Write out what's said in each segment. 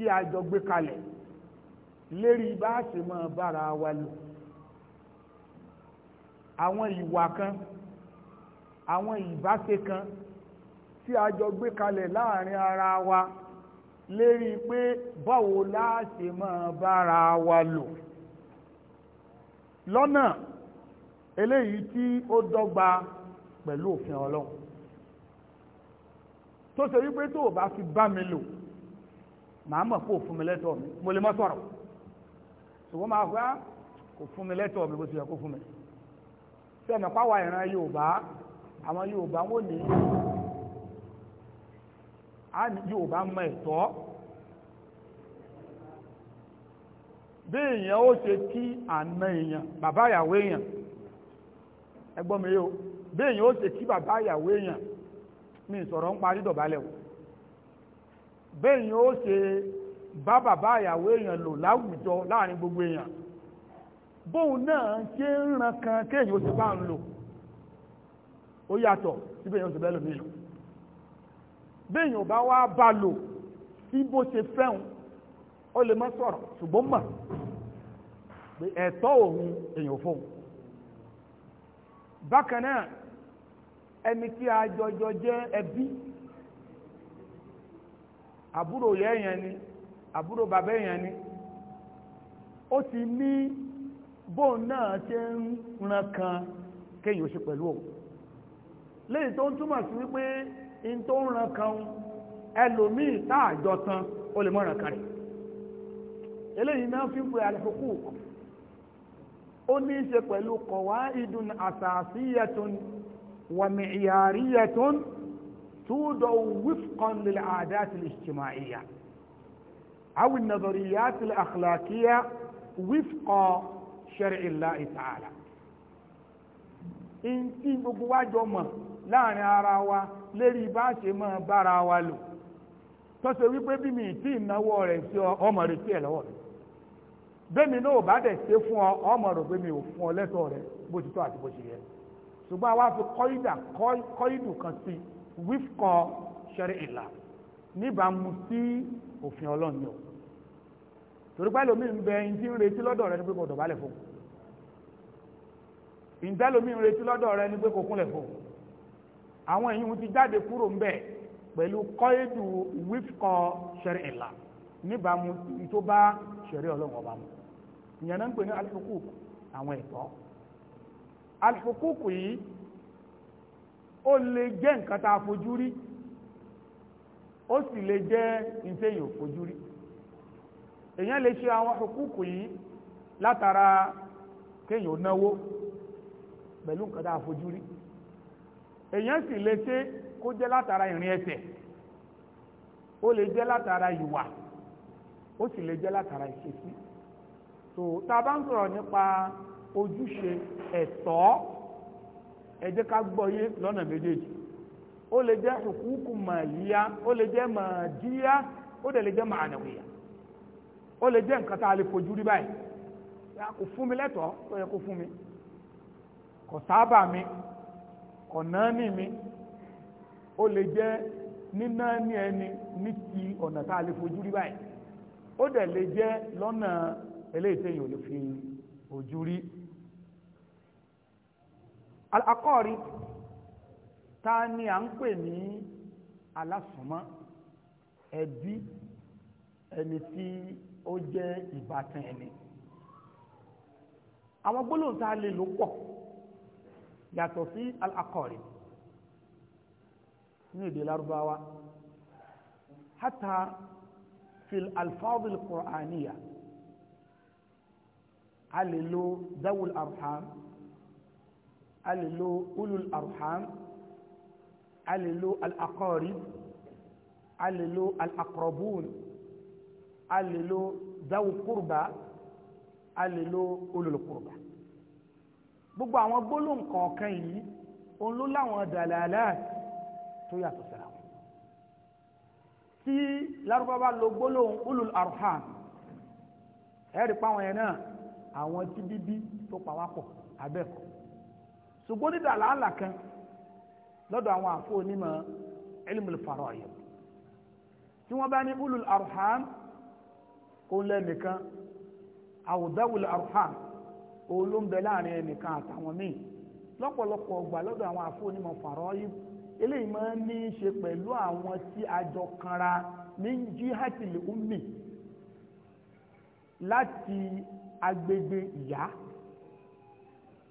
tí a jọ gbé kalẹ̀ lérí bá a ṣe máa bára wa lò àwọn ìwà kan àwọn ìbáṣe kan tí a jọ gbé kalẹ̀ láàrin ara wa lérí pé báwo la ṣe máa bára wa lò lọ́nà eléyìí tí ó dọ́gba pẹ̀lú òfin ọlọ́run tó ṣe wípé tó o bá fi bá mi lò màá mọ̀ kó fún mi lẹ́tọ̀ọ́ mi mo lè mọ́ sọ̀rọ̀ ṣùgbọ́n máa ah, fẹ́ kò fún mi lẹ́tọ̀ọ́ mi bó ti yẹ kó fún mi sẹ́mi pàwọ̀ ìran Yorùbá àwọn Yorùbá wò ní Yorùbá mọ ẹ̀tọ́ bí èèyàn ó ṣe kí àna èèyàn bàbá ìyàwó èèyàn ẹgbọ́n mi yóò bí èèyàn ó ṣe kí bàbá ìyàwó èèyàn mi ìsọ̀rọ̀ ń parí dọ̀bálẹ̀ wò bẹ́yìn ó ṣe bá bàbá àyàwó èèyàn lò láwùjọ láàrin gbogbo èèyàn bóun náà ṣe ń ran kan kéèyàn ó ṣe bá ń lò ó yàtọ̀ sí bẹ́yìn ó ṣe bẹ́ẹ̀ lòmí lò bẹ́yìn ò bá wá bá lò sí bó ṣe fẹ́hùn ó lè má sọ̀rọ̀ ṣùgbọ́n mọ̀ pé ẹ̀tọ́ òun èèyàn fóun bákan náà ẹni tí a jọjọ jẹ́ ẹbí àbúrò yẹ yẹn ni àbúrò bàbá yẹn ni ó ti ní bóun náà ṣe ń ran kan kéyìn ó ṣe pẹ̀lú òun léyìí tó ń túmọ̀ sí wípé in tó ń ran kan ẹlòmíì táàjọ tan ó lè mọ́ ràn kan rẹ̀ eléyìí náà fi ń pe àlẹ́fọ́kù ó ní í ṣe pẹ̀lú kọ̀wá ìdùn àsàsíyẹ̀tún wàmìyàríyẹ̀tún توضع وفقا للعادات الاجتماعية أو النظريات الأخلاقية وفق شرع الله تعالى in tí gbogbo wa jọ mọ̀ láàrin ara wa lérí bá ṣe mọ́ bára wa lò tó ṣe wípé bí mi tí ìnáwó rẹ̀ sí ọmọ rẹ̀ sí ẹ̀ lọ́wọ́ rẹ̀ bẹ́mi náà bá dẹ̀ ṣe fún ọ ọmọ rẹ̀ pé mi ò fún ọ lẹ́tọ̀ọ́ rẹ̀ bó ti tọ́ àti bó ṣe yẹ ṣùgbọ́n a wá fi kọ́ ìdà kọ́ ìdù kan sí i wífkọ ṣẹ̀rí ìlà níbàámu sí òfin ọlọ́run yọ torí pé lómi ń bẹ ẹni tí ń retí lọ́dọ̀ rẹ ni pé kò dọ̀bálẹ̀ fún ìdá lómi ń retí lọ́dọ̀ rẹ ni pé kò kúnlẹ̀ fún àwọn èyí ti jáde kúrò ń bẹ pẹ̀lú kọ́ídù wífkọ ṣẹ̀rí ìlà níbàámu tó bá ṣẹ̀rí ọlọ́run ọba mu ìyẹn náà ń pè ní Alifukuku àwọn ẹ̀tọ́ alifukuk yìí ó lè jẹ́ nǹkan tá a fojú rí ó sì lè jẹ́ ìtẹ̀yìn òfojú rí èèyàn lè ṣe àwọn hukuku yìí látara kéèyàn náwó pẹ̀lú nǹkan tá a fojú rí èèyàn sì lè ṣe kó jẹ́ látara ìrìn ẹsẹ̀ ó lè jẹ́ látara ìwà ó sì lè jẹ́ látara ìṣesí tó tá a bá ń sọ̀rọ̀ nípa ojúṣe ẹ̀tọ́ ẹ jẹ́ ká gbọ́yé lọ́nà méjèèjì ó lè jẹ́ hukuku màlíyá ó lè jẹ́ màdíyá ó dẹ̀ lè jẹ́ màánàwíyá ó lè jẹ́ nǹkan tá a lè fojú rí báyìí kò fún mi lẹ́tọ̀ọ́ tó yẹ kó fún mi kò sábà mi kò náání mi ó lè jẹ́ nínáání ẹni ní ti ọ̀nà tá a lè fojú rí báyìí ó dẹ̀ lè jẹ́ lọ́nà eléyìí tẹ́yìn ò lè fi ojú rí àkọ́ọ̀rí ta ni à ń pè ní alásùnmọ́ ẹbí ẹni tí ó jẹ́ ìbátan ẹni àwọn gbólóhùn tá a lè lò pọ̀ yàtọ̀ sí àkọ́ọ̀rí ní èdè lárúbáwá hátà fil alfáwìl kùránìyà a lè lo dáwùl arham a lè lo ulul arham a lè lo al-aqarib a lè lo al-aqrabun a lè lo zawu kurba a lè lo ulul kurba gbogbo àwọn gbólóhùn kọ̀ọ̀kan yìí òun ló láwọn dàlàlà tó yàtọ̀ síra wọn tí lárúbáwá lo gbólóhùn ulul arham ẹ̀rí pa àwọn yẹn náà àwọn tí bíbí tó pa wá pọ̀ abẹ́kọ̀ọ́ ṣùgbọ́n nídà làálà kan lọ́dọ̀ àwọn àfọ onímọ̀ ilmul fara'id tí wọ́n bá ní ulul arham òun lẹ́nìkan àwùdáwul arham òun ló ń bẹ láàrin ẹnìkan àtàwọn míì lọ́pọ̀lọpọ̀ ọgbà lọ́dọ̀ àwọn àfọ onímọ̀ fara'id eléyìí máa ń ní í ṣe pẹ̀lú àwọn tí àjọ kanra ní jíhátìlì ummi láti agbègbè ìyá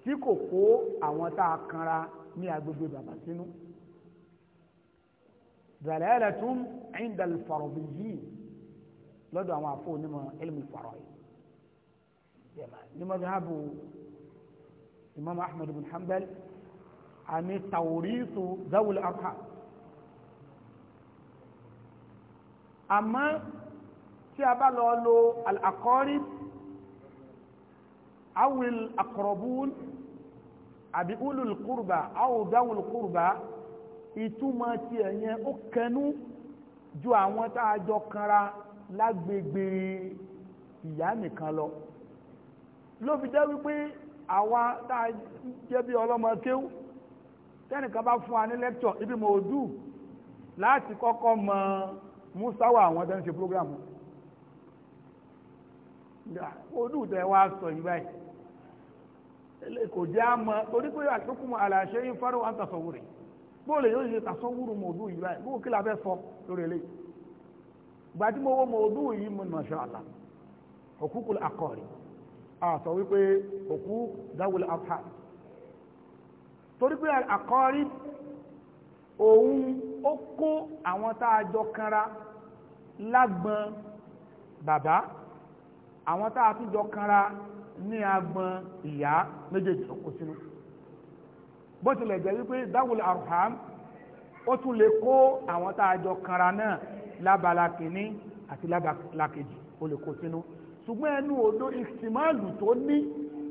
tí kò kó àwọn tá a kanra ní agbègbè bàbá sínú dalalatun inda al-faradiyyin lọ́dọ̀ àwọn àfọ onímọ̀ ilmi al-fara'id ní madhabu imam ahmed bin hanbal àmì tawrisu zawul arham àmọ́ tí a bá lọ lo al awil akorobun àbí ulul kurba awo dawul kurba ìtumọ̀ tiẹ̀ yẹn ó kẹnu ju àwọn tá a jọ kanra lágbègbè ìyá nìkan lọ ló fi jẹ́ wípé àwa tá a jẹ́ bí ọlọ́mọ kéwú tẹ́nìkan bá fún wa ní lẹ́kṣọ̀ ibi mo dù láti kọ́kọ́ mọ musawa àwọn tó ń ṣe prógrámù odù tẹ wá sọ yìí báyìí kò jẹ́ àmọ́ torí pé àtúkùmọ̀ àlàṣẹ yìí fẹ́rẹ̀ wọn tàṣọwúrì bóòlù yóò ṣe tàṣọwúrù mọ̀ọ́dún yìí báyìí bóòlù kí la fẹ́ sọ lórí eléyìí gbàtí mo wọ mọ̀ọ́dún yìí mo nà ṣe àlà òkúkú akọ̀rì àṣọ wípé òkú dáwọlé apá torí pé akọ̀rì òun ó kó àwọn tá a jọ kanra lágbọn bàbá àwọn tá a tún jọ kanra ní agbọn ìyá méjèèjì tó kó sínú bó tilẹ̀ jẹ́ wípé dáwùlẹ̀ arham ó tún lè kó àwọn tá a jọ kanra náà lábala kìíní àti lábala kejì ó lè kó sínú ṣùgbọ́n ẹnu odó ìsìmáàlù tó ní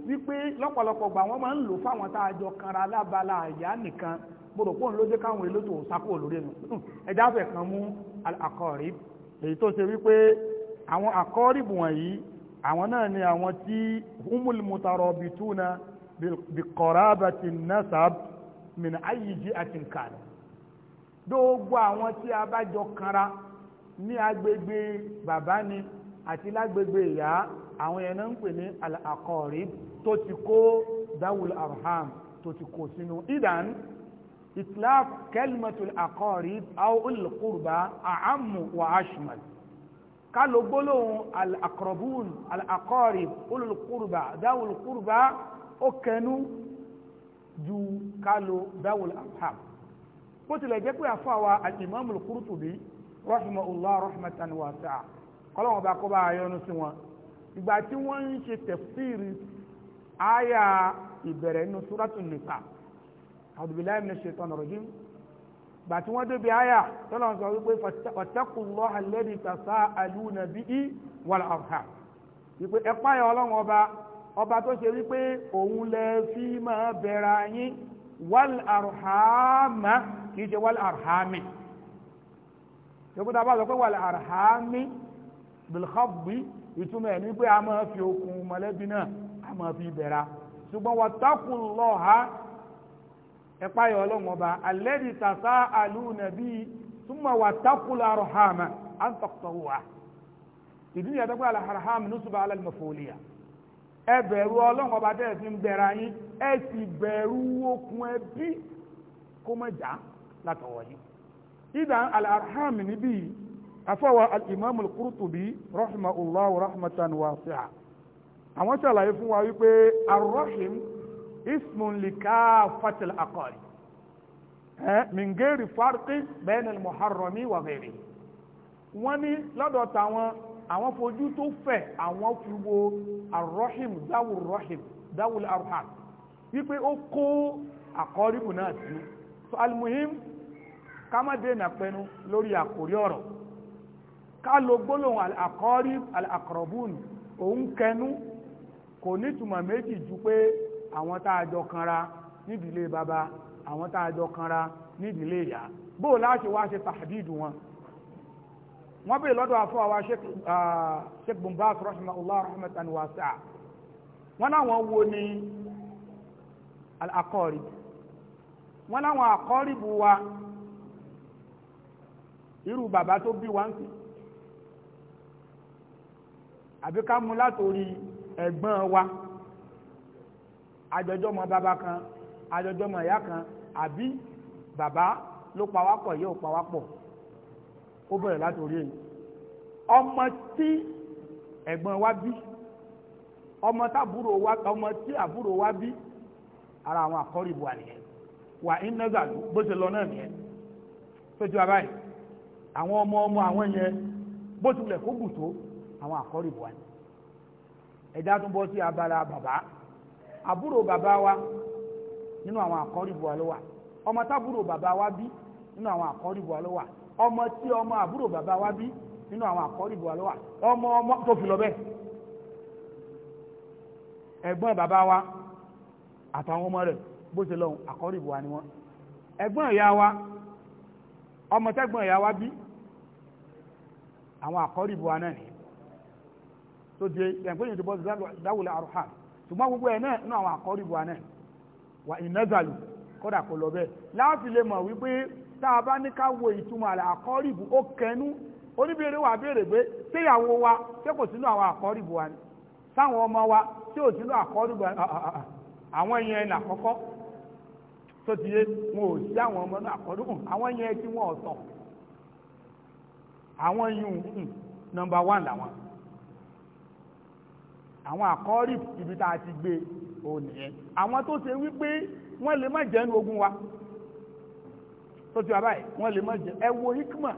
wípé lọ́pọ̀lọpọ̀ gbà wọ́n máa ń lò fáwọn tá a jọ kanra lábala àyà nìkan gbọdọ̀ pọ̀ ló jẹ́ káwọn èlò tó sákò lórí ẹnu hmm, ẹja fẹ̀ kan mú àkọ́rí èyí tó ṣe wípé àwọn àkọ́rí wọ̀nyí àwọn náà ni àwọn tí humul mutarabituna bi qarabati nasab min ayi ji'atin kan gbogbo àwọn tí a bá jọ kanra ní agbègbè bàbá ni àti lágbègbè ìyá àwọn yẹn náà ń pè ní al-aqarib tó ti kó dawul arham tó ti kó sínú idan itlaq kalimatul aqarib aw al wa ashmal ká lo gbólóhùn al-aqrabun al-aqarib ulul qurba dáwùl qurba ó kẹnu ju ká lo dáwùl arham bó tilẹ̀ jẹ́ pé àfọ́ àwa al-imamul qurtubi rahimahullah rahmatan wasi'a kọ́lọ́wọ́n bá kọ́ bá yọnu sí wọn ìgbà tí ṣe tafsiri àyà ìbẹ̀rẹ̀ nínú nisa a'udhu billahi minash shaitanir rajim gbàtí wọ́n débi àyà tọ́lọ̀ sọ wípé wattaqullaha alladhi tasa'aluna bihi wal arham wípé ẹ̀pá yẹn ọlọ́run ọba ọba tó ṣe wípé òun lẹ fi máa bẹ̀rẹ̀ yín wal arhama kì í ṣe wal arhami ṣèkúta bá sọ pé wal arhami bil ìtumọ̀ ẹ̀ ní pé a máa fi okùn mọ̀lẹ́bí náà a máa fi bẹ̀rẹ̀ ṣùgbọ́n wattaqullaha ẹ̀páyọ̀ ọlọ́run ọba alẹ́dì tàṣà àlù nàbí túmọ̀ wà tákùlà rọ̀hàmà à ń tọ̀tọ̀wò wa ìdí ìyàtọ̀ pé alàhàràhàmù nùsùbà alàlùmọ̀fòlìyà ẹ bẹ̀rù ọlọ́run ọba tẹ́ ẹ fi ń bẹ̀rẹ̀ ayín ẹ sì bẹ̀rù okùn ẹbí kó ismun likafati al-aqari eh, min ghairi farqi bayna al-muharrami wa ghairi wọ́n ní lọ́dọ̀ tàwọn àwọn fojú tó fẹ̀ àwọn fi wo arrohim dawul rohim dawul arham wípé ó kó àkọríbù náà sí so almuhim ká má dènà pẹnu lórí àkórí ọ̀rọ̀ ká lo gbólóhùn al-aqarib al-aqrabun òun kẹnu kò nítumọ̀ méjì ju pé àwọn tá a jọ kanra nídìílé bàbá àwọn tá a jọ kanra nídìílé ìyá bó láti wá ṣe tàbídù wọn wọ́n bèèrè lọ́dọ̀ àfọ́ àwa sheikh bin Baz rahimahullah rahmatan wasi'a wọ́n láwọn wo ni al wọ́n láwọn aqarib wa irú bàbá tó bí wa ń sìn àbí mú látòrí ẹ̀gbọ́n wa àjọjọ́ mọ bàbá kan àjọjọ́ mọ ìyá kan àbí bàbá ló pa wá pọ̀ yóò pa wá pọ̀ ó bẹ̀rẹ̀ láti orí èyí ọmọ tí ẹ̀gbọ́n wa bí ọmọ tábúrò wa ọmọ tí àbúrò wa bí ara àwọn àkọ́rì ìbò àníyẹn wà ń nẹ́gà bó ṣe lọ náà nìyẹn tó ti wá àwọn ọmọ ọmọ àwọn yẹn bó tilẹ̀ kó gùn tó àwọn àkọ́rì ìbò àníyẹn ẹ̀dá tún bọ́ sí abala bàbá. àbúrò bàbá wa nínú àwọn àkọ́rìbù wa ló ọmọ tábúrò wa bí nínú àwọn wa ló ọmọ tí ọmọ àbúrò bàbá wa bí nínú àwọn àkọ́rìbù wa ló ọmọ ọmọ tó fi lọ wa àtàwọn ọmọ rẹ̀ bó ṣe lọ́hùn àkọ́rìbù ni ẹ̀gbọ́n ìyá wa ọmọ tẹ́gbọ́n ìyá wa bí àwọn àkọ́rìbù wa náà ni tó di ẹ̀gbọ́n bọ́ ṣùgbọ́n gbogbo ẹ̀ náà inú àwọn àkọ́rí wa wà ìnẹ́gàlù kò lọ bẹ́ẹ̀ láti lè mọ̀ wípé tá a bá ní ká wo ìtumọ̀ àlẹ́ àkọ́rí ìbò ó kẹnu oníbèrè wà béèrè pé séyàwó wa ṣé kò sínú àwọn àkọ́rí ìbò wa sáwọn ọmọ wa ṣé ò sínú àkọ́rí ìbò ah, ah, ah, àwọn tó ti yé wọn ò ọmọ náà àkọ́rí àwọn tí wọn ọ̀tọ̀ àwọn àkọ́rí ibi tá a ti gbé o nìyẹn àwọn tó ṣe wípé wọ́n lè má jẹ́ ní ogún wa tó ti wà báyìí wọ́n lè má jẹ́ ẹ hikma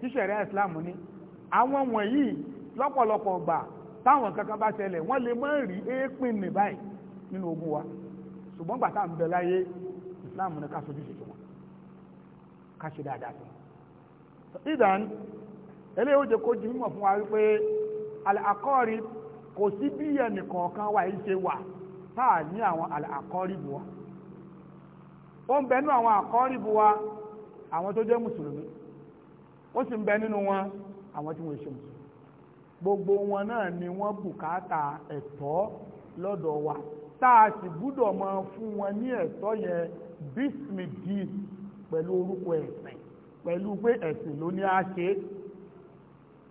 tí ṣẹ̀rẹ́ islam ní àwọn wọ̀nyí lọ́pọ̀lọpọ̀ gbà táwọn kankan bá ṣẹlẹ̀ wọ́n lè má rí éèpìn ní báyìí nínú ogún wa ṣùgbọ́n gbà tá à ń bẹ láyé islam ní ká sojú ṣètò wọn ká ṣe dáadáa sí wọn. ìdán eléyìí ó jẹ kó ju fún wa wípé àkọ́rí kò sí bí ẹnìkọ̀ọ̀kan wà yìí ṣe wà táà ní àwọn àkọ́rìbù wa ó ń bẹ nínú àwọn àkọ́rìbù wa àwọn tó jẹ́ mùsùlùmí ó sì ń bẹ nínú wọn àwọn tí wọ́n ṣe mùsùlùmí gbogbo wọn náà ni wọ́n bùkátà ẹ̀tọ́ lọ́dọ̀ wa táà sì gbúdọ̀ máa fún wọn ní ẹ̀tọ́ yẹn bísmìdì pẹ̀lú orúkọ ẹ̀sìn pẹ̀lú pé ẹ̀sìn ló ní á ṣe é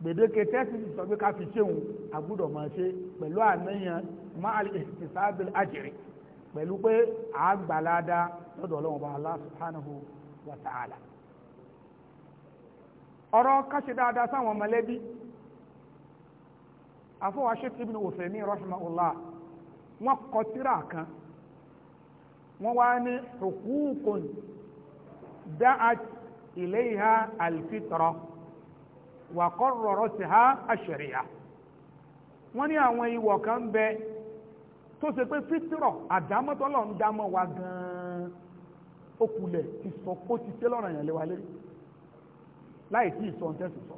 gbèdéke tẹ́sí sọ pé ká fi ṣéun àgbúdọ̀ máa ṣe pẹ̀lú àníyàn máa ìsàbẹ̀lẹ̀ àjẹrẹ̀ pẹ̀lú pé àgbàládá lọ́dọ̀ ọlọ́run bá Allah subhanahu wa ta'ala ọ̀rọ̀ káṣe dáadáa sáwọn mọ̀lẹ́bí àfọwáṣe tí Ibn Uthaymeen rahimahullah wọ́n kọ tírà kan wọ́n wá ní huququn da'at ilayha al-fitra wà kọ́rọ̀rọ̀ sí ha àṣẹ̀ríyà wọ́n ní àwọn ìwọ̀ kan bẹ tó ṣe pé fítírọ̀ àdámọ́tọ́lọ̀ ń dámọ́ wa gan-an okulẹ̀ ti sọ pé ó ti ṣe lọ́rọ̀ yẹn léwa lérí láì sí ìsọ̀ tẹ́sì sọ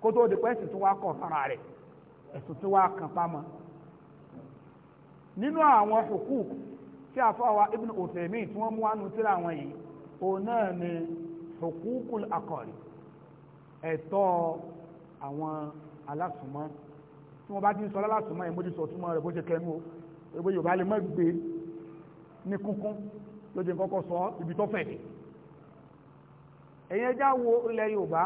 kó tó di pé ẹ̀sìn tó Ibn Uthaymeen tí wọ́n mú wánu síra àwọn yìí òun ni hukukul akọ̀rì ẹ̀tọ́ àwọn alásùnmọ́ tí wọ́n bá ti ń sọ lálásùnmọ́ yẹn mójúsọ túmọ̀ rẹ̀ bó ṣe kẹnu o gbogbo Yorùbá lè mọ́ gbé ní kúnkún ló jẹ́ kọ́kọ́ sọ ibi tó fẹ̀dẹ̀ ẹ̀yẹn já wo ilẹ̀ Yorùbá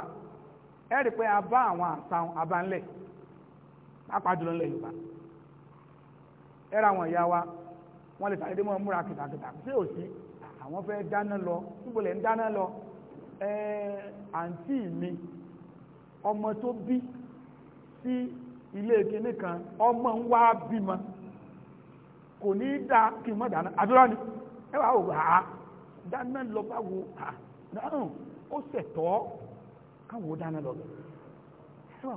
ẹ rí pé a bá àwọn àtàwọn abánlẹ̀ pápá jùlọ ilẹ̀ Yorùbá ẹ ra àwọn ìyá wa wọ́n lè sàdédé mọ́ múra kìtàkìtà sí òsì àwọn fẹ́ dáná lọ níbo lẹ̀ ń dáná lọ ẹ àǹtí mi ọmọ tó bí sí ilé kíní kan ọmọ ń wá bímọ kò ní dá kí n dáná àdúrà ni ẹ wàá wò á dáná lọ bá wo à náà ó dáná lọ wàá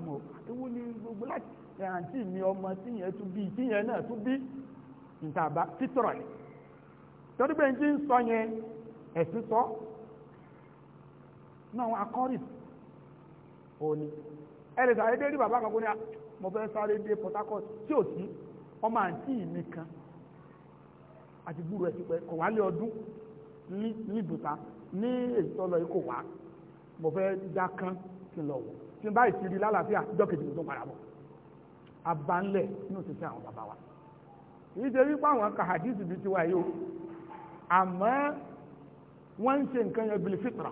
ewu ni gbogbo láti àǹtí mi ọmọ tíyẹn tún bí tíyẹn náà tún bí ntaba ni ń jí ń sọ òní ẹni sáré dé rí bàbá kan kó ní ah, mo fẹ́ sáré dé Port Harcourt tí ò sí ọmọ àǹtí mi kan àti gbúrò ẹ̀ ti pẹ́ kọ̀ wálé ọdún ní ibùta ní èyí tó lọ yìí kò wá mo fẹ́ dá kan kí n lọ wọ̀ tí n báyìí ti rí lálàáfíà ìjọ kejì tó padà bọ̀ abánlẹ̀ inú ti sẹ́ àwọn bàbá wa yìí ṣe wípé àwọn kàhádìsì bíi tiwa yìí o àmọ́ wọ́n ń ṣe nǹkan yẹn bìlì fìtìrà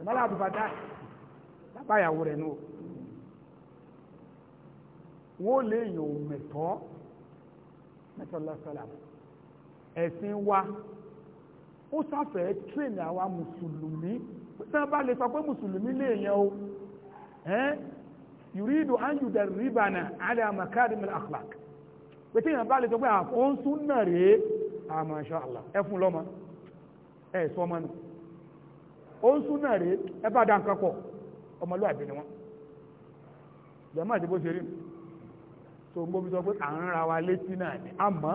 ìmọ̀lá àbúfàtà lábáyàwó rẹ̀ nù wọ́n lè yàn mẹ̀tọ́ mẹ́tọ́lọ́sọ́lá ẹ̀sìn wa ó sáfẹ́ tírèmì àwa mùsùlùmí tí wọ́n bá lè sọ pé mùsùlùmí lè yàn o yùrídù áńjùdà ríbànà àdàmàkárìmìlì àkùlák pé tí wọ́n bá lè sọ pé àfọ́nsún ah, náà rèé àmàṣọ́ àlà ẹ̀fún lọ́mọ ẹ̀ẹ́sọ́mọ́nù O ń súnà rèé ẹ bá nǹkan pọ̀ ọmọlúwàbí ni wọ́n jẹ́mọ́ àti bó ṣe rí tó ń gbóbi sọ pé ra wa létí náà ni àmọ́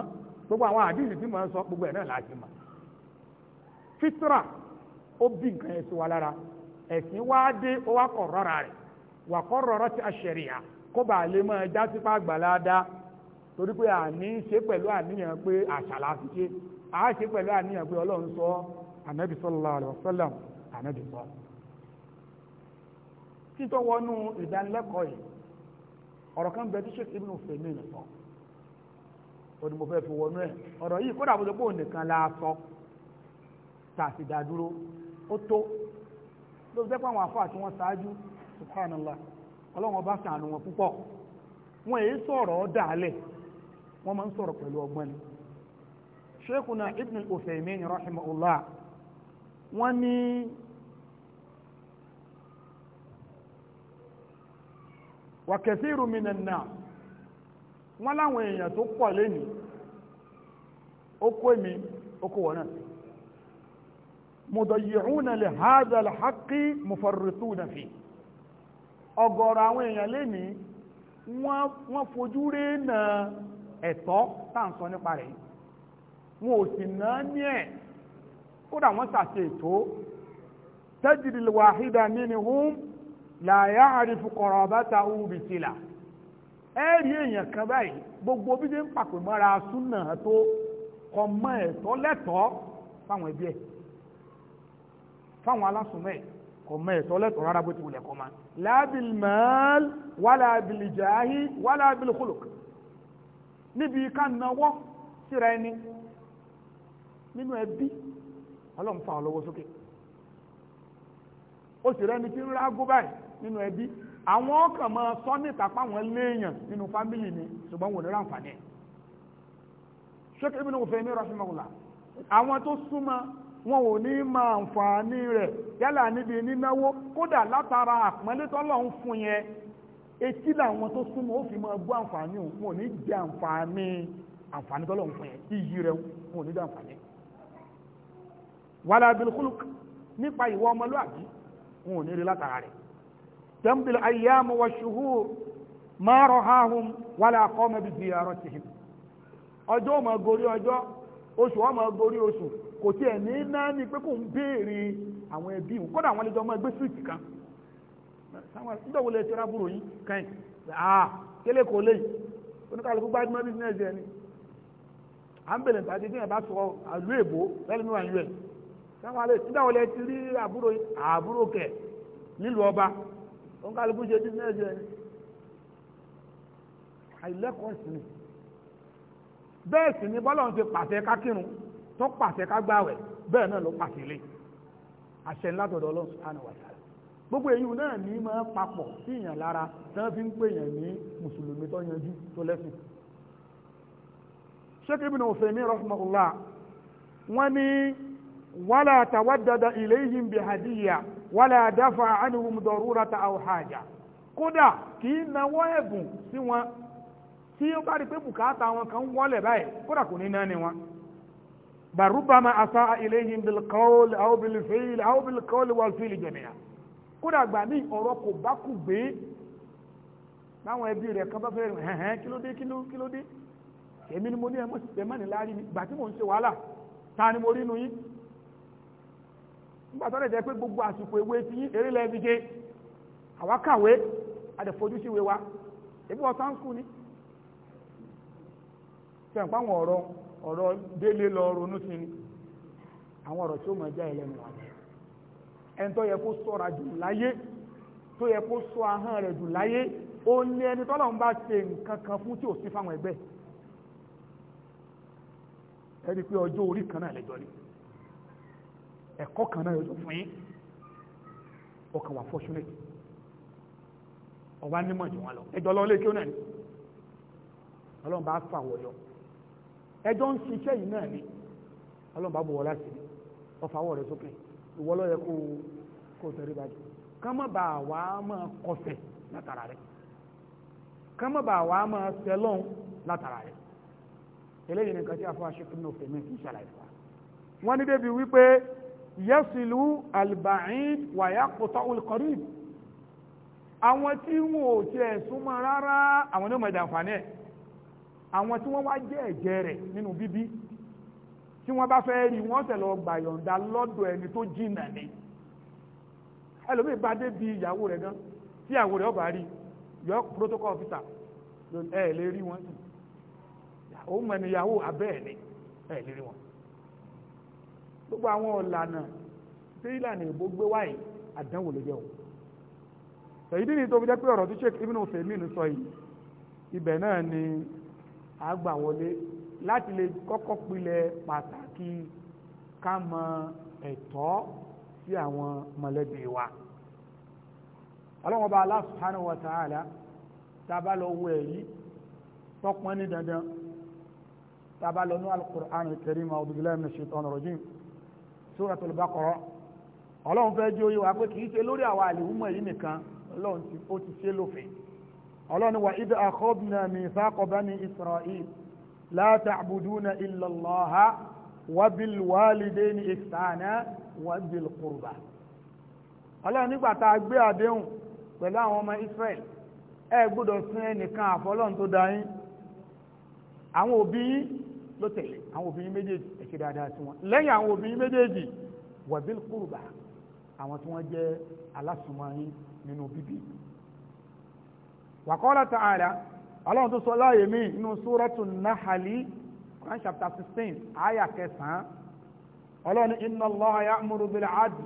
gbogbo àwọn àdìsí tí ń sọ gbogbo ẹ̀ náà láti mọ̀ fitra ó bí nǹkan ẹ̀sìn wa lára ẹ̀sìn wá dé ó wá kọ̀ rọ́ra rẹ̀ wà kọ́ rọ́rọ́ ti àṣẹ̀ríyà kó bàa lè torí pé àní ṣe pẹ̀lú àníyàn pé ṣe àá ṣe pẹ̀lú àníyàn ànábì sọ títọ́ wọnú ìdánilẹ́kọ̀ọ́ yìí ọ̀rọ̀ kan bẹ tí sheikh ibn Uthaymeen sọ ó fi wọnú ẹ̀ ọ̀rọ̀ yìí kódà pé la sọ a dúró ó tó ló fi ṣáájú wọn púpọ̀ wọn èyí sọ̀rọ̀ dàálẹ̀ wa kathiru minan nas wọ́n láwọn èèyàn tó pọ̀ lẹ́yìn ó kó èmi ó kó wọ́n náà sí mudayyi'una li hadha al-haqqi mufarrituna fi ọ̀gọ̀rọ̀ àwọn èèyàn lẹ́yìn wọ́n fojú rí na ẹ̀tọ́ táǹsọ nípa rẹ̀ wọn ò sì náà ní ẹ̀ kódà wọ́n sàṣe ètò tajri al-wahida la ya'rifu qarabatahu bi tila ẹ̀rí èèyàn kan báyìí gbogbo bí dé ń pàpè mọ́ra súnà tó kọ mọ́ ẹ̀tọ́ lẹ́tọ̀ọ́ fáwọn ẹbí ẹ̀ fáwọn alásùnmọ́ ẹ̀ kọ mọ́ ẹ̀tọ́ lẹ́tọ̀ọ́ rárá bó ti wulẹ̀ kọ́ ma la bil mal wala bil jahi wala bil níbi ká nawọ́ síra ẹni nínú ẹbí ọlọ́run fa ọ lọ́wọ́ sókè ó sì rẹ́ni tí ń rágó báyìí nínú ẹbí àwọn ọkàn máa sọ níta páwọn léèyàn nínú fámìlì ni ṣùgbọ́n wọn ò ní ráǹfààní ẹ̀ ṣékè ibi ní òfin ní rahimahullah àwọn tó súnmọ́ wọn ò ní máa àǹfààní rẹ̀ yálà níbi nínáwó kódà látara àpọ́nlé tọ́lọ́hun fún yẹn etí làwọn tó súnmọ́ ó fi máa gbọ́ àǹfààní òun wọn ò ní jẹ àǹfààní àǹfààní tọ́lọ́hun fún yẹn iyì rẹ̀ wọn ò ní jẹ àǹfààní wàlá bil khuluq nípa ìwà ọmọlúwàbí wọn ò ní rí látara rẹ̀ تمضي الأيام والشهور ما رعاهم ولا قام بزيارتهم ọjọ́ ma gorí ọjọ́ oṣù wa gorí oṣù kò tí ẹ̀ ní náà ní pé kò ń béèrè àwọn ẹbí òun kọ́dà àwọn ẹlẹ́jọ́ ọmọ ẹgbẹ́ síìtì kan nígbàwó lè tẹ́ra búrò yìí kẹ́yìn kélé kò lè oníkàlùkù à ń bèèrè bá sọ àlú èbó lẹ́nu ẹ̀ lè ti rí àbúrò àbúrò kẹ̀ nílùú ọba òun kálukú ṣe títí náà ṣe àìlẹ́kọ̀ọ́ sí ni bẹ́ẹ̀ sì ni bọ́lọ́run ti pàṣẹ ká kírun tó pàṣẹ ká gbààwẹ̀ bẹ́ẹ̀ náà ló pàṣẹ lé àṣẹ ńlá tọ̀dọ̀ Ọlọ́run subhanahu wa ta'ala gbogbo èyí náà ní máa papọ̀ sí èèyàn lára tí wọ́n fi ń pè èèyàn ní mùsùlùmí tó yanjú tó lẹ́sìn Sheikh Ibn Uthaymeen rahimahullah wọ́n ní wala tawaddada ilayhim bihadiyya wala dafa anhum darurata aw haja kódà kì í nawọ́ ẹ̀bùn sí wọn tí ó bá rí pé bùkátà wọn kan wọlé báyìí kódà kò ní náni wọn barubama asa ilayhim bilqawl aw bilfi'l aw bilqawl kódà gbà ní ọ̀rọ̀ kò bá kù gbé ẹbí rẹ̀ kan bá fẹ́ rìn kí ló dé kí ló dé èmi ni mo ní ẹmọ́ ìsìnkú ẹmọ́ níláàrí mi gbà tí mò ń nígbà tó lè jẹ́ pé gbogbo àsìkò ewé tí eré lẹ́ẹ̀ fi ṣe àwa wa ebi wọ́n ni fẹ́ ọ̀rọ̀ ọ̀rọ̀ délé lọ ronú sí ni àwọn ọ̀rọ̀ tí ó mọ̀ já ẹlẹ́nu wa ẹni tó yẹ kó sọ́ra jù láyé tó yẹ kó sọ ẹ̀kọ́ kan náà yóò fún yín ọkàn wà fọ́ṣúnẹ̀tì ọwá nímọ̀ jù wọn lọ ẹjọ́ lọ lé kí ó náà ní ọlọ́run bá fà wọ̀ yọ ẹjọ́ ń ṣiṣẹ́ yìí náà ní ọlọ́run bá bọ̀ wọ́n láti ní ọfàwọ̀ rẹ̀ sókè ìwọ ló yẹ kó kó tẹ̀rí bá jù ká má bà wá máa kọsẹ̀ látara rẹ̀ ká má bà wá máa sẹlọ́n látara rẹ̀ eléyìí nìkan tí a fọ́ aṣèkínú fèmí wọ́n ní débi wípé yẹ́sìlú alba'id wàyà kòtọ́ olùkọ́rí àwọn tí wọn ò tiẹ̀ súnmọ́ rárá àwọn ní ọmọ ìdàǹfààní ẹ̀ àwọn tí wọ́n wá jẹ́ ẹ̀jẹ̀ rẹ̀ nínú bíbí tí wọ́n bá fẹ́ rí wọ́n tẹ̀lọ gbàyọ̀ǹda lọ́dọ̀ ẹni tó jìnà ni ẹlòmíì bá dé bí ìyàwó rẹ̀ gan tí ìyàwó rẹ̀ ọba rí yọ protocol officer ẹ lè rí wọn sí òun mọ̀ ni ìyàwó abẹ́ ẹ̀ ni ẹ lè rí wọn gbogbo àwọn ọ̀lànà tí ìlànà ìbò gbé wáyé àdánwò ló jẹ́ o èyí dí ni tó fi jẹ́ pé ọ̀rọ̀ tí Sheikh Ibn Uthaymeen sọ yìí ibẹ̀ náà ni àgbà wọlé láti lè kọ́kọ́ pilẹ̀ pàtàkì ká mọ ẹ̀tọ́ sí àwọn mọ̀lẹ́bí wa ọlọ́wọ́n bá Allah subhanahu wa ta'ala tàbá lọ wọ èyí tọ́pọ́n ní dandan tàbá lọ ní Al-Qur'an Al-Karim a'udhu billahi minash shaitanir rajim Suratul Baqara ọlọ́run fẹ́ jó yíwa pé kìí ṣe lórí àwọn àlèhùnmọ̀ yìí nìkan ọlọ́run ti ó ti ṣe lófin ọlọ́run wa idh akhadna mithaqa bani Isra'il la ta'buduna illa Allaha wa bil walidayni ihsana wa bil qurba ọlọ́run nígbà tá a gbé àdéhùn pẹ̀lú àwọn ọmọ Israel ẹ gbọ́dọ̀ sìn ẹnìkan àfọlọ́run tó dá yín àwọn òbí yín ló tẹ̀lé àwọn òbí yín méjèèjì ṣe dáadáa sí wọn lẹ́yìn àwọn obìnrin méjèèjì wàbíl kúrùbà àwọn tí wọ́n jẹ́ alásùnmọ́yìn nínú bíbí wàkọ́lá ta'ala ọlọ́run tó sọ láàyè mí nahali kan chapter sixteen àyà kẹsàn-án ọlọ́run inna Allaha ya'muru bil 'adli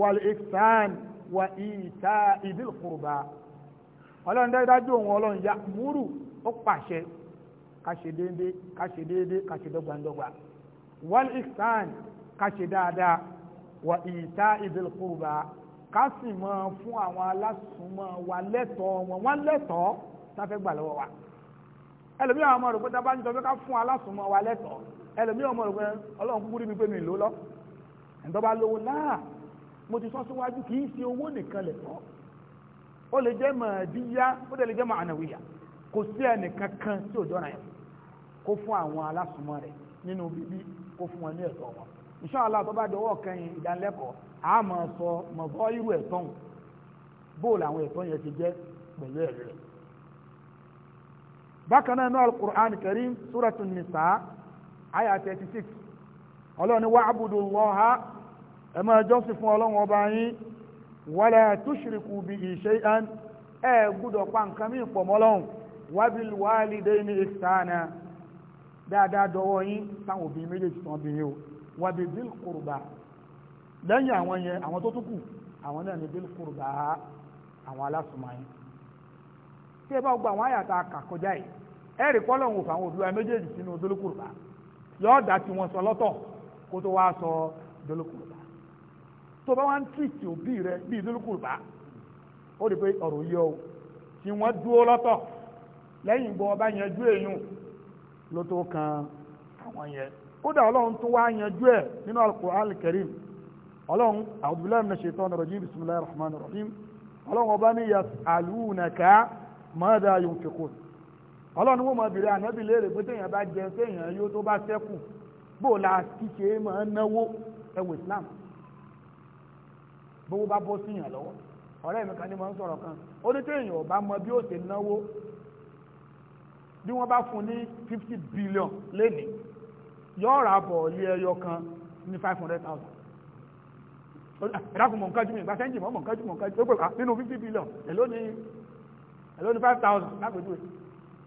wa ita'i taa ọlọ́run dájú òun ọlọ́run ya'muru ó pàṣẹ ká ṣe wal ihsan ká ṣe dáadáa wa ìta ìdil qurba ká sì mọ fún àwọn alásùnmọ́ wa lẹ́tọ̀ọ́ wọn wọ́n lẹ́tọ̀ọ́ sáfẹ́ gbà lọ́wọ́ wa ẹlòmíì àwọn ọmọ rẹ̀ pé dábàá ń jọ pé ká fún alásùnmọ́ wa lẹ́tọ̀ọ́ ẹlòmíì ọmọ rẹ̀ pé ọlọ́run kúkúrú mi pé mi ló lọ ẹ̀ńdọ́ba lówó náà mo ti sọ síwájú kì í ṣe owó nìkan lẹ́tọ̀ọ́ ó lè jẹ́ màdíyá ó lè jẹ́ màánàwíyà kò sí ẹnìkan kan tí ò jọ́ra yẹn kó fún àwọn alásùnmọ́ rẹ̀ nínú bíbí kó fún wọn ní ẹ̀tọ́ wọn inṣàlá tó bá dọwọ́ kẹyìn ìdánilẹ́kọ̀ọ́ a máa sọ mọ̀fọ́ irú ẹ̀tọ́ wọn bóòlù àwọn ẹ̀tọ́ yẹn ti jẹ́ pẹ̀lú ẹ̀rí rẹ̀ bákan náà náà al-Qur'an Karim Suratu Nisa aya 36 ọlọ́ni wa'budullaha ẹ máa jọ́sìn fún ọlọ́run ọba yín wala tushriku bihi shay'an ẹ gbọ́dọ̀ pa nǹkan mí pọ̀ dáadáa dọwọ́ yín táwọn obìnrin méjèèjì tán bí yín o wà bí bíl kùrùbà lẹ́yìn àwọn yẹn àwọn tó tún kù àwọn náà ní bíl kùrùbà àwọn alásùnmọ́ yín tí ẹ bá gba àwọn àyàtà kàkọjá yìí ẹ rí kọ́ lọ́hùn fún àwọn òbí wa méjèèjì sínú bíl kùrùbà yọ̀ọ́ dà tí wọ́n sọ lọ́tọ̀ kó tó wá sọ bíl kùrùbà tó bá wá ń tìtì òbí rẹ bíi bíl kùrùbà ó rí pé ọ̀rọ̀ yẹ o tí wọ́n dúró lọ́tọ̀ lẹ́yìn bọ́ ọba yẹn dúró èèyàn ló tó kan àwọn yẹn kódà ọlọ́run tó wá yanjú ẹ̀ nínú al-Qur'an al-Karim ọlọ́run a'udhu billahi minash shaitani rajim bismillahir rahmanir rahim ọlọ́run ọba ní yas'alunaka madha yunfiqun ọlọ́run wọ́n máa bèèrè ànábì léèrè pé téèyàn bá jẹ téèyàn yóò tó bá sẹ́kù bó la kíṣe máa náwó ẹwọ Islam bówó bá bọ́ síyàn lọ́wọ́ ọ̀rẹ́ mi kan ní mo ń sọ̀rọ̀ kan ó ní téèyàn ò mọ bí ó ṣe náwó bí wọ́n bá fún ní fifty billion lẹ́nìí yóò rà bọ̀ ilé ẹyọ kan ní five hundred thousand ìdákùn mọ̀ nǹkan jù mí ìgbàsẹ́ńjì mọ̀ nǹkan jù mọ̀ nǹkan jù ó pè wá nínú fifty billion èló ni èló ni five thousand lápèjúwe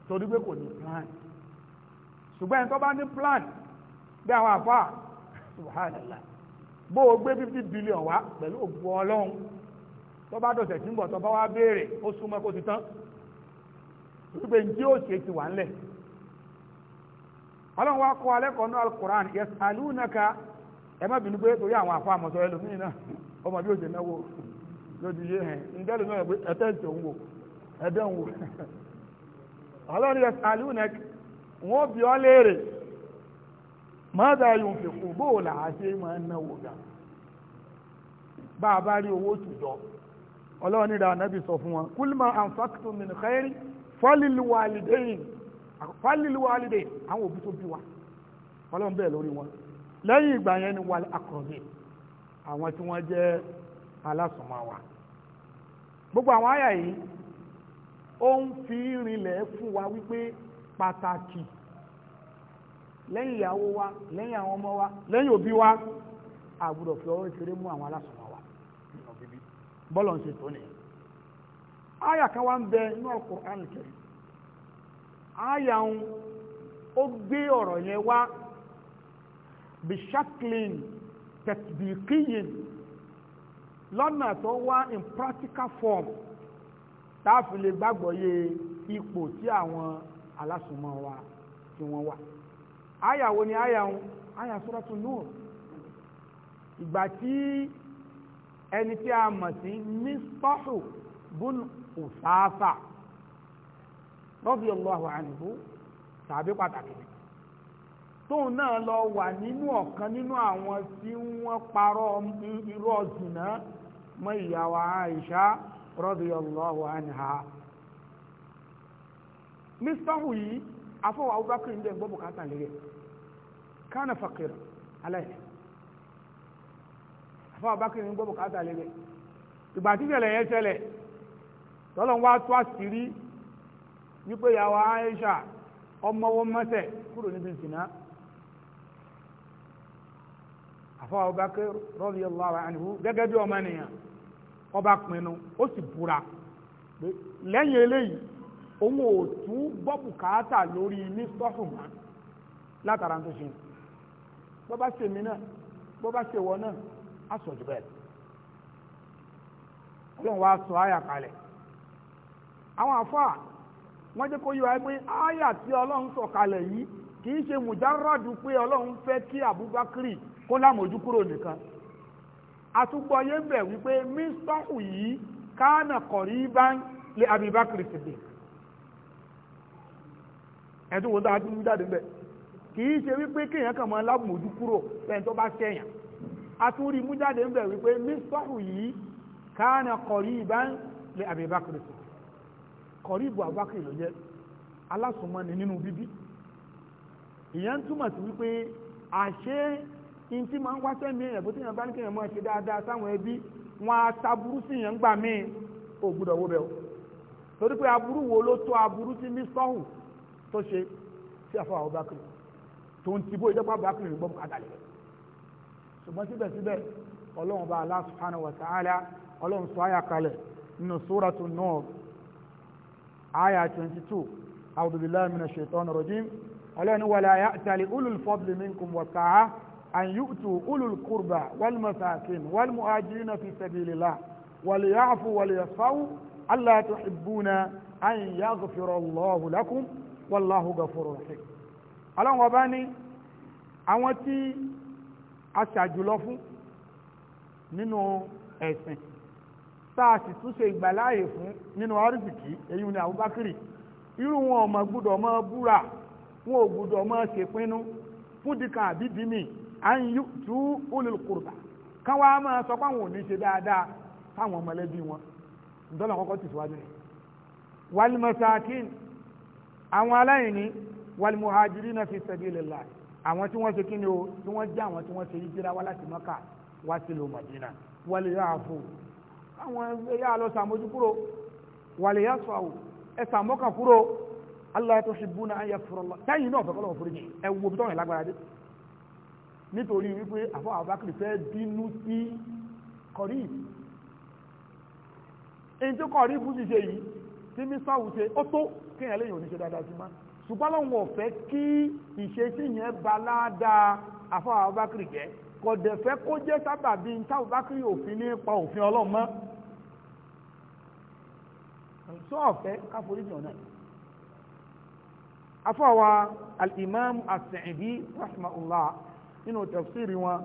torí pé kò ní plan ṣùgbọ́n ẹni tó bá ní plan bí àwọn àfa subhanallah bó o gbé fifty billion wá pẹ̀lú ògbó ọlọ́run tó bá dọ̀sẹ̀ tí ń bọ̀ tó bá wá béèrè ó súnmọ́ kó ti tán wípé njẹ́ ó ṣe ti wà ńlẹ̀ ọlọ́run wa kọ́ alẹ́ yasalunaka ẹ má bínú pé torí àwọn àfa àmọ̀tọ́ ẹlòmíì náà ọmọ bí ó ṣe náwó lójú yé hẹn ǹjẹ́ lómi ọ̀gbẹ́ ẹ̀tẹ́ ìṣe òun wò ẹ̀dẹ́ òun wò ọlọ́run ma wọ́n bí ọ léèrè mọ́tà yóò fi kú bóò là a bá rí owó sọ fún wọn kúlùmọ̀ fọ́lìlúwàlìdẹ́yìn fọ́lìlúwàlìdẹ́yìn àwọn òbí tó bí wa ọlọ́run bẹ́ẹ̀ lórí wọn lẹ́yìn ìgbà yẹn ni wà akọ̀ọ̀bẹ̀ àwọn tí wọ́n jẹ́ alásùnmọ́ wa gbogbo àwọn àyà yìí ó ń fi rinlẹ̀ fún wa wípé pàtàkì lẹ́yìn ìyàwó wa lẹ́yìn àwọn ọmọ wa lẹ́yìn òbí wa àgbùdọ̀ fi mú àwọn alásùnmọ́ bọ́lọ̀ ń ṣe tó nìyẹn Aya kan wá ń bẹ ní Al-Qur'an Karim àyà ń ó gbé ọ̀rọ̀ yẹn wá bishaklin tatbiqiyin lọ́nà tó wá in practical form táàfin lè gbàgbọ́ yé ipò tí àwọn alásùnmọ́ wa tí wọ́n wà àyà wo ni àyà ń àyà Suratu Nur ìgbà tí ẹni tí a mọ̀ sí mistahu bun òfáfà radiyallahu anhu tàbí pàtàkì tóun náà lọ wà nínú ọ̀kan nínú àwọn tí wọ́n parọ́ irọ́ zìnà mọ́ ìyàwó Àìṣà radiyallahu anha mísítọ́hù yìí afọ́wà abubakar lè ìgbà tí ìṣẹ̀lẹ̀ yẹn ṣẹlẹ̀ tọ́lọ́n wá tó àṣírí wípé ìyàwó Aisha ọmọwó mọ́sẹ̀ kúrò níbi ìsìná àfọwọ́ Abubakar gẹ́gẹ́ bí ọmọ ènìyàn ọba pinnu ó sì búra lẹ́yìn eléyìí òun ò tún lórí ní sọ́fù mọ́ látara àwọn àfáà wọ́n jẹ́ kó yíwa pé áyà tí ọlọ́run sọ̀kalẹ̀ yìí kì í ṣe mùjáràdù pé ọlọ́run fẹ́ kí Abubakri kó lámòjú kúrò nìkan àtúgbọ́yé bẹ̀ wípé mísọ́hù yìí kánà kọ̀rí bá ń lé Abubakri Siddiq ẹ̀dùn wo dáa tún jáde bẹ̀ kì í ṣe wípé kéèyàn kàn máa lámòjú kúrò lẹ́yìn tó bá ṣẹ̀yàn àtúrí mú jáde bẹ̀ wípé mísọ́hù yìí kánà kọ̀rí bá ń lé Abubakri Siddiq kọ̀ríbù àbákì ló jẹ́ alásùnmọ́ni nínú bíbí ìyẹn túmọ̀ sí wípé àṣé in tí máa ń wáṣẹ́ mi èèyàn bó tí èèyàn bá ní kéèyàn máa ṣe dáadáa sáwọn ẹbí wọn á taburú sí yẹn ń gbà míì ò gbúdọ̀ wó bẹ́ o torí pé aburú wo ló tó aburú tí mí sọ́hù tó ṣe sí àfọwọ́ àbákì tó ń tibó ìjọba àbákì rẹ̀ gbọ́ bùkátà lẹ̀ ṣùgbọ́n síbẹ̀síbẹ̀ ọlọ́run bá Allah subhanahu wa ta'ala ọlọ́run sọ àyà kalẹ̀ nínú Suratu Nur aya 22 a'udhu billahi minash shaitanir rajim ọlọ́ni wala ya'tali ulul fadli minkum wasa'a an yu'tu ulul qurba wal masakin wal mu'ajirina fi sabilillah wal ya'fu wal yasfahu alla tuhibbuna an yaghfira Allahu lakum wallahu ghafurur rahim ọlọ́run ọba ní àwọn tí a ṣàjùlọ fún nínú ẹ̀sìn táà sì tún ṣe ìgbàláàyè fún nínú arísìkí èyí ni àbúbákìrì irú wọn ò mọ̀ gbúdọ̀ mọ́ búra wọn ò gbúdọ̀ mọ́ ṣèpinnu fún dìkan àbí dìmí à ń yú tú olùkùrùbà kán wá máa sọ pé àwọn ò ní ṣe dáadáa táwọn ọmọlẹ́bí wọn ǹdọ́nà kọ́kọ́ ti síwájú rẹ̀ walimasakin àwọn aláìní walimuhajirina fi sabilillah àwọn tí wọ́n ṣe kí ni o tí wọ́n jẹ́ àwọn tí wọ́n ṣe yíjíra wá láti Mọ́kà wá sí lò Mọ̀dínà wal àwọn ẹyà alọ́ sàmójú kúrò wàlẹ̀ yà sọ àwò ẹ sàmọ́kà kúrò Allah tuhibbuna an yaghfirallah táyì náà fẹ́kọ́ lọ́wọ́ foríjì ẹ wo bí tọ́yìn lágbára dé nítorí wípé àfọ àbákìrì fẹ́ bínú sí kọ̀rí èyí tó kọ̀rí fún ṣiṣẹ́ yìí tí mísà wù ṣe ó tó kéèyàn lẹ́yìn oníṣẹ́ dáadáa sí má ṣùgbọ́n lọ́wọ́ fẹ́ kí ìṣesí yẹn baláda àfọ àbákìrì jẹ́ kọ̀dẹ̀ fẹ́ kó jẹ́ sábàbí táwọn bá kí òfin ní pa òfin ọlọ́run mọ́ sọ ọ̀fẹ́ káforíjì ọ̀nà afọ́wà al-imam as-Sa'di rahimahullah nínú tafsiri wọn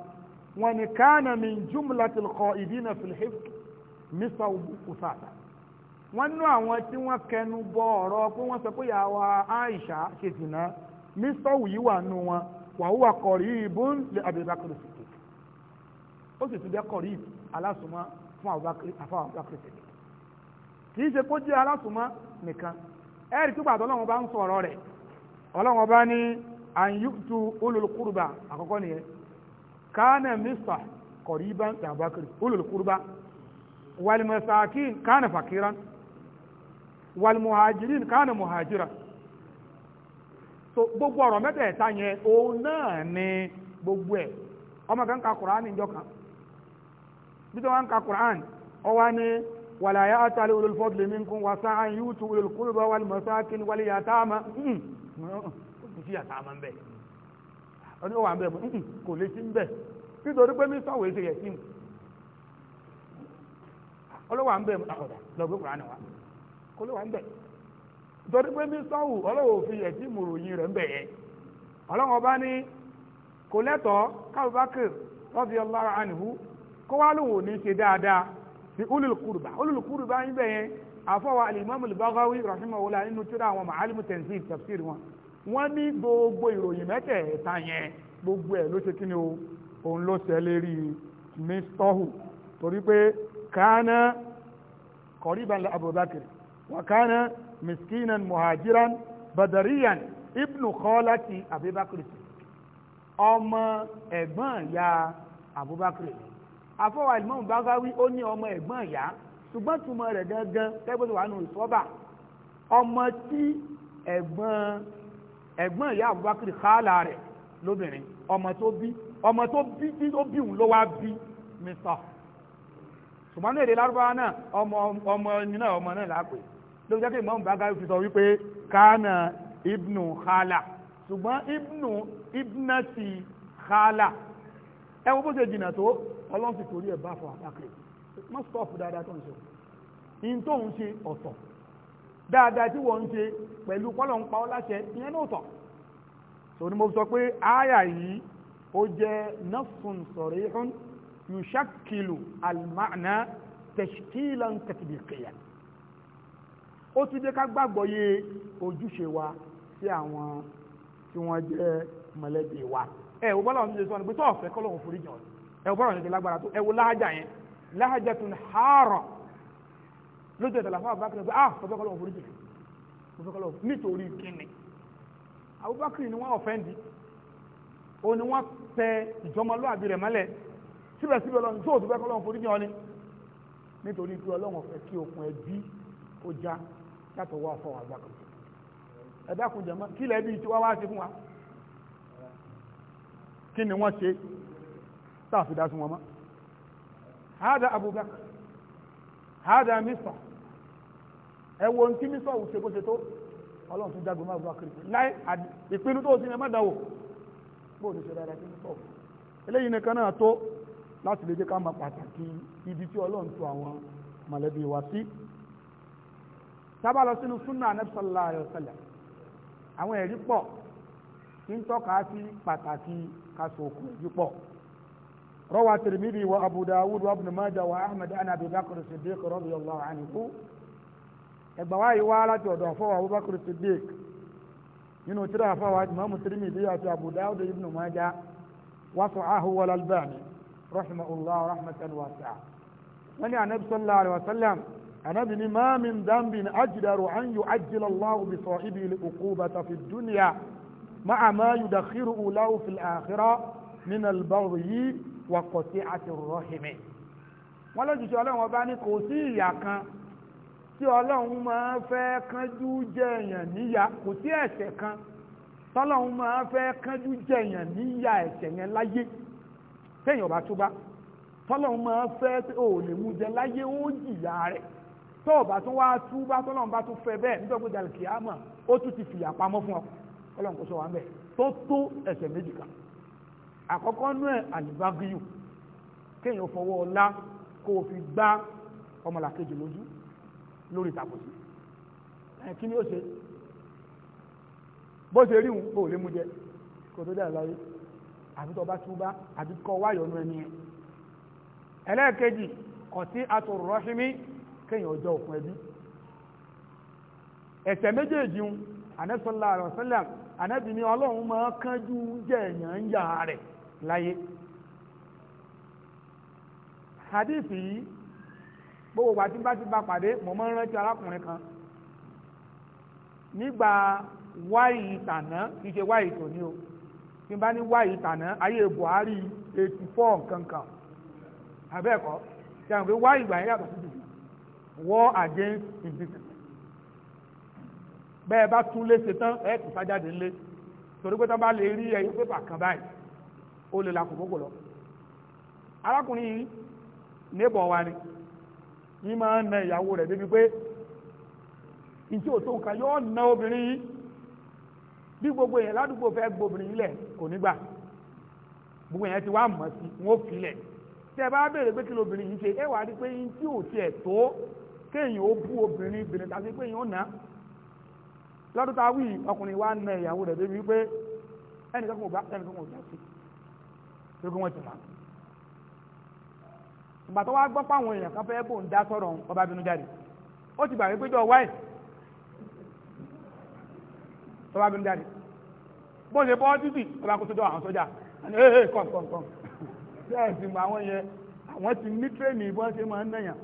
wọn ni kana min jumlatil qa'idina fil hifz mista usata wọ́n nú àwọn tí wọ́n kẹnu bọ ọ̀rọ̀ pé wọ́n sọ pé yàwá Aisha ṣe dìnnà mista yìí nù wọn wàhùwà kọ̀rí ìbún lè Abubakar Siddiq ó sì tún jẹ́ kọ̀rí alásùnmọ́ fún àfáwọn abúlákiri sèdè kì í ṣe kó jẹ́ alásùnmọ́ nìkan ẹ̀rí tó gbàdọ́ ọlọ́run bá ń sọ ọ̀rọ̀ rẹ̀ ọlọ́run bá ní àyùtù olùkúrúbà àkọ́kọ́ nìyẹn kánà mísà kọ̀rí bá ń tàn abúlákiri olùkúrúbà wàlmùsàkín kánà fàkírán wàlmùhàjírìn kánà gbogbo ni gbogbo kùránì kan bí w'anka Qur'an ọ wá ní ulul fadli minkum wà sáà yóò ulul qurba wal masakin wal yatama hmm. kò ya yatama ń bẹ̀ ọdún ó ya ń bẹ̀ mọ́ hmm, kò lè sí ń bẹ̀ nítorí pé mi sọ̀wọ́ èsì mu ọlọ́wà ń bẹ̀ ọ̀dà Qur'an wa fi kó wá lóun ò ní ṣe dáadáa sí olùkùrùbá olùkùrùbá ń bẹ̀ yẹn àfọwọ́ alimami al-Baghawi rahimahullah nínú tíra àwọn ma'alimu tanzil tafsir wọn wọ́n ní gbogbo ìròyìn mẹ́tẹ̀ẹ̀ta yẹn gbogbo ẹ̀ ló ṣe kí ni o òun ló ṣe lérí mistahu torí pé kánà qariban Abubakar wa kánà miskinan muhajiran badariyan ibnu khalati Abubakar ọmọ ẹ̀gbọ́n ìyá Abubakar àfọwọ́ àlùmọ́ọ̀mù bágáwí ó ní ọmọ ẹ̀gbọ́n ìyá ṣùgbọ́n túmọ̀ rẹ̀ gangan tẹ́gbọ́n wà nù ìsọ́bà ọmọ tí ẹ̀gbọ́n ẹ̀gbọ́n ìyá Abubakar kálá rẹ̀ lóbìnrin ọmọ tó bí ọmọ tó bí tí ó bí òun ló wá bí mr ṣùgbọ́n ní èdè lárúbáwá náà ọmọ ọmọ ẹni náà ọmọ náà lápè ló jẹ́ kí ìmọ̀ọ́mù bágáwí fi sọ wípé kánà ibnu kálá ṣùgbọ́n ibnu ibnati kálá ẹ wo bó ṣe jìnnà tó ọlọ́run sì torí ẹ̀ bá fọ àtàkùn má stọ́ọ̀fù dáadáa tó ń ṣe in tó ń ṣe ọ̀tọ̀ dáadáa tí wọ́n ń ṣe pẹ̀lú pọ́lọ̀ ń pa ọ́ láṣẹ ìyẹn náà tọ̀ so ni mo sọ pé ááyà yìí ó jẹ́ nafsun sarihun yushakilu alma'na tashkilan tatbiqiyan ó ti jẹ́ ká gbàgbọ́ yé ojúṣe wa sí àwọn tí wọ́n jẹ́ mọ̀lẹ́bí wa ẹ̀ wọ́n bọ́lá wọn ti sọ ni pé tó ọ̀fẹ́ kọ́lọ́hún foríjì ọ̀dọ́ ẹ bọ́rọ̀ ní ti lágbára tó ẹ wo láhájà yẹn láhájà tún hàárọ̀ lójú ẹ̀tàlá fún abubakar pé ah bàbá kọlọ́wọ́ forí jìnnà bàbá kọlọ́wọ́ nítorí kíni abubakar ni wọ́n ọ̀fẹ́ndì o ni wọ́n tẹ ìjọmọlúwàbí rẹ̀ mọ́lẹ̀ síbẹ̀síbẹ̀ lọ́nà tó òtún bẹ́ kọlọ́wọ́ forí jìnnà ni nítorí pé ọlọ́wọ́n fẹ́ kí okùn ẹbí ó já látọ̀ wá fọ́ abubakar ẹ dákun jẹ́ mọ́ kílẹ̀ bí tí wọ́n wá ṣe fún wa kí ni wọ́n ṣe táàfi dá sí wọn mọ́ hádà abubakar hádà mísọ̀ ẹwọ ntí mísọ̀ òṣè bó ṣe tó ọlọ́run tún jágbe máa abubakar láì ìpinnu tó ti ní ẹmọ́dà wò bó ní ṣe dára sí mísọ̀ eléyìí nìkan náà tó láti lè jẹ́ ká máa pàtàkì ibi tí ọlọ́run tu àwọn mọ̀lẹ́bí wa sí sábà lọ sínú súnà Ànábì sallallahu àwọn ẹ̀rí pọ̀ tí ń tọ́ka sí pàtàkì kásòkò ẹ̀jú pọ̀ روى الترمذي وابو داود وابن ماجه واحمد عن ابي بكر الصديق رضي الله عنه ẹgbàwáyé wá láti ọ̀dọ̀ àfọwọ́ abubakar siddiq nínú tíra àfọwọ́ imamu tirmidhi àti abu dawud ibn maja wasu ahu wal albani rahimahullah rahmatan wasa wani anabi sallallahu alaihi wasallam anabi ni ma min dambin ajdaru an yu'ajjil allah bi sahibi li uqubata fi dunya ma'a ma yudakhiru lahu fil akhirah min al baghi wakọ̀tí àti rọ́hìmì wọ́n lójúṣẹ́ ọlọ́run ọba ní kò sí ìyà kan tí ọlọ́run máa fẹ́ kánjú jẹ̀yàn níyà kò sí ẹ̀ṣẹ̀ kan tọ́lọ́run máa fẹ́ kánjú jẹ̀yàn níyà ẹ̀ṣẹ̀ yẹn láyé téèyàn ọba túbá tọ́lọ́run máa fẹ́ ò lè mú jẹ láyé ó jìyà rẹ̀ tó ọba tó wá túbá tọ́lọ́run bá tún fẹ́ bẹ́ẹ̀ nítorí pé dàlùkì àmọ́ ó tún ti fìyà pamọ́ fún ọ ọlọ́run kò sọ wá ń bẹ̀ tó tó ẹ̀ṣẹ̀ méjì kan àkọ́kọ́ nú ẹ̀ àlùbágíyù kéèyàn fọwọ́ ọlá kó o fi gbá ọmọlàkejì lójú lórí ìtàkùsí ẹ̀ kí ni ó ṣe bó ṣe rí òun kò lè mú jẹ kò tó dáa láyé àbí tó bá túbá àbí kọ wáyọ̀ nú ẹni ẹ̀ ẹlẹ́ẹ̀kejì ọ̀tí atòrọ̀ṣímí kéèyàn ọjọ́ òkun ẹbí ẹ̀ṣẹ̀ méjèèjì ń anẹ́sọ́lá àrọ̀sọ́lá ànábì ni ọlọ́run máa kánjú jẹ́ èèyàn ń yà rẹ̀ láyé hadith yìí gbogbo wa tí bá ti bá pàdé mo máa ń rántí arákùnrin kan nígbà wáyì tàná kì í ṣe wáyì tòní o tí bá ní wáyì tàná ayé Buhari eighty four nkankan abẹ́ẹ̀kọ́ tí a ń pè wáyì ìgbà yẹn yàtọ̀ sí jù war against injustice bẹ́ẹ̀ bá tún lé ṣe tán ẹ̀ tún sájáde lé torí pé tán bá lè rí ẹyẹ pépà kan báyìí ó lè la kòkókò lọ arákùnrin yìí nébọ̀ wa ni yìí máa ń na ìyàwó rẹ̀ débi pé ìtí ò tó nǹkan yóò na obìnrin yìí bí gbogbo èèyàn ládùúgbò fẹ́ gbobìnrin yìí lẹ̀ kò ní gbà gbogbo èèyàn ti wá mọ̀ sí wọn ó fi lẹ̀ tẹ́ ẹ bá béèrè pé kí lobìnrin yìí ṣe ẹ rí pé yìí tí ò tiẹ̀ tó kéèyàn ó bú obìnrin obìnrin tàbí pé yìí ó nà lọ́dún tá a wí ọkùnrin wa na ìyàwó rẹ̀ débi pé ẹnìkan kò bá ẹnìkan kò já sí torí pé wọ́n ti mọ̀ ìgbà tó wá gbọ́ páwọn èèyàn kan fẹ́ bò ń dá sọ̀rọ̀ ọba bínú jáde ó ti gbà wípé jọ wáì ọba bínú jáde bó ṣe bọ́ títì ọba kó sójú àwọn sójà ẹni ee kọ̀m kọ̀m kọ̀m bẹ́ẹ̀ sì mọ àwọn yẹn àwọn ti ní tírẹ́nì bí ṣe máa ń nàyàn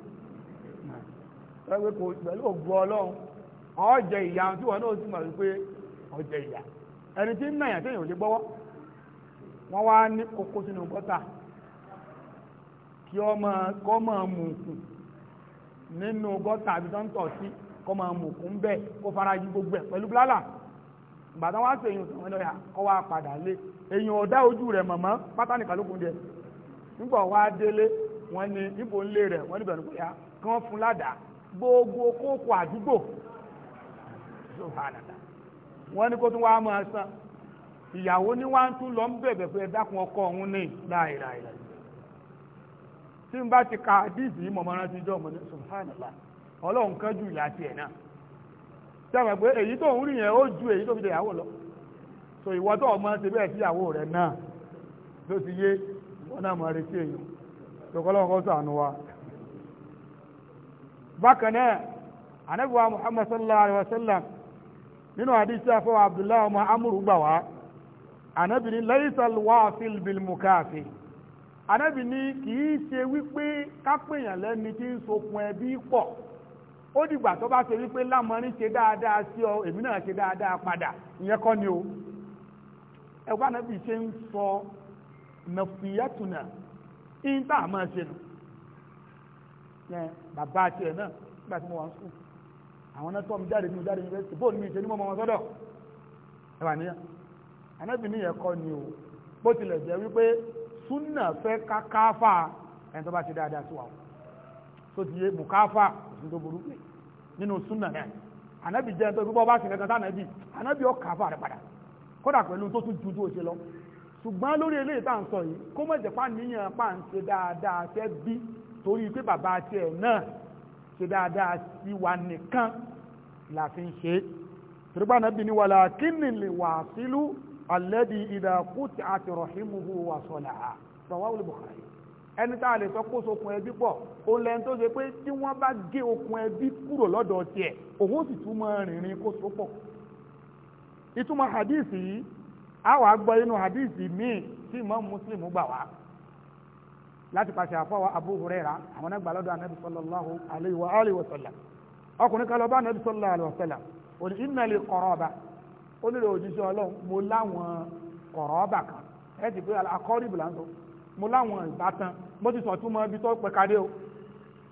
ẹgbẹ́ kò pẹ̀lú ògbó ọlọ́run ọ̀ọ́jẹ ìyá tí wọn náà sì mọ̀ wípé ọ̀jẹ̀ ìyá ẹni tí ń nàyàn téèyàn ò lè gbọ́wọ́ wọ́n wá ní kókó sínú bọ́tà kí ọmọ kọ́ máa mú nínú bọ́tà àbí tó ń tọ̀ sí kọ́ gbogbo ẹ̀ pẹ̀lú blálà ìgbà wá sí èyàn tó wọ́n kọ́ wá padà lé èyàn ọ̀dá ojú rẹ̀ mọ̀mọ́ pátá nìkan jẹ nígbà wá délé rẹ̀ níbẹ̀ ya kí wọ́n fún gbogbo kókó àdúgbò kó tún wá ìyàwó ní wá ń tún lọ ń bẹ̀bẹ̀ fún ẹ̀dákun ọkọ òun ní láìláìlá tí n bá ti ka àdìsí yìí mọ̀mọ́ rántí jọ mọ̀ ní subhanallah ọlọ́run kan ju ìyá tiẹ̀ náà sẹ́wọ̀n pé èyí tó ń rí yẹn ó ju èyí tó fi ìyàwó lọ so ìwọ tó ọmọ ti bẹ́ẹ̀ sí ìyàwó rẹ̀ náà ló ti yé ìwọ náà mọ̀ retí èyàn tòkọ́lọ́wọ́n kó sànù wa bákan náà anábìwá muhammad sallallahu alayhi wa sallam nínú àdìsí afọ abdullahi ọmọ amúrú gbà wá ànábì ní laysal wasil bil mukafi ànábì ní kìí ṣe wípé kápẹ̀yàn lẹ́ni tí ń sokun ẹbí pọ̀ ó dìgbà tó bá ṣe wípé lámọ́rin ṣe dáadáa sí ọ èmi náà ṣe dáadáa padà ìyẹn kọ́ ni o ẹ̀wọ́n ànábì ṣe ń sọ nàfìyàtùnà ìntà máa ṣe nù bàbá àti ẹ̀ náà nígbà tí mo wà ń sùn àwọn náà tọ́ mi jáde mi jáde mi fẹ́ bóòlù mi ṣe ní mọ́ sọ́dọ̀ ẹ̀wà níyà anábì ní yẹn kọ́ ni o bó tilẹ̀ jẹ́ wípé súnà fẹ́ kákáfà ẹni tó bá ṣe dáadáa sí wa o tó ti yé mùkáfà òsì tó burú pé nínú súnà náà anábì jẹ́ ẹni tó gbọ́ bá ṣe kankan sánàbì anábì ó káfà rẹ̀ padà kódà pẹ̀lú tó tún ju tó ṣe lọ ṣùgbọ́n lórí eléyìí tá à ń sọ yìí kó mọ̀ jẹ́pá níyàn pa ń ṣe dáadáa fẹ́ bí torí pé bàbá tiẹ̀ náà ṣe dáadáa sí wa nìkan la fi ń ṣe é tìrúbà wàlá kí alẹ́dì ìdàkútì àti rọ̀hìmùhù wà sọ̀là sọ̀wáwùlì Bukhari ẹni tá a lè sọ kó sokùn ẹbí pọ̀ ó lẹ́yìn tó ṣe pé tí wọ́n bá gé okùn ẹbí kúrò lọ́dọ̀ tiẹ̀ òun sì túmọ̀ rìnrìn kó so pọ̀ ìtumọ̀ hadisi yìí a wà gbọ́ inú hadisi míì tí Imam Muslim gbà wá láti pàṣẹ àfọwọ́ Abu Huraira àwọn ẹgbàá lọ́dọ̀ anabi sallallahu alayhi wa sallam ọkùnrin kan lọ bá anabi sallallahu alayhi wa sallam òní ìmẹ̀lẹ̀ kọ̀rọ̀ ọba ó nílò òjíṣẹ́ ọlọ́run mo láwọn kọ̀rọ̀ọ́bà kan ẹ ti pé akọ́rìbù là ń sọ mo láwọn ìbátan mo ti sọ̀tún mọ ibi tó pẹ̀kadé o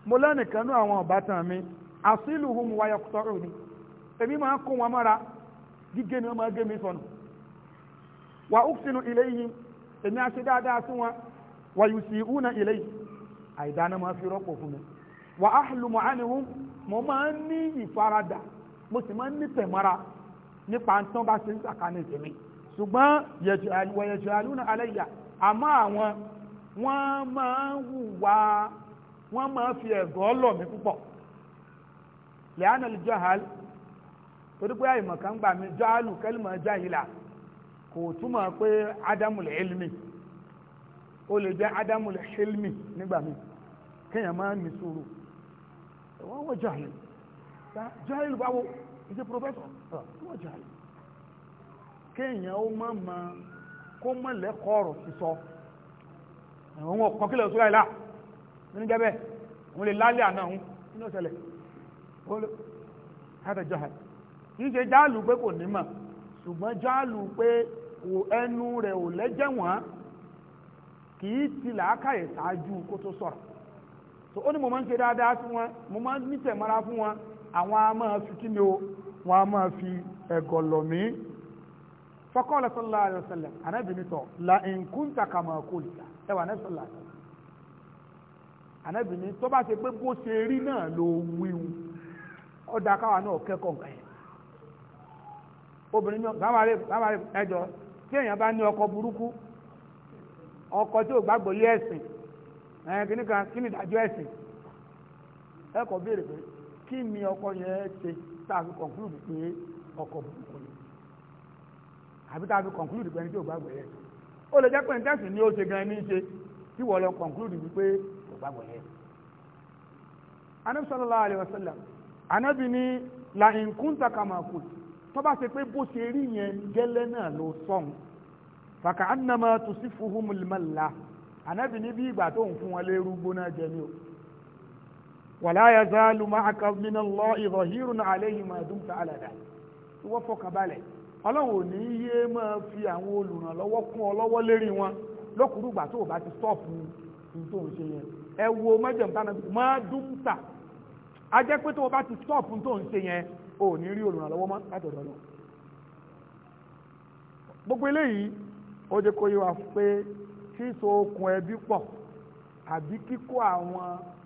mo lẹ́nìkan ní àwọn ìbátan mi àsìlù hùm wáyà kùtọ́rù ni èmi máa ń kó wọn mọ́ra gígé ni wọ́n máa gé mi sọnù wà ó sinú ilé yìí èmi á ṣe dáadáa sí wọn wà yù sí ìhùnà ilé yìí àìdáná máa fi rọ́pò fún mi wà á lùmọ̀ ánìhùn mo máa ń ní ìfaradà mo sì máa ń ní tẹ̀mọ́ra nípa tán bá ṣe ń sàkánì tèmi ṣùgbọ́n wọ̀yẹ̀ṣù alúnà aláìyà àmọ́ àwọn wọ́n máa ń hùwà wọ́n máa fi ẹ̀gọ́ lọ̀ mí púpọ̀ lẹ́yìn alìjọ́hàl torí pé àìmọ̀ kan gbà mí jọ́hàlù kẹ́lìmọ̀ jáhìlà kò túmọ̀ pé ádámùlẹ̀ ilmi ó lè jẹ́ ádámùlẹ̀ ilmi nígbà mí kéèyàn máa ń mi sùúrù wọ́n wọ́n jọ́hàlù jọ́hàlù báwo ìṣe professor ọjà kéèyàn ó má ma kó mọ̀ lẹ́kọ̀ọ́ ọ̀rọ̀ sọ ẹ̀wọ̀n wọn kàn kílẹ̀ òṣùlá ìlà nínú jẹ́ òun lè lálẹ́ àná òun nínú ìṣẹ̀lẹ̀ ó lè hàtà ṣe jáàlù pé kò ní ṣùgbọ́n jáàlù pé ẹnu rẹ̀ ò lẹ́jẹ̀wọ̀n ti làákàyè ṣáájú kó tó sọ̀rọ̀ so ó ní mo máa ń ṣe dáadáa fún wọn mo máa ń fún wọn àwọn ni o wọn a máa fi ẹ̀gọ̀ lọ̀ mí anábìnitọ̀ la in kunta kama qulta ẹwà anábì sallallahu alaihi wasallam anábìnì tó bá ṣe pé bó ṣe rí náà ló wíwu ọ̀dà káwa náà kẹ́kọ̀ọ́ nǹkan yẹn obìnrin náà gbàmàlè gbàmàlè ẹjọ tí èèyàn bá ní ọkọ burúkú ọkọ tí ò gbàgbọ́ yé ẹ̀sìn ẹ̀yìn kìnnìkan kí ni ìdájọ́ ẹ̀sìn ẹ̀kọ́ béèrè pé kí ni ọkọ yẹn ṣe tá a fi conclude pé ọkọ̀ burúkú ni àbí tá a fi conclude pé ẹni tí ò gbàgbọ́ yẹ ó lè jẹ́ pé ìtẹ́sì ni ó ṣe gan ní ṣe tí wọ́n lọ conclude wípé kò gbàgbọ́ yẹ. Ànábì sallallahu alaihi wasallam anábì ní la nkúntà kàmákù tó bá ṣe pé bó ṣe rí yẹn gẹ́lẹ́ náà ló sọ̀n fàkà annama tusifuhumul malla anábì ní bí ìgbà tó ń fún wọn lérú gbóná jẹ ní o. wàláyà záàlù máa ka mina lọ ìrọ̀hírùn àléyìn máa dùn ta àlàdà wọ́n fọkàn ní yé ma fi àwọn olùrànlọ́wọ́ kún ọlọ́wọ́ lérí wọn lókùrúgbà tó bá ti stọ́ọ̀pù tó ń ṣe yẹn ẹ wo máa dùn tó bá ti stọ́ọ̀pù tó ń ṣe yẹn ò ní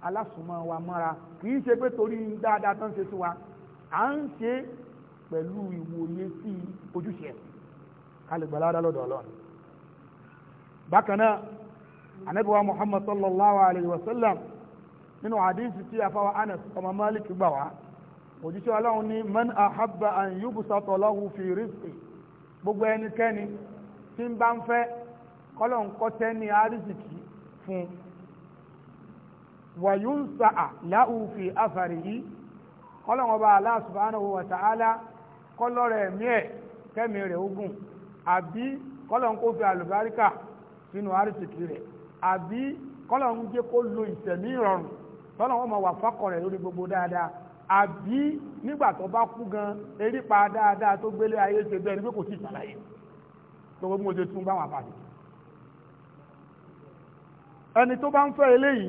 alásùnmọ́ wa mọ́ra kì í ṣe pé torí dáadáa tán ṣe sí wa à ń ṣe pẹ̀lú ìwòye sí ojúṣe kálígbàládá lọ́dọ̀ ọlọ́run bákan náà ànábì wa muhammad sallallahu alayhi wa sallam nínú àdínsì tí a fáwọn anas ọmọ malik gbà wá òjíṣẹ́ ọlọ́run ní man ahabba an yubsata lahu fi rizqi gbogbo ẹnikẹ́ni tí ń bá ń fẹ́ kọ́lọ̀ ń kọ́tẹ́ ní àrísìkì fún un wàyúnsà láwùfì afàrí yìí kọ́lọ́wọ́n bá Allah subhanahu wa ta'ala kọ́lọ́rọ̀ ẹ̀mí ẹ̀ kẹ́mi rẹ̀ ogun àbí kọ́lọ́wọ́n kó fi àlùbáríkà sínú àrísìkì rẹ̀ àbí kọ́lọ́wọ́n jẹ́ kó lo ìsẹ̀mí ìrọ̀rùn tọ́lọ́wọ́n máa wà fákọ̀ rẹ̀ lórí gbogbo dáadáa àbí nígbà tó bá kú gan erípa dáadáa tó gbélé ayé ṣe bẹ́ẹ̀ ni pé kò sí ìsàlàyé gbogbo mo ṣe tún báwọn àbàdì ẹni tó bá ń fẹ́ eléyìí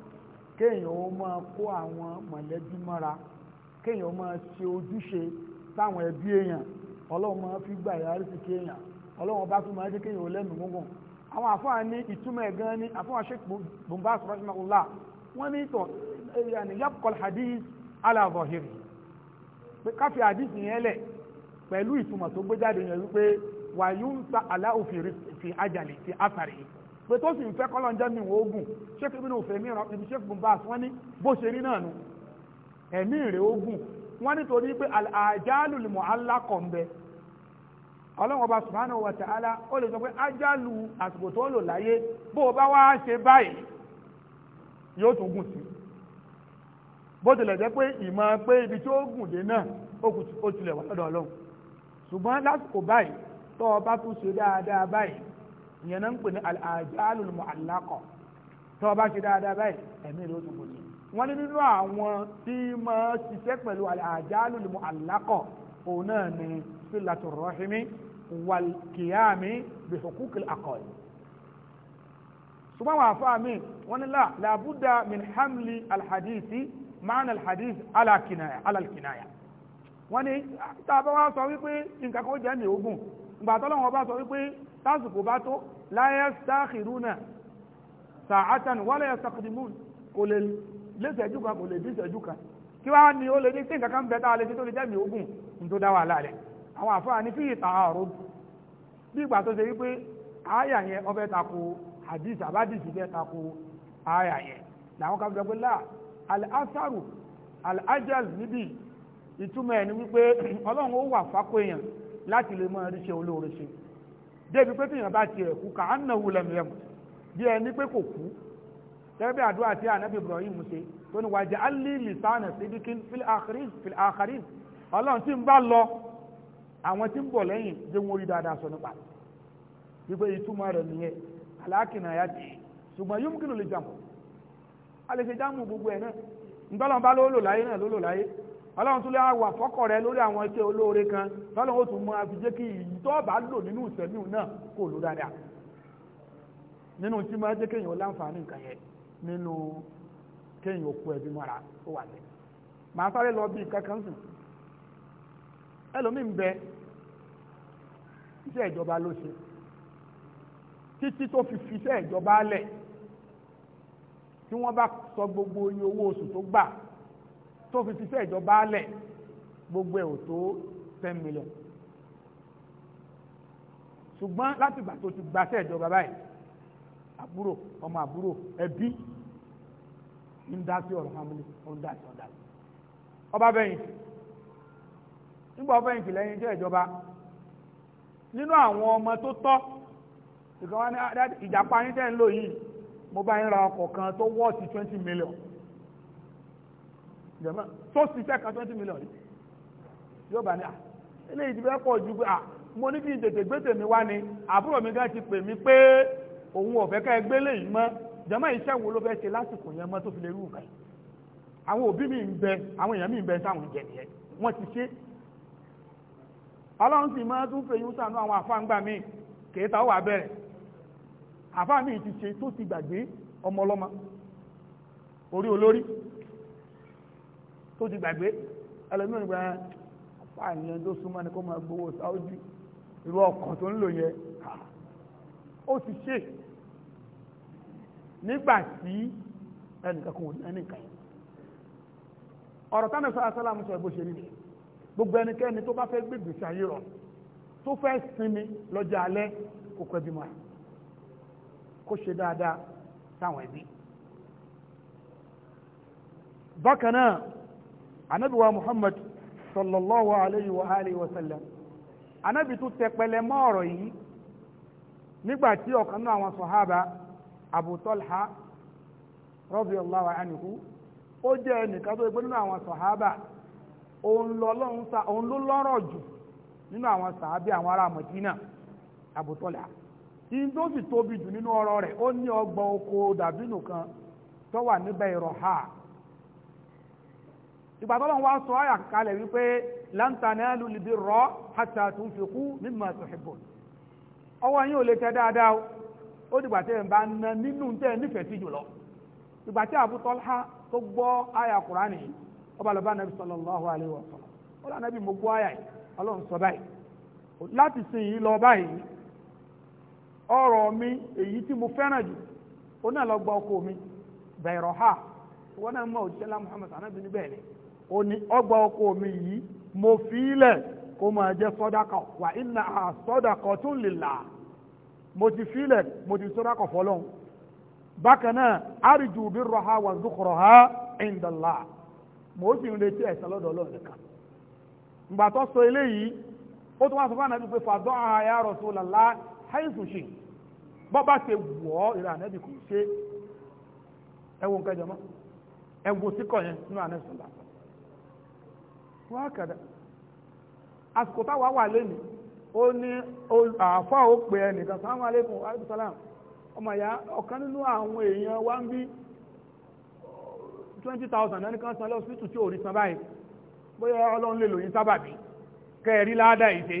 kéèyàn ó máa kó àwọn mọ̀lẹ́bí mọ́ra kéèyàn ó máa ṣe ojúṣe táwọn ẹbí èèyàn ọlọ́run máa fi gbà yàrá sí kéèyàn ọlọ́run bá tún máa jẹ́ kéèyàn ó lẹ́nu gúngùn àwọn àfáà ní ìtumọ̀ ẹ̀gán ní àfáà sheikh bumbas rahimahullah wọ́n ní ìtọ̀ eh, yani yabqal hadith ala zahiri pé káfí hadith yẹn lẹ̀ pẹ̀lú ìtumọ̀ tó gbé jáde yẹn wípé wàyúùsà aláwò fi ajali fi asari yìí pé tó sì ń fẹ́ kọ́lọ́ ń jẹ́ mi ogun ṣéèkì bí nù fèmí ìran ibi ṣéèkì bùnbà wọ́n ní bó ṣe rí náà nu ẹ̀mí rẹ̀ ogun wọ́n nítorí pé àjálù lè mọ̀ alákọ̀ ọlọ́run ọba subhanahu wa ta'ala ó lè sọ pé àjálù àsìkò tó lò láyé bó o bá wá ṣe báyìí yóò tún gùn sí bó tilẹ̀ jẹ́ pé ìmọ̀ pé ibi tí ó gùn dé náà ó tilẹ̀ wà lọ́dọ̀ ọlọ́run ṣùgbọ́n lásìkò báyìí tó o bá tún ṣe dáadáa báyìí ìyẹn náà ń pè ní al-ajalul mu'allaqa tó o bá ṣe dáadáa báyìí ẹ̀mí rẹ̀ ó tún bòjì wọ́n ní nínú àwọn tí máa ṣiṣẹ́ pẹ̀lú al-ajalul mu'allaqa òun náà ni silatur rahimi wal qiyami bi huquqil aqal ṣùgbọ́n àwọn àfáà mi wọ́n ní là làbúdà min alhadisi ma'na alhadis ala kinaya wọ́n ní tá a bá wá sọ wípé nǹkan kan jẹ́ ní ogun ìgbà tọ́lọ́wọ́n bá sọ wípé tásìkò bá tó la yastakhiruna sa'atan wala yastaqdimun kò lè lẹ́sẹ̀jú kan kò lè díṣẹ́jú kan kí wá ní ó lè ní sí nǹkan kan bẹ́ta alẹ́ tó lè jẹ́mi ogun ní tó dá wà láàrẹ̀ àwọn àfáà ní fi ta'arud bí ìgbà tó ṣe wípé àyà yẹn ọbẹ̀ tako hadith àbádìsí bẹ́ẹ̀ tako àyà yẹn làwọn kan sọ pé là al-asaru al-ajaz níbi ìtumọ̀ ẹ̀ ni wípé ọlọ́run ó wà fákó èèyàn láti lè mọ irinṣẹ́ olóore ṣe débi pé tíyàn bá tiẹ̀ kú ká annahu lam yamut bí ẹni pé kò kú tẹ́bí àdúrà tí ànábì Ibrahim ṣe tó ní wàjẹ́ alí lisana sidikin fil akhirin fil akhirin ọlọ́run tí ń bá lọ àwọn tí ń bọ̀ lẹ́yìn jẹ́ wọn orí dáadáa sọ nípa wípé ìtumọ̀ rẹ̀ nìyẹn aláàkìnà ya ti ṣùgbọ́n yóò mú kí ló lè jàmọ̀ a ṣe jámù gbogbo ẹ̀ náà ń tọ́lọ́ bá ló lò láyé náà ló lò láyé ọlọ́run tún lé àwà fọ́kọ̀ rẹ lórí àwọn iṣẹ́ olóore kan lọ́lọ́run ó tún mọ àfijẹ́ kí ìyí tó bá lò nínú ìsẹ̀mí náà kò ló dáadáa nínú tí máa jẹ́ kéèyàn láǹfààní nǹkan yẹn nínú kéèyàn òkú ẹbí mọ́ra ó wà lẹ́yìn màá sáré lọ bí kankan sùn ẹlòmíín bẹ iṣẹ́ ìjọba ló ṣe títí tó fi fi iṣẹ́ ìjọba lẹ̀ tí wọ́n bá sọ gbogbo iye owó oṣù tó gbà tó fi ṣiṣẹ́ ìjọba alẹ̀ gbogbo ẹ̀ ò tó ten million ṣùgbọ́n láti ìgbà tó ti gbaṣẹ́ ìjọba báyìí àbúrò ọmọ àbúrò ẹbí ń dá sí ọ̀rọ̀ family ó ń dá sí ọ̀dà ọba bẹ́yìn nígbà ọba bẹ́yìn tìlẹ́yìn jẹ́ ìjọba nínú àwọn ọmọ tó tọ́ ìjàpá yín tẹ́ ń lò yìí mo bá ń ra ọkọ̀ kan tó wọ́ọ̀sì twenty million jẹ̀mọ́ tó sì fẹ́ kan twenty million yóò bá ní à ah, eléyìí ti fẹ́ pọ̀ ju pé à ah, mo ní kí n tètè gbé tèmi wá ni àbúrò mi gan ti pè mí pé òun ò fẹ́ ká ẹ gbé léyìí mọ́ jẹ̀mọ́ iṣẹ́ wo ló fẹ́ ṣe lásìkò yẹn mọ́ tó fi lè rú nǹkan yìí àwọn òbí mi ń bẹ àwọn èèyàn mi ń bẹ sáwọn ìjẹ nìyẹn wọ́n ti ṣe ọlọ́run sì máa tún fèyí sànú àwọn àfáǹgbà mi kèéta ó wà bẹ̀rẹ̀ àfáà mi ti ṣe tó ti gbàgbé ọmọ ọlọ́mọ orí olórí tó ti gbàgbé ẹlòmíràn gba apá ìyẹn tó súnmọ́ ni kó máa gbowó sáúdì irú ọkàn tó ń lò yẹn ó ti ṣe nígbà tí ẹnìkan kò ní ẹnìkan yẹn ọ̀rọ̀ tánà sọ asálàmù sọ ẹgbóṣe rí gbogbo ẹnikẹ́ni tó bá fẹ́ gbé gbèsè ayé rọ̀ tó fẹ́ sinmi lọ́jọ́ alẹ́ kò pẹ́ bímọ kó ṣe dáadáa sáwọn ẹbí bákan náà anabi wa muhammad sallallahu alayhi wa alihi wa sallam anabi tún tẹpẹlẹ mọ́ ọ̀rọ̀ yìí nígbà tí ọ̀kan náà àwọn sọhábà abu talha radiyallahu anhu ó jẹ́ ẹnìkan tó gbé nínú àwọn sọhábà òun ló lọ́rọ̀ jù nínú àwọn sàábì àwọn ará mọdínà abu tó sì tóbi jù nínú ó ní oko dàbínù kan tó wà níbẹ̀ ìgbà tó lọ́wọ́ wá sọ àyà kalẹ̀ wípé lan tanalul birra hatta tunfiqu mimma tuhibbun ọwọ́ yín lè tẹ dáadáa ó dìgbà tẹ́ ẹ̀ ń bá ná nínú tẹ́ ẹ nífẹ̀ẹ́ sí jùlọ ìgbà tí Abu tó gbọ́ àyà Kùránì ọba lọ́ba ó lọ́nà bí mo gbọ́ ọlọ́run sọ báyìí ó ní ọgbà ọkọ mi yìí mo fi ilẹ̀ kó máa jẹ́ sọ́dákà wà iná sọ́dákà tún lillah mo ti fi ilẹ̀ mo ti sọ́dákà fọlọ́n bákan náà àríjù bí rọha wà zùkọrọ ha ìndàlá mo sì ń retí ẹ̀san lọ́dọ̀ ọlọ́run nìkan ìgbà tó sọ eléyìí ó tún wá sọ fún pé fàdọ́ àyà Rasulullah haisu ṣe bọ́bá ṣe wọ́ ìrà ànábì kò ṣe ẹwọ nǹkan jọmọ́ ẹwọ síkọ̀ yẹn nínú ànábì sọ̀lá wákàdá àsìkò táwa wà lẹ́nu ó ní àáfà ó pè ẹ nìkan sáwọn alẹ́kùn alẹ́kùnsálàm ọmọ ìyá ọ̀kan nínú àwọn èèyàn wá ń bí 20,000 ẹni kan san tí ò rí san báyìí bóyá ọlọ́run lè lòyìn sábàbí kẹrí láádá ìṣe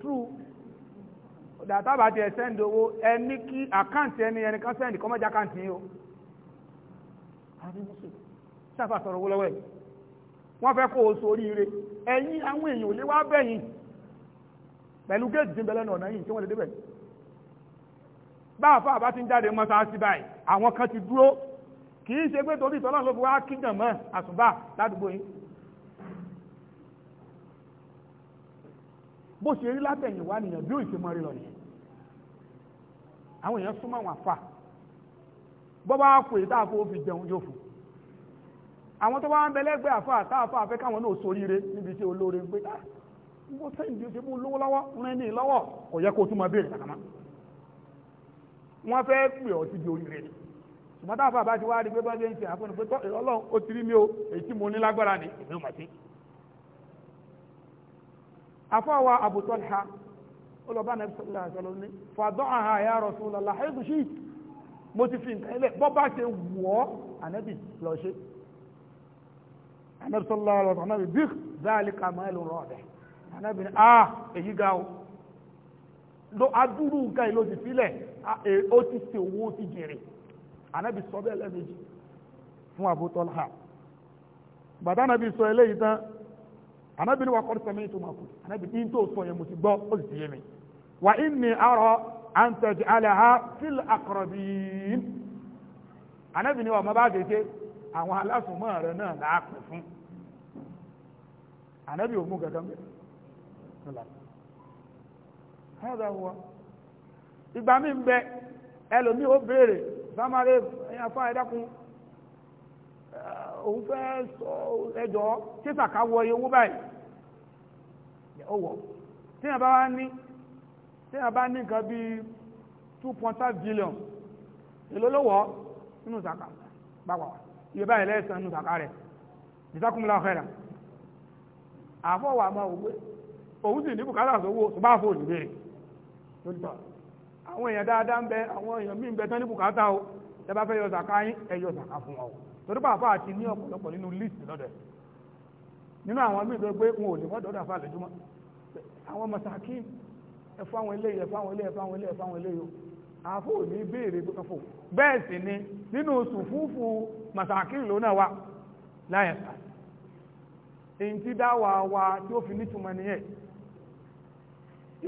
true dàtà bá tiẹ̀ sẹ́ndì owó ẹni kí àkáǹtì ẹni ẹni kan sẹ́ndì kọ́mọ́jà àkáǹtì yìí o àbí mùsùlùmí sáfà sọ̀rọ̀ owó lọ́wọ́ ẹ̀ wọ́n fẹ́ kó o sórí ire ẹ̀yin àwọn èèyàn ò lè wá bẹ̀yìn pẹ̀lú géètì tí ń bẹ lẹ́nu ọ̀nà yìí tí wọ́n lè débẹ̀ báàfà bá ti ń jáde mọ́ sáà sí báyìí àwọn kan ti dúró kì í ṣe pé torí ìtọ́lọ́run ló fi wá kíjàn mọ́ àsùnbà ládùúgbò yìí bó ṣe rí látẹ̀yìn wá nìyàn bí ó ìṣe mọ́ rí lọ nìyàn àwọn èèyàn súnmọ́ wọn àfà bọ́bá kò èyí táàfà ó fi jẹun yóò fún àwọn tó bá ń bẹ lẹ́gbẹ̀ẹ́ àfà táàfà afẹ́ káwọn náà soríire níbi tí olóore pé ah mo sẹ́yìn ṣe mú lówó lọ́wọ́ rẹ ní lọ́wọ́ kò yẹ kó túnmọ̀ béèrè kàkàmá wọ́n fẹ́ pè ọ́ síbi oríire ni ṣùgbọ́n táàfà bá ti wá rí pé bá ṣe ń ṣe àfọ́nù pé tọ́ ọlọ́run ó ti rí mi o èyí tí mo ní lágbára ni èmi ò mọ̀ sí àfọ́ wa Abu Talha ó lọ bá nàbí sọ́lá àṣọlọ ní fàdọ́ àhà ya Rasulullah ẹ̀sùn sí mo ti fi nǹkan ilẹ̀ bọ́ bá ṣe wọ́ ànábì lọ ṣe ànábì sọ́lá àlọ́sọ̀ ànábì bí záàlì kàmọ́ ẹ̀lú rọ̀ọ̀dẹ̀ ànábì ní ah èyí ga o lo adúrú nǹkan ìlò ti filẹ̀ ah, e, ó ti ṣe owó ti jèrè ànábì sọ bẹ́ẹ̀ lẹ́ẹ̀mejì fún Abu Talha bàtà ànábì sọ eléyìí tán ànábì ní wa kọ́ sẹ́mi tó máa kù ànábì ní tó sọ yẹn mo ti gbọ́ ó sì ti yé mi. wa inni arọ an taj'alaha fil aqrabin anábì ni ọmọ bá ṣe ṣe àwọn alásùnmọ́ rẹ̀ náà láàpù fún anábì òmú gẹ̀gẹ́ mẹ́ ìgbà mí ń bẹ ẹlòmí ó béèrè sámárè ẹ̀yà fún ẹ̀dẹ́kùn òun fẹ́ sọ ẹjọ́ tí sàkáwọ iye owó báyìí ó wọ̀ tí yẹn bá wá ní tí a bá ní nǹkan bíi two point five billion èló ló wọ̀ nínú sàkà bàbà wa iye báyìí lẹ́sàn nínú sàkà rẹ̀ ìsákùnmílà ọ̀hẹ́rà àfọwọ́ àmọ́ òwe òun sì ní bùkátà sówó ṣùgbọ́n àfọ òní béèrè lóòótọ́ àwọn èèyàn dáadáa ń bẹ àwọn èèyàn míì ń bẹ tán ní bùkátà o ẹ bá fẹ́ yọ sàkà yín ẹ yọ sàkà fún wọn o torí pàápàá àti ní ọ̀pọ̀lọpọ̀ nínú list lọ́dọ̀ nínú àwọn míì tó gbé wọn ò lè mọ́ dọ́dọ̀ àfa àlejò àwọn mọ̀sákìí ẹ̀fọ́ àwọn ilé ẹ̀fọ́ àwọn ilé ẹ̀fọ́ àwọn ilé ẹ̀fọ́ àwọn ilé yóò àfọ́ ò ní béèrè pé kọfọ́ bẹ́ẹ̀ sì ni nínú sùfúfù masakin ló náà wà láyẹ̀ sá èyí tí dáwà wa tí ó fi nítumọ̀ nìyẹn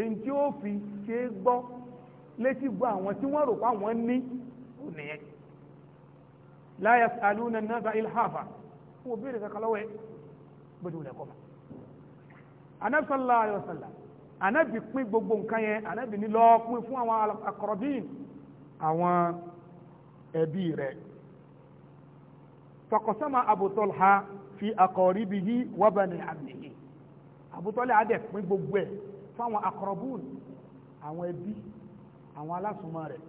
èyí tí ó fi ṣe gbọ́ létí gbọ́ àwọn tí wọ́n rò pa wọ́n ní ò nìyẹn láyẹ̀ sá lónà náà bá ilhafa wọ́n béèrè kankan lọ́wọ́ ẹ̀ gbọ́dọ̀ lẹ́kọ̀ọ́ Ànábì sallallahu alaihi wasallam anabi pín gbogbo nǹkan yẹn anabi ní lọ pín fún àwọn akọrọbìn àwọn ẹbí rẹ̀ fakọsọmọ Abu Talha fi akọrìbìyí wabani abdihi Abu Talha adẹ pín gbogbo ẹ̀ fún àwọn akọrọbìn àwọn ẹbí àwọn alásùnmọ́ rẹ̀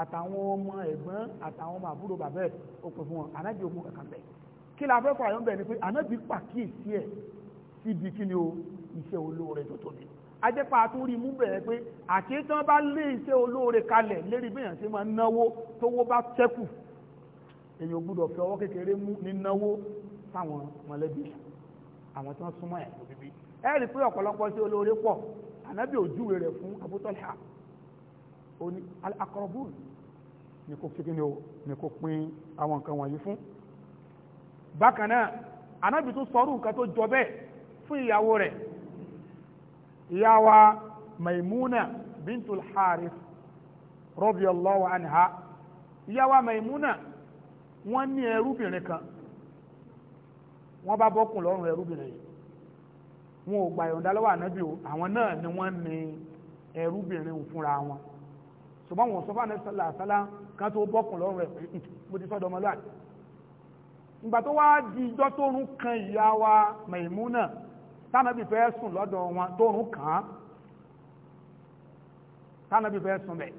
àtàwọn ọmọ ẹ̀gbọ́n àtàwọn ọmọ àbúrò bàbá ẹ̀ ó pín fún wọn anabi òkú kankan bẹ́ẹ̀ kí la fẹ́ fọ àyọ̀ǹbẹ̀ ni pé anabi pàkíyèsí ẹ̀ síbi kí ni o iṣẹ́ olóore tó tóbi ajẹ́pà àtúrí mú bẹ̀rẹ̀ pé àti tí wọ́n bá lé iṣẹ́ olóore kalẹ̀ lérí bẹ́yàn ṣe máa náwó tówó bá tẹ́kù èyí ò gbúdọ̀ fi ọwọ́ kékeré mú ní náwó sáwọn mọ̀lẹ́bí àwọn tí wọ́n súnmọ́ ẹ̀ tó bíbí ẹ rí pé ọ̀pọ̀lọpọ̀ sí olóore pọ̀ ànábì òjúwe rẹ̀ fún Abu oní akọrọbù ni kò fi kíni o ni kò pín àwọn nǹkan wọ̀nyí fún bákan náà ànábì tó sọrú nǹkan tó jọ bẹ́ẹ̀ fún ìyàwó rẹ̀ ìyá wa maimuna bintul harith radiyallahu anha ìyá wa maimuna wọn ni ẹrúbìnrin kan wọn bá bọ́kùn ẹrúbìnrin yìí wọn ò gbà yọ̀ǹda lọ́wọ́ ànábì àwọn náà ni wọ́n ní ẹrúbìnrin ò fúnra wọn ṣùgbọ́n wọn sọ fún kan tó bọ́kùn lọ́rùn rẹ̀ pé hm, mo ti sọ́dọ̀ di ijọ́ tó rún kan ìyá wa tánàbí fẹ́ sùn lọ́dọ̀ wọn tóorùn kàn án tánàbí fẹ́ sùn bẹ̀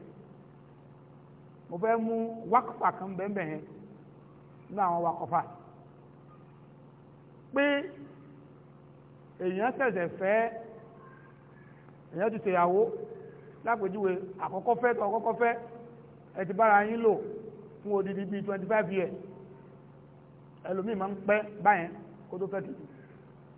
mo fẹ́ mú wákọ̀fà kan bẹ́ẹ̀ yẹn ní àwọn wákọ̀fà pé èèyàn ṣẹ̀ṣẹ̀ fẹ́ èèyàn ti ṣèyàwó lápèjúwe àkọ́kọ́ fẹ́ tó àkọ́kọ́ fẹ́ ẹ ti bára yín lò fún odidi bíi twenty five years ẹlòmíì máa ń pẹ́ báyẹn kó tó fẹ́ tuntun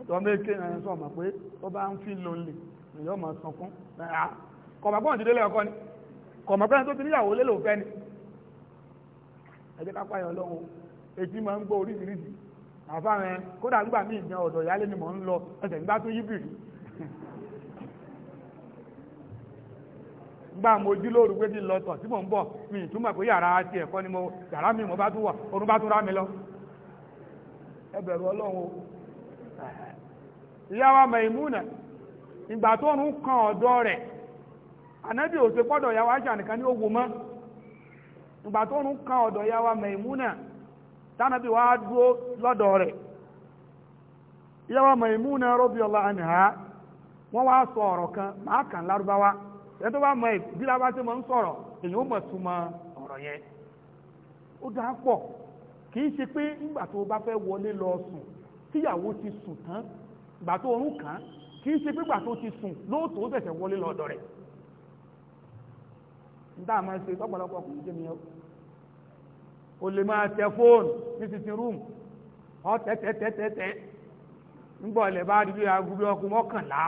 ọ̀tọ̀ méjì náà sọ mọ̀ pé ó bá ń fi lonely ni yóò máa sọkún kọ̀mọ̀pọ̀ ti délé ọkọ ni kọ̀mọ̀pọ̀ tó ti níyàwó lélò fẹ́ ni ẹ jẹ́ ká páyọ̀ ọlọ́run etí máa ń gbọ́ oríṣiríṣi àfáàrin kódà ń gbà mí ìgbà ọ̀dọ̀ ìyálé ni mò ń lọ ẹsẹ̀ ń gbá tó yí bìrì gbà mojú lóru pé ti lọ tọ̀ tí mò ń bọ̀ mi ìtumọ̀ pé yàrá ti ẹ̀kọ́ ni mo yàrá mi mo bá tún wà orun bá tún rá mi lọ ẹ ọlọ́run ìyáwá Maimuna ìgbà tó ń kan ọ̀dọ́ rẹ̀ ànábì òsè pọ́dọ̀ ìyáwá Aisha ní owó mọ́ ìgbà tó ń kan ọ̀dọ̀ ìyáwá Maimuna tánàbí wá dúró lọ́dọ̀ rẹ̀ ìyáwá Maimuna ha wọ́n wá sọ ọ̀rọ̀ kan máa kàn lárúbáwá ẹ tó bá mọ mo ń sọ̀rọ̀ èyí ó mọ̀ túmọ̀ ọ̀rọ̀ yẹn ó dáa pọ̀ kì í ṣe pé nígbà tíyàwó ti sùn tán gbà tó orún kàn kì í ṣe pígbà tó ti sùn lóòtọ́ ó ṣẹ̀ṣẹ̀ wọlé lọ́dọ̀ rẹ̀ níta máa ṣe tọ́pọ̀lọpọ̀ kò jẹ́ mi o lè máa tẹ fóònù ní sitting room ọ tẹ́tẹ́tẹ́tẹ́ ń gbọ́ ilẹ̀ bá rí bí agbúgbé ọkùn mọ́kànlá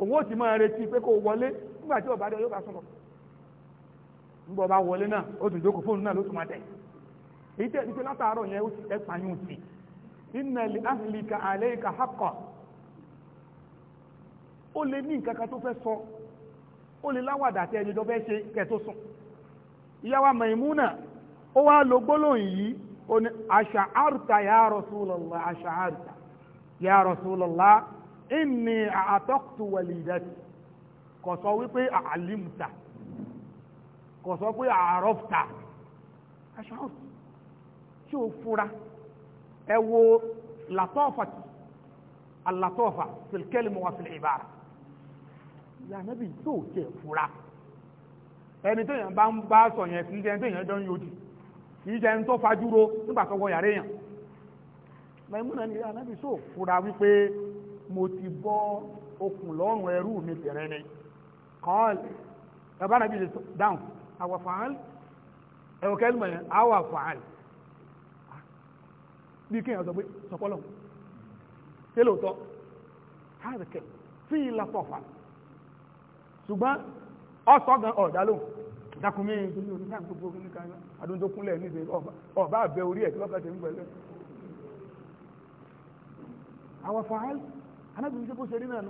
òun ó ti máa retí pé kó wọlé nígbà tí ọba dé yóò bá sọ̀rọ̀ ń gbọ́ bá wọlé náà ó tún jókòó fóònù náà ló tún máa tẹ̀ èyí tẹ́ ìṣe látàárọ̀ yẹn ẹ pààyàn sí i inna li ahlika alayka haqqan ó lè ní nǹkan kan tó fẹ́ sọ ó lè láwàdà àti ẹjọ́jọ́ fẹ́ ṣe kẹtó sùn ìyá wa Maimuna ó wá lo gbólóhùn yìí ó ní asha'arta ya Rasulullah asha'arta ya Rasulullah inni a'taqtu walidati kò sọ wípé a'limta kò sọ pé a'rafta asha'arta tí ó fura أو wo latọ́fà في الكلمة وفي العبارة. fìlẹ̀ ìbára yànnẹ́bí tó tẹ̀ fura ẹni tó yàn bá ń bá sọ yẹn kì í jẹ́ tó yàn dán yóò di kì í jẹ́ tó fajúro nígbà tó wọ yàrá yàn Maimuna ni yànnẹ́bí tó fura wípé mo ti bọ́ okùn lọ́rùn ẹrú mi bẹ̀rẹ̀ ni kọ́ọ̀lì ẹ̀bá nàbí lè dáhùn àwọ̀ fàáàlì ẹ̀wọ̀ kẹ́lìmọ̀ yẹn àwọ̀ fàáàlì bí kí èèyàn sọ pé sọpọ́lọ̀ ṣé lóòótọ́ hàzìkẹ́ sí ilà sọ̀fà ṣùgbọ́n ọ̀sọ̀ gan ọ̀dá lóhùn dákúnmí ìdílé oníkà gbogbo oníkà adún tó kúnlẹ̀ ní ìdílé ọba àbẹ orí ẹ̀ tí wọ́n fẹ́ pẹ̀lú àwọn fàáìl anábìnrin tó kó ṣe rí náà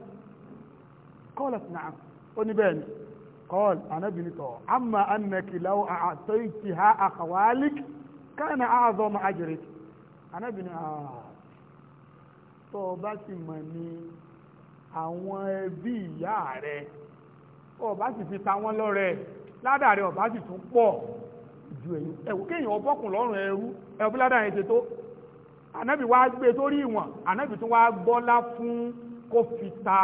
kọ́ọ̀lọ̀tì náà ó ní bẹ́ẹ̀ ni قال أنا بنتو أما أنك لو أعطيتها أخوالك كان أعظم أجرك anábìnrin àà ah, tó o bá sì mọ̀ ní àwọn ẹbí ìyá rẹ̀ o bá sì fi ta wọ́n lọ́rẹ ládàá rẹ̀ o bá sì tún pọ̀ ju èyí ẹ̀wò kéèyàn ọbọ̀kùn lọ́rùn ẹrú ẹ̀wò bí ládàá yẹn ti tó anábì wá gbé sórí ìwọ̀n anábì tún wá gbọ́lá fún kó fi ta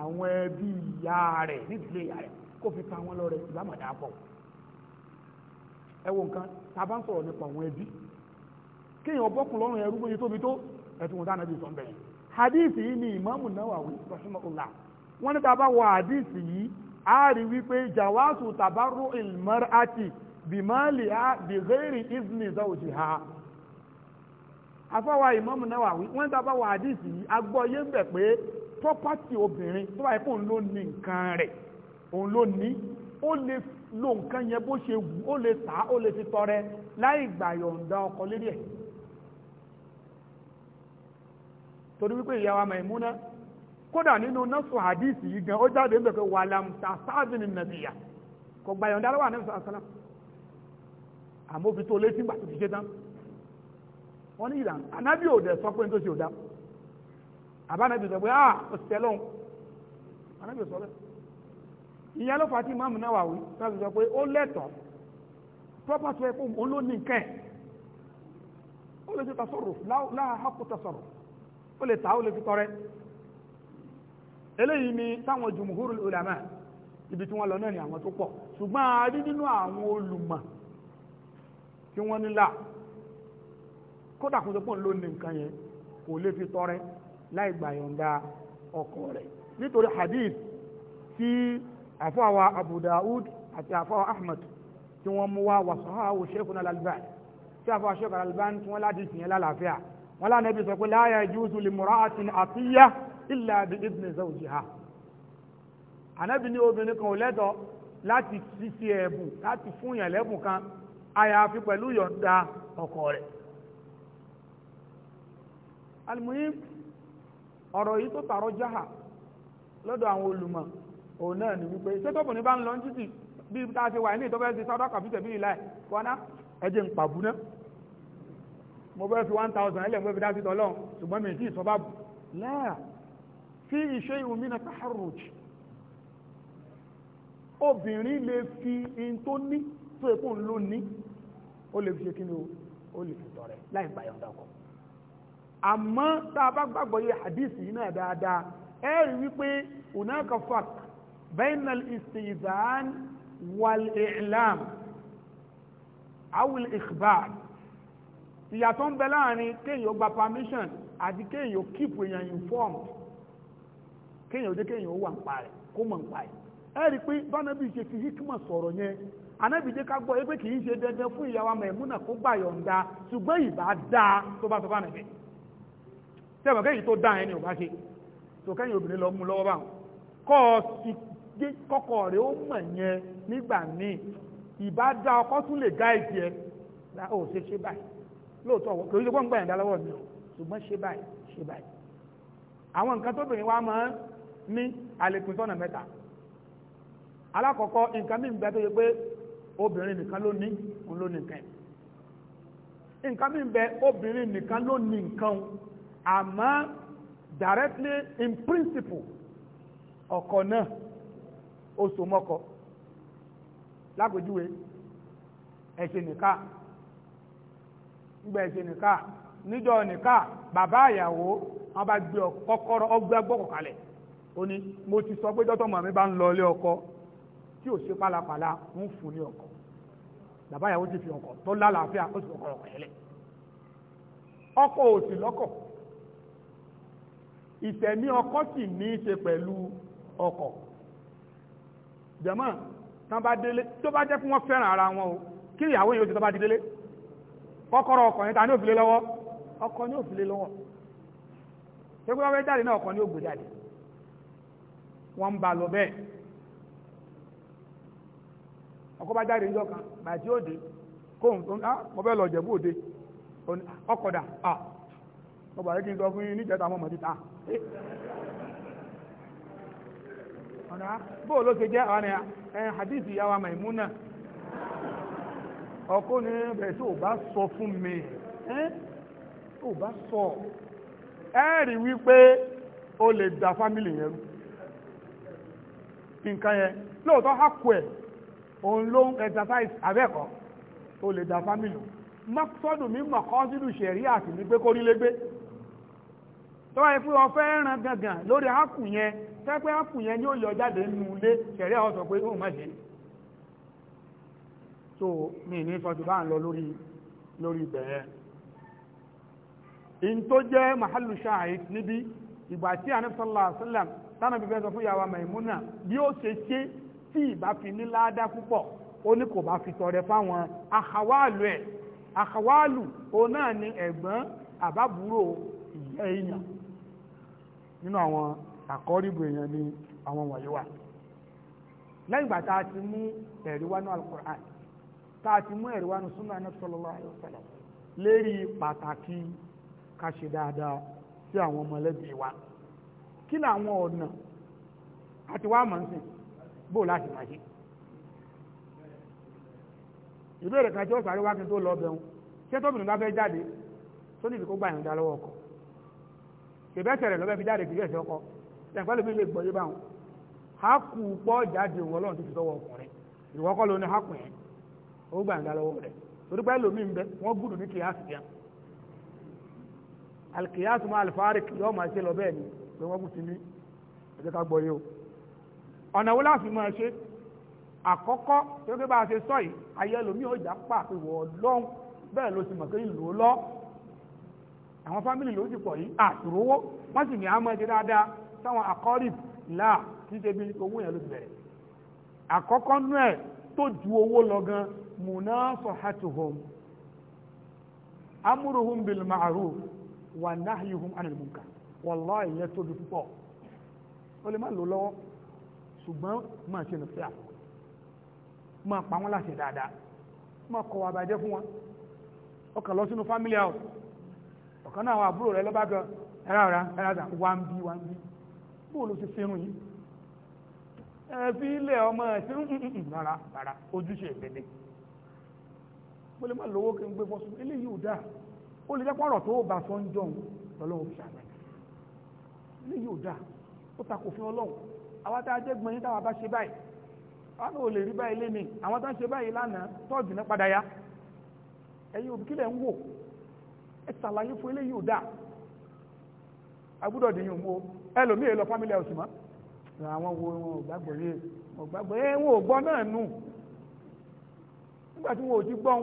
àwọn ẹbí ìyá rẹ̀ nídìílé ìyá rẹ̀ kó fi ta wọ́n lọ́rẹ ìbámọ̀dá pọ̀ ẹ̀wò nǹkan tá bá ń sọ̀rọ̀ nípa àwọn ẹbí kéèyàn bọ́kùn lọ́rùn ẹrú bóyá tóbi tó ẹ̀tún wọn dáná sọ bẹ́ẹ̀ hadith yìí ni Imamu Nawawi rahimahullah wọ́n ní tàbá wọ hadith yìí a rí wípé jawasu tabaru ilmar'ati bimali ha bi ghairi izni zawjiha afọwọ́ Imamu Nawawi wọ́n ní tàbá wọ hadith yìí a gbọ́ yé ń bẹ̀ pé property obìnrin tó báyìí fóun ló ní nǹkan rẹ̀ òun ló ní ó lè lo nǹkan yẹn bó ṣe wù ó lè tà á ó lè fi tọrẹ láì gbàyọ̀ǹda ọkọ lérí ẹ̀ torí wípé ìyá wa Maimuna kódà nínú nọ́ọ̀sù hadisi yìí gan ó jáde níbẹ̀ pé wàlám tàṣáàbì ní nàbìyà kò gba ìyọ̀ǹda lọ́wọ́ àná sàlám àmọ́ òbí tó létí gbà tó fi ṣe tán wọ́n ní ìlànà anábì ò dẹ̀ sọ pé tó ṣe ò dá àbánábì sọ pé ah ó ti tẹ́lọ́hún ó lè ta ó lè fi tọrẹ eléyìí ni táwọn jumhurul ulama ibi tí wọ́n lọ náà ni àwọn tó pọ̀ ṣùgbọ́n a rí nínú àwọn olùmọ̀ tí wọ́n nílà kódà kó tó pọ̀ ló ní nǹkan yẹn kò lè fi tọrẹ láì gbàyọ̀ǹda ọkọ rẹ̀ nítorí hadith tí àfọwà Abu Daud àti àfọwà Ahmed tí wọ́n mú wá wàsánwó Sheikhuna Al-Albani tí àfọwà Sheikh Al-Albani tí wọ́n láti tìyẹn lálàáfíà wọn lánàá ibi sọ pé láyà ìjúùsù lè múra àti àfíyá ilà àbí ìdìní zawjiha ànábì ní obìnrin kan ò lẹ́tọ̀ láti ṣiṣẹ́ ẹ̀bùn láti fún yàn lẹ́bùn kan àyàfi pẹ̀lú yọ̀ǹda ọkọ rẹ̀ alimuyi ọ̀rọ̀ yìí tó tààrọ̀ jáhà lọ́dọ̀ àwọn olùmọ̀ òun náà ni wípé ṣé tóbìnrin bá ń lọ títì bí tá a ṣe wà ní ìtọ́fẹ́ ṣe sọ́dọ̀ kàfíṣẹ̀ bí ìlà ẹ̀ mo bẹ́ẹ̀ fi one thousand ẹlẹ́ mo fi dásítọ̀ ọlọ́run ṣùgbọ́n mi tí ìsọba bù láà fi ìṣe ìwòmínà taharruj obìnrin lè fi in tó ní tó èkó ń lò ní ó lè fi ṣe kí ni ó lè fi tọrẹ láì gbàyọ̀ǹda ọkọ àmọ́ tá a bá gbàgbọ́ yẹ hadith yìí dáadáa ẹ rí wípé unaka fak istizan wal-i'lam aw ikhbar ìyàtọ̀ ń bẹ láàrin kéèyàn gba permission àti kéèyàn keep èèyàn informed kéèyàn ó dé kéèyàn ó wà ń pa rẹ̀ kó mọ̀ ń pa rẹ̀ ẹ rí i pé bánábì ṣe fi hikima sọ̀rọ̀ yẹn anábì jẹ́ ká gbọ́ pé kì í ṣe dandan fún ìyàwó Maimuna kó gbà yọ̀ǹda ṣùgbọ́n ìbá dáa tó bá sọ fún ànàbì tí ẹ̀mọ̀ kéèyàn tó dáa ẹni ò bá ṣe tó kéèyàn obìnrin lọ mú lọ́wọ́ báwọn kọ́ ọ sì gé kọ́kọ́ rẹ̀ ó mọ̀ yẹn nígbà míì ìbá dáa ọkọ tún lè gáìdì ẹ ó ṣe ṣe báyìí lóòótọ́ wọn kò ní sọ́kọ́ ń gbàyàn dá lọ́wọ́ mi ṣùgbọ́n ṣe báyìí ṣe báyìí àwọn nǹkan tóbìnrin wa máa ń ní àlèkùn sọ́nà mẹ́ta alákọ̀ọ́kọ́ nǹkan mí bẹ tó yẹ pé obìnrin nìkan ló ní òun ló ní nǹkan ẹ̀ nǹkan mí bẹ obìnrin nìkan ló ní nǹkan àmọ́ directly in principle ọkọ náà ó so mọ́kọ lápèjúwe ẹ̀sìn nìkan ńgbà ẹ̀ṣẹ̀ nìka níjọ nìka bàbá àyàwó wọn bá gbé kọ́kọ́rọ́ ọgbẹ́ gbọ́kọ̀ kalẹ̀ ó ní mo ti sọ pé dọ́tọ̀ màmí bá ń lọ ilé ọkọ tí ò ṣe pálapàla ń fún ní ọkọ bàbá àyàwó ti fi ọkọ tó lálàáfíà ó sì kọ́kọ́ ọkọ yẹlẹ̀ ọkọ ò sì lọ́kọ̀ ìtẹ̀mí ọkọ sì ní í ṣe pẹ̀lú ọkọ jẹ̀mọ́ tán bá délé tó bá jẹ́ pé wọ́n fẹ́ràn ara wọn o kí ìyàwó yìí ó ti tó bá di délé kọ́kọ́rọ́ ọkọ̀ yẹn ta ní òfìlé lọ́wọ́ ọkọ̀ ní òfìlé lọ́wọ́ ṣé pé wọ́n fẹ́ jáde náà ọkọ̀ ní ògbé jáde wọ́n ń ba lọ bẹ́ẹ̀ ọkọ̀ bá jáde níjọ́ kan bàtí ó dé kóhùn tó ń á ah, mo fẹ́ lọ jẹ̀bú òde ah, ọkọ̀ dà á ah. mo bàrẹ́ kí n sọ fún yín níjẹta mọ́mọ́ ti ta ọ̀nà bóòló ṣe jẹ́ ọ̀nà ẹ̀ eh, hadith ìyá Maimuna ọkọ ní bẹ̀rẹ̀ tí ò bá sọ fún mi ò bá sọ wípé o lè yẹn nǹkan yẹn lóòótọ́ hákù exercise o lè mi mọ̀ kọ́ sínú ṣẹ̀rí àti ní pé kó rí lé gbé tó wáyé fún ọ gangan lórí hákù yẹn hákù yẹn ni ó jáde nínú so mi ní sọ jù bá ń lọ lórí lórí ìbẹ̀rẹ̀ in tó jẹ́ mahalu shahid níbi ìgbà tí anabi sallallahu alaihi wasallam tánà bíbẹ́ sọ fún yàwá maimuna bí ó ṣe ṣe tí ìbá fi ní ládá púpọ̀ ó ní kò bá fi tọrẹ fáwọn àhàwálù ẹ̀ àhàwálù òun náà ni ẹ̀gbọ́n àbábúrò ìyá èèyàn nínú àwọn àkọ́rìbù èèyàn ni àwọn wọ̀nyí wà lẹ́yìn ìgbà tá a ti mú ẹ̀rí wá ní tá a ti mú ẹ̀rí wa ní súnà náà sallallahu alaihi wasallam lérí pàtàkì ká ṣe dáadáa sí àwọn mọ̀lẹ́bí wa kí ni àwọn ọ̀nà àti wá mọ̀ nsìn bó láti máa ṣe ìbéèrè kan tí ó sáré wá kí n tó lọ bẹ̀rù ṣé tóbìnrin bá fẹ́ jáde tó níbi kó gbà yàn dá lọ́wọ́ ọkọ ìbẹ́sẹ̀ rẹ̀ fi jáde kìí ẹ̀sẹ̀ ọkọ ẹ̀fẹ́ lè gbọ́ yé báwọn hákù pọ̀ jáde òun ọlọ́run ti fi sọ́wọ́ ọkùnrin ìwọ́kọ́ ló hákù yẹn ó gbàǹgà lọ́wọ́ rẹ̀ torí pé lómi ń bẹ wọ́n gùdù ní kìyàsì kíá alkìyàsì mọ́ alifárik yóò máa ṣe lọ bẹ́ẹ̀ ni pé wọ́n kù sí ní ẹ̀jẹ̀ ká gbọ́ yìí o ọ̀nà wo láti máa ṣe àkọ́kọ́ tó gbé bá a ṣe sọ yìí ayé lómi ọjà pàpè wọ̀ lọ́hùn bẹ́ẹ̀ ló ti mọ̀ pé ìlú lọ́ àwọn fámìlì ló ti pọ̀ yìí àtúrówó wọ́n sì ní àmọ́ ẹ̀jẹ̀ dáadáa sáwọn àkọ́rì láà kí ṣe bí owó yẹn ló ti bẹ̀rẹ̀ àkọ́kọ́ nú ẹ̀ tó ju owó lọ gan munasahatuhum amruhum bil ma'ruf wa nahyuhum 'anil munkar wallahi pa wà bàjẹ́ fún wọn ka lọ sinu family house ọ̀kan náà ọ àbúrò rẹ lọ́ba gan ẹ̀rá ọ̀rá ẹ̀rá ọ̀rá wá ń bí wá ń bí bóòlù ti fẹ́ràn yìí mo lè má lówó kí n gbé fọ́sùn eléyìí ò dáa ó lè jẹ́ pọ́rọ̀ tó bá sọ ń jọun lọ́lọ́wọ́ fi ṣàlàyé eléyìí ò dáa ó takò fún ọlọ́run àwọn tá a jẹ́ gbọ́n yín táwa bá ṣe báyìí àwọn ò lè rí báyìí lé àwọn tá a ṣe báyìí lánàá tọ́ọ̀dù náà padà yá ẹ̀yin òbí kílẹ̀ ń wò ẹ ṣàlàyé fún eléyìí ò dáa agbúdọ̀ dìyàn mú o ẹlòmí èlò family house mọ́ àwọn wo wọn ò gbàgbọ́ yé wọn ò gbàgbọ́ yé wọn ò gbọ́ náà nù nígbà tí wọn ò ti gbọ́n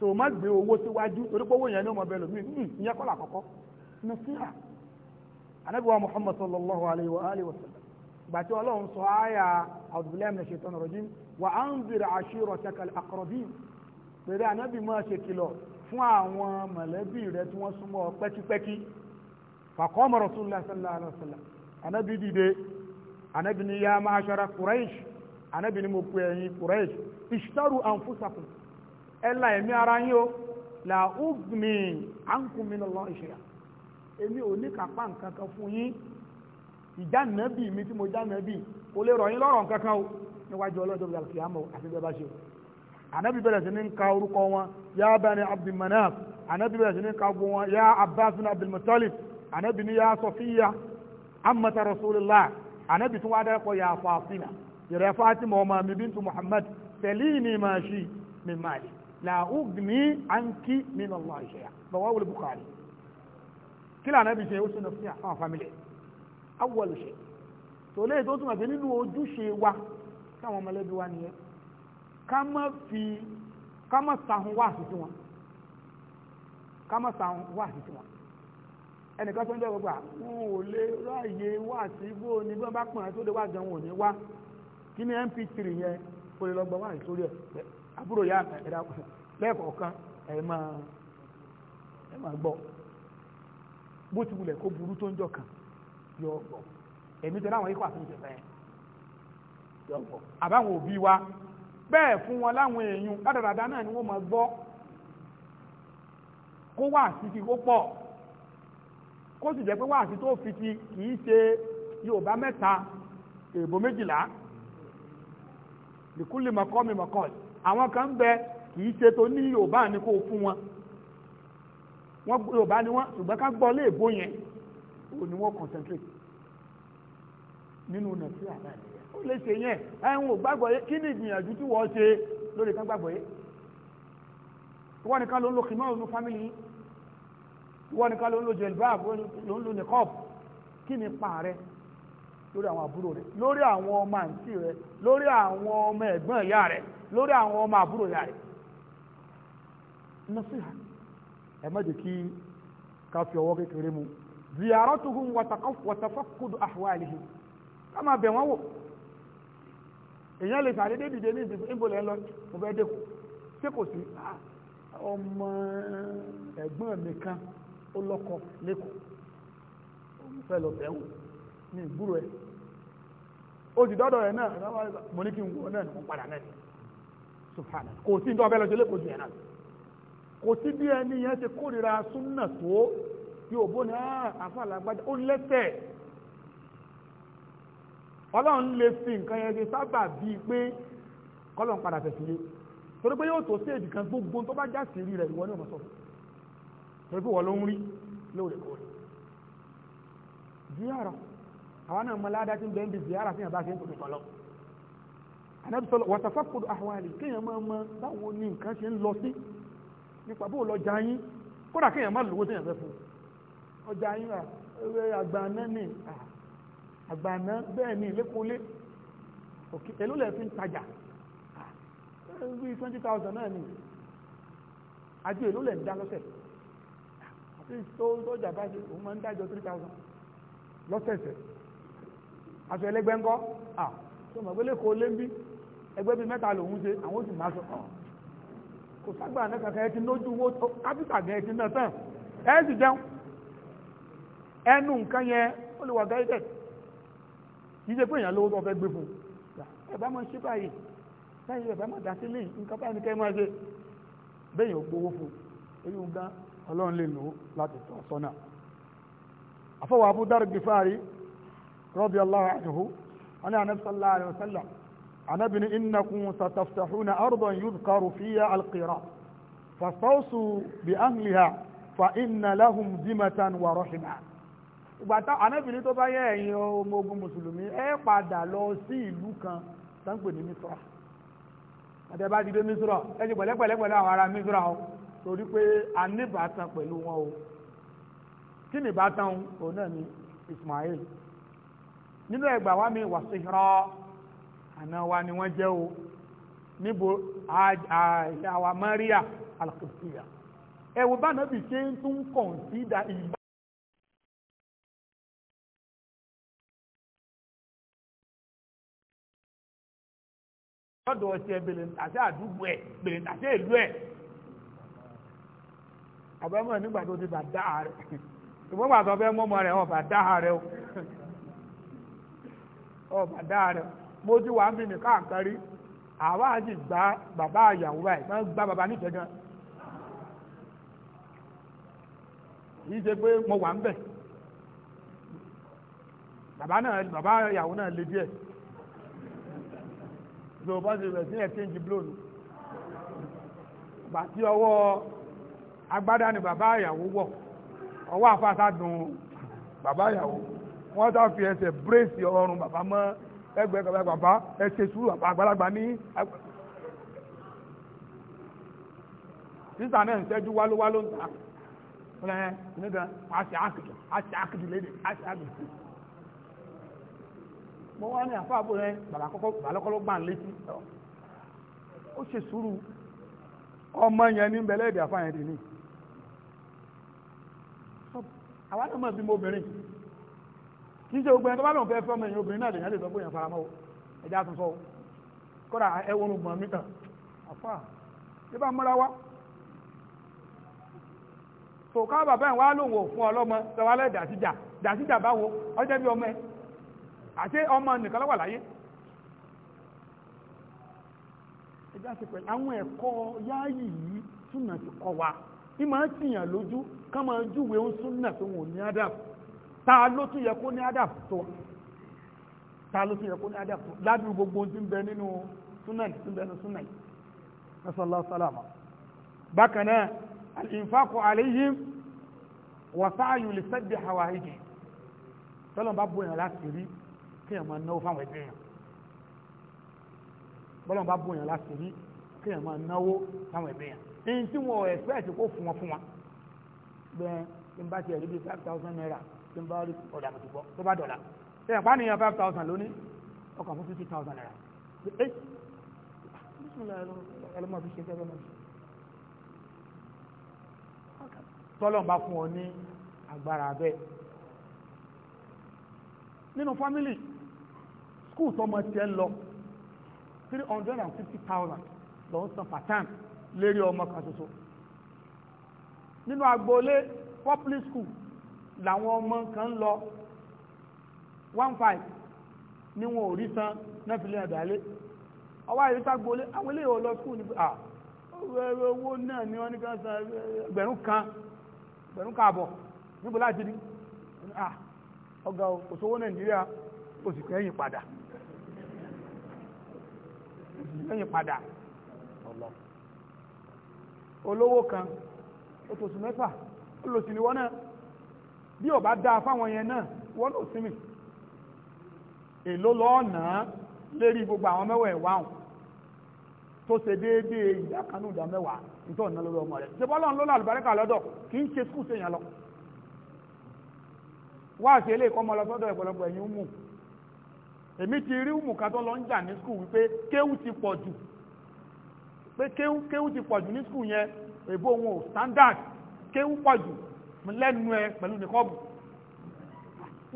so má gbé owó síwájú torí pé owó yẹn ní ọmọ bẹ́ẹ̀ lómi hmm, ìyẹn kọ́ làkọ́kọ́ nasiha anabiwa muhammad sallallahu alayhi wa alihi wa sallam gbàtí ọlọ́run sọ àyà abdullahi na shaitan rajim wa anzir ashiratakal aqrabin pèrè anabi máa ṣe kìlọ̀ fún àwọn mọ̀lẹ́bí rẹ tí wọ́n súnmọ́ pẹ́kípẹ́kí faqama rasulullah sallallahu alayhi wa sallam anabi dìde anabi ni ya ma'ashara quraish anabi ni mo pè ẹ̀yin quraish ishtaru anfusakum ẹ̀la ẹ̀mí ara yín o là ùgbìn à ń kún mi lọ́wọ́ ìṣẹ̀yà èmi ò ní kápá nǹkan kan fún yín ìjánàbì mi tí mo jánàbì kò lè rọ̀ yín lọ́rọ̀ nǹkan kan o níwájú ọlọ́jọ́ bí alùpùpù àmọ́ àti bẹ́ẹ̀ bá ṣe o ànábì bẹ̀rẹ̀ sí ní ka orúkọ wọn yá bani abdul manaf ànábì bẹ̀rẹ̀ sí ní ka gbọ́ wọn yá abbas bin abdul muttalib ànábì ní yá sofiya amata rasulillah ànábì tún wá dárúkọ yá fatima yẹrẹ fatima ọmọ mi bintu muhammad tẹ̀lé ni màá ṣí mi máa yìí la ugni anki min Allah shay'a rawahu al-bukhari kila nabi ṣe ó sì nọ fún àwọn family awwal shay tó lè tó túmọ̀ pé nínú ojúṣe wa táwọn mọ̀lẹ́bí wa nìyẹn ká má fi ká má sàhùn wá àṣìṣe wọn ká má sàhùn wá àṣìṣe wọn ẹnìkan tó ń jẹ́ gbogbo àwọn ò lè ráàyè wá sí bó ni bí wọ́n bá pọ̀ tó lè wá gan wọn ò ní wá kí ni mp3 yẹn kò lè lọ gbọ́ wá ìsórí ẹ̀ àbúrò yá àmì ẹ̀dá kù lẹ́ẹ̀kọ̀ọ̀kan ẹ̀ máa ẹ̀ máa gbọ́ bó ti wulẹ̀ kó burú tó ń jọ kàn yọ gbọ́ ẹ̀mí tẹ láwọn ikọ̀ àfihàn ìjọba yọ àbáwọn òbí wa bẹ́ẹ̀ fún wọn láwọn èèyàn ládàdàdà náà ni wọ́n máa gbọ́ kó wà sí ti kó pọ̀ kó sì jẹ́ pé wà sí tó fi ti kì í ṣe Yorùbá mẹ́ta èèbó méjìlá lìkúlì mọ̀kọ́ mi mọ̀kọ́ yìí àwọn kan ń bẹ kì í ṣe tó ní yorùbá ni kó fún wọn wọn yorùbá ni wọn ṣùgbọ́n ká gbọ́ léèbó yẹn ò ní wọ́n concentrate nínú nàìjíríà báyìí ó lè ṣe yẹn ẹ̀hún ò gbàgbọ́ yé kí ni ìgbìyànjú tí wọ́n ṣe lórí kan gbàgbọ́ yé wọ́n nìkan ló ń lo kìnnà òun fámìlì wọ́n nìkan ló ń lo jẹ̀lbáàbù ló ń lo nìkọ́ọ̀bù kí ni lórí àwọn àbúrò rẹ lórí àwọn ọmọ àǹtí rẹ lórí àwọn ọmọ ẹ̀gbọ́n ìyá rẹ lórí àwọn ọmọ àbúrò ìyá rẹ nasiha ẹ má jẹ́ kí ká fi ọwọ́ kékeré mu ziyaratuhum watafakudu ahwalihim ká máa bẹ̀ wọ́n wò èèyàn lè sàdédé dìde ní ìbòlẹ̀ lọ mo fẹ́ dẹ́kù ṣé kò sí ah, ọmọ ẹ̀gbọ́n mi kan ó ní ìgbúrò ẹ̀ o ti dọ́dọ̀ rẹ̀ náà mo ní kí n wo náà ní padà náà ní kò sí nítorí ọbẹ̀ lọ kò jù ẹ̀ náà kò sí bí ẹni yẹn ṣe kórìíra súnà tó yóò bó ní ah, ó lẹ́sẹ̀ ọlọ́run lè fi nǹkan yẹn ṣe sábà bíi pé kọ́lọ́n padà fẹ̀sí yé torí pé yóò tó séèdì kan gbogbo tó bá já sí rẹ̀ ìwọ àwọn náà mọ́ládá tí ń bẹ ń bí ziyara fi hàn bá ṣe ń tòkè kọ́lọ́ anabi sọlọ wàtàfàkùdù àwàlì kéèyàn máa mọ báwo ni nǹkan ṣe ń lọ sí nípa bó lọ jà kódà kéèyàn má lówó téèyàn fẹ́ fún ọjà yín àgbàná ni àgbàná bẹ́ẹ̀ ni lékólé òkè fi ń tajà bí aṣọ ẹlẹ́gbẹ́ ńkọ́ à tó mọ̀ pé lẹ́kọ̀ọ́ lé ń bí ẹgbẹ́ bíi mẹ́ta lòún ṣe àwọn ó sì máa sọ kò ságbà náà kankan ẹ ti nójú owó kápítà gan ẹ ti náà tán ẹ sì jẹun ẹnu nǹkan yẹn ó lè wà guided kì í ṣe pé èèyàn lówó tó fẹ́ gbé fún ẹ bá máa ṣe báyìí báyìí ẹ bá máa dá sílé nǹkan báyìí ni kẹ́ máa ṣe bẹ́ẹ̀ yóò gbowó fún èyí gan ọlọ́run lè lò láti tọ́ sọ́nà àfọwọ́ abúdárò gbé radiyallahu anhu wọ́n ní anabi sallallahu alayhi wa sallam anabi ni innakum sataftahuna ardan yudhkaru fiha alqira fastawsu bi ahliha fa inna lahum zimatan wa rahima ìgbàtà anabi ni tó bá yẹ ẹ̀yin ọmọ ogun mùsùlùmí ẹ padà lọ sí ìlú kan tó ń pè ní misra àti ẹbá ti dé misra ẹ ti pẹ̀lẹ́pẹ̀lẹ́ pẹ̀lú àwọn ará misra o torí pé a ní ìbátan pẹ̀lú wọn o kí ni ìbátan òun náà ni Ismail nínú ẹgbà wa mi wà sí hìrọ́ àna wa ni wọ́n jẹ́ o níbo àyàwà Maria alakirisiya ẹ̀wò bá nàbì ṣe ń tún kọ̀ǹsídà ìbá. lọ́dọ̀ ọ̀sẹ̀ bèrèǹtàṣẹ́ àdúgbò ẹ̀ bèrèǹtàṣẹ́ ìlú ẹ̀ àbẹ́mọ̀ nígbà tó ti bà dáa rẹ̀ ìwọ́n bàtọ̀ fẹ́ mọ́mọ́ rẹ̀ ọ̀ bà rẹ̀ o ọba dáa rẹ̀ mojú wa ń bí nìkan àkárí àwa àti gba bàbá àyàwó báyìí wọ́n gba bàbá nífẹ̀ẹ́ gan ṣe pé mo wà ń bẹ̀ bàbá náà bàbá àyàwó náà le díẹ̀ so bá ti rẹ̀ sí exchange blow ni bàtí ọwọ́ agbádá ni bàbá àyàwó wọ̀ ọwọ́ àfáàsá dùn bàbá àyàwó. wọ́n tá fi ẹsẹ̀ bírèsì ọrùn bàbá mọ́ ẹgbẹ́ bàbá bàbá ẹsẹ̀ sùúrù bàbá àgbàlagbà ní. náà ń ń ta ẹ nígbà àkìtì àkìtì léde àkìtì. mo wá ní gbà ń létí kí ṣe gbogbo ẹni tó bá lòun fẹ́ fẹ́ ọmọ èèyàn obìnrin náà lèyàn lè sọ bóyá faramọ́ o ẹja tún sọ o kódà ẹwọ́n gbọ̀n mítà àfà nígbà mọ́ra wá tò ká bàbá ẹ̀ wá lòun ò fún ọlọ́mọ tẹwálẹ̀ dàsíjà dàsíjà báwo ọjọ́ bí ọmọ ẹ àti ọmọ nìkan lọ́wọ́ láyé ẹjá ti pẹ̀lú àwọn ẹ̀kọ́ yáàyì yìí súnà ti kọ wa ìmọ̀ ń tìyàn lójú ká máa júwe ó súnà tó wọn ò ní ta ló tún yẹ kó ní adab tó ta ló tún yẹ kó ní adab tó ládùú gbogbo tí ń bẹ nínú súnàì tí ń bẹ nínú súnàì nasallahu salama bákan náà al-infaqu alayhim wa sa'yu li saddi hawaiji tọ́lọ̀ bá bóyá láti rí kí ẹ̀ máa náwó fáwọn ẹgbẹ́ yẹn bọ́lọ̀ bá bóyá láti rí kí ẹ̀ máa náwó fáwọn ẹgbẹ́ yẹn èyí tí wọn ò expect kó fún wọn fún wọn bẹ́ẹ̀ tí bá ti rí bí five thousand naira tí ń bá rí ọ̀dà àmì tìgbọ́ tó bá dọ̀là ṣe ìpá nìyàn five thousand lónìí ọkàn fún fifty thousand naira eh, ẹ ẹlọmọ fi ṣe fẹ́ẹ́ tọ́lọ̀ bá fún ọ ní agbára bẹ́ẹ̀ nínú fámílì skul tọmọ tiẹ̀ lọ three hundred and fifty thousand lọ́n san pàtàn lérí ọmọ kan ṣoṣo nínú agboolé public school làwọn ọmọ kan lọ one five ni wọn ò rí san náà fi lè àdálé ọwọ́ àyè gbolé àwọn eléyìí ò lọ ní à owó náà ni wọ́n ní kan san ẹgbẹ̀rún kan ẹgbẹ̀rún kan níbo láti rí à ọgá òṣòwò nàìjíríà oṣù padà kan ó mẹ́fà bí ò bá dáa fáwọn yẹn náà wọ́n ló sinmi èló lọ́ọ̀nà lérí gbogbo àwọn mẹ́wàá ẹ̀wà hàn tó ṣe déédéé ìdá kanú ìdá mẹ́wàá nítorí ọ̀nà lórí ọmọ rẹ̀ ṣe bọ́lọ́n ló lálùbáríkà lọ́dọ̀ kì í ṣe skul ṣèyàn lọ wá ṣe ilé ìkọ́mọ lọ sọ́dọ̀ ẹ̀yìn umu èmi ti rí umu kan tó lọ ń jà ní skul wípé kéwù ti pọ̀ jù pé kéwù ti pọ̀ jù ní skul yẹn èbó wọn ò standard kéwù pọ̀ jù lẹ́nu ẹ pẹ̀lú nìkọ́bù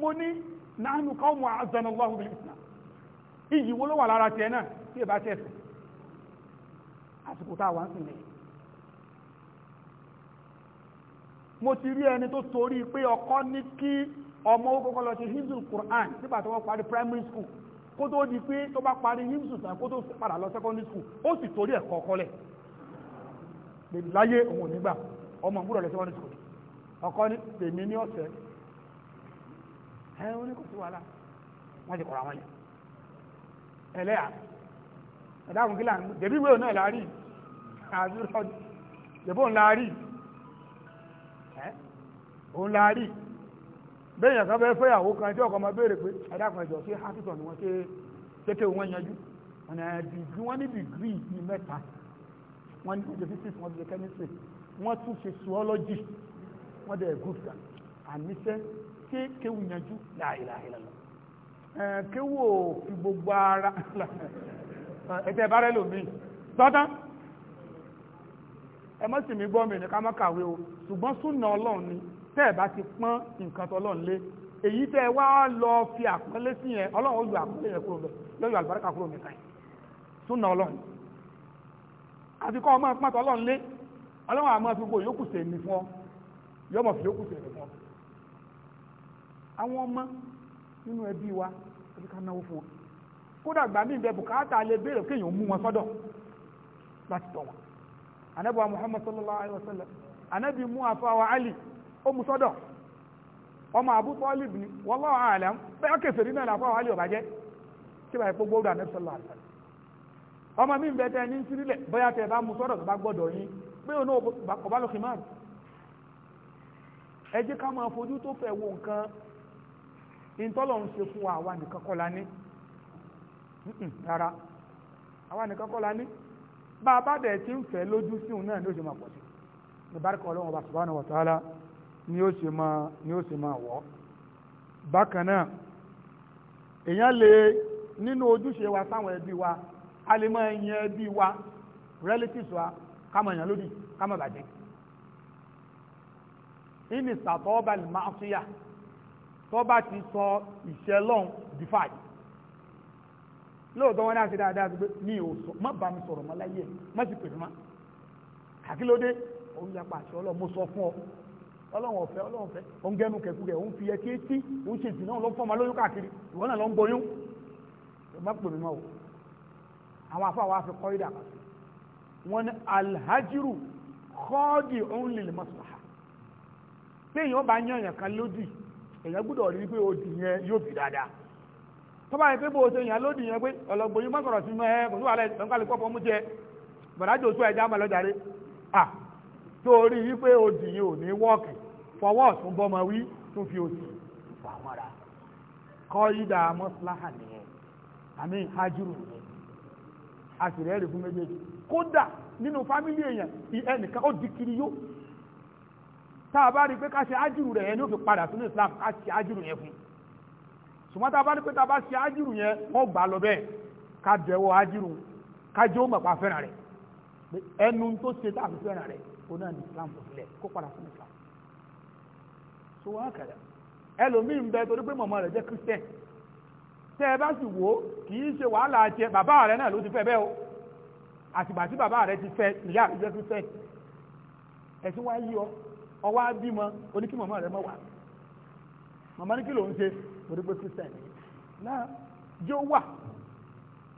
mo ní nánú kọ́mù àzánàláhù bí ìsìnà iyì wo ló wà lára tiẹ̀ náà tí ẹ bá tẹ̀ fẹ́ àsìkò tá a wà ń sìn lẹ́yìn mo ti rí ẹni tó torí pé ọkọ ní kí ọmọ ó lọ ṣe himsul Quran nígbà tó wọ́n parí primary school kó tó di pé tó bá parí himsul tán kó tó padà lọ secondary school ó sì torí ẹ̀kọ́ ọkọ lẹ̀ láyé òun ò nígbà secondary school ọkọ ní tèmi ní ọ̀sẹ̀ ẹ wọn ní kò sí wàhálà wọn ti kọ̀ra wọn yẹn ẹlẹ́yà ẹ̀dáhùn kí láàrin dèbí ìwé náà láàrí àdúrà dèbò ń láàrí ẹ òun láàrí bẹ́ẹ̀ yẹn kan fẹ́ fẹ́yàwó kan tí ọkọ̀ máa béèrè pé ẹ̀dáhùn ẹ̀jọ̀ sí hásítọ̀ ni ṣe kéke wọn yanjú wọn ẹ̀ dìgírí wọn ní dìgírí ní mẹ́ta wọn ní ọjọ́ physics wọn ti ṣe chemistry wọn tún ṣe zoology wọ́n dẹ̀ good fún àníṣẹ́ ké kéwù yanjú láìláìlọ́lọ́ kéwù ò fi gbogbo ara ẹ̀tẹ́ bá rẹ̀ lómi tọ́tán ẹ mọ́ sì mí gbọ́ mi ní ká má kàwé o ṣùgbọ́n súnà ọlọ́run ni tẹ́ ẹ̀ bá ti pọ́n nǹkan tọ́lọ́run lé èyí tẹ́ ẹ wá lọ fi àpọ́nlé sí yẹn ọlọ́run ó yọ àpọ́nlé yẹn kúrò bẹ́ẹ̀ lọ́yọ̀ àlùbáríkà kúrò mẹ́ta yẹn súnà ọlọ́run àfikọ́ ọmọ ìpọ́n tọ́lọ́run lé ọlọ́run àmọ́ fi gbogbo yòókù sèmi fún ọ yọmọ fi yókù sí fún ọ àwọn ọmọ nínú ẹbí wa ẹbí ká náwó fún wọn kódà gbà mí bùkátà lè béèrè kéèyàn mú wọn sọdọ láti tọ̀ wọn anabi wa muhammad sallallahu alaihi wa sallam anabi mú àfọwà ali ó ọmọ abu bẹ́ẹ̀ nínú ali ọ̀bà jẹ́ kí báyìí pé gbóòdù anabi sallallahu alaihi ọmọ mi bẹ tẹ bóyá tẹ bá tó bá yín ẹ jẹ́ ká máa fojú tó fẹ̀ wo nǹkan ìtọ́lọ̀ ń ṣe fún wa àwa nìkan kọ́ la ní rárá àwa nìkan kọ́ la ní bá a bá dẹ̀ ti ń fẹ́ lójú sí òun náà ni ó ṣe máa pọ̀ sí ìbárikọ̀ ọlọ́run ọba subhanahu wa ni ó ṣe máa ni bákan náà èèyàn lè nínú ojúṣe wa sáwọn ẹbí wa a lè máa yan ẹbí wa relatives wa ká máa yàn lódì ká máa bàjẹ́ ìní sàtọ́ọ́bà lè máa ṣíyà tó bá ti sọ ìṣẹ́ lọ́n di fàájì lóòótọ́ wọn náà ṣe dáadáa sí pé mi ò sọ má bá mi sọ̀rọ̀ mọ́ láyé ẹ̀ má sì pè mí má àkílódé òun yapa àṣẹ ọlọ́run mo sọ fún ọ ọlọ́run ọ̀fẹ́ ọlọ́run ọ̀fẹ́ òun gẹnu kẹkùrẹ́ òun fi ẹtí etí òun ṣe ìsìn náà ló ń lóyún káàkiri ìwọ náà ló ń boyún má pè mí mọ́ o àwọn afọ àwọn afikọ́ ìdàkàsí wọn ni alhajiru kọ́ọ̀dì òun lè lè mọ́ sọ̀rọ̀ téèyàn bá yan èèyàn kan lódì èèyàn gbúdọ̀ rí pé odì yẹn yóò bì dáadáa tó bá yẹ pé bó o ṣe yàn lódì yẹn pé sí mọ́ ẹ kò kálí pọ́pọ́ mú jẹ ẹja máa à tó rí i pé odì yẹn ò ní wọ́ọ̀kì fọwọ́ ọ̀tún bọ́mọ wí fi òsì fà wọ́n kọ́ yídà mọ́síláhà nìyẹn àmì hajúrù nìyẹn tá a bá rí pé ká ṣe ájìrù rẹ̀ yẹn ní padà sínú islam ká ṣe yẹn fún a bá rí pé tá bá ṣe ájìrù yẹn wọ́n gbà lọ bẹ́ẹ̀ ká dẹ̀wọ́ ájìrù ká jẹ́ ó mọ̀pá fẹ́ràn rẹ̀ ẹnu tó ṣe tá fi fẹ́ràn rẹ̀ náà ní islam kò sílẹ̀ kó padà sínú islam tó wá kàdà ẹlòmíì ń bẹ torí pé mọ̀mọ́ rẹ̀ jẹ́ christian tẹ́ ẹ bá ọwọ́ abímọ oníkí màmá rẹ̀ mọ́ wà màmá ní kí ló ń ṣe orígbó christian náà jó wà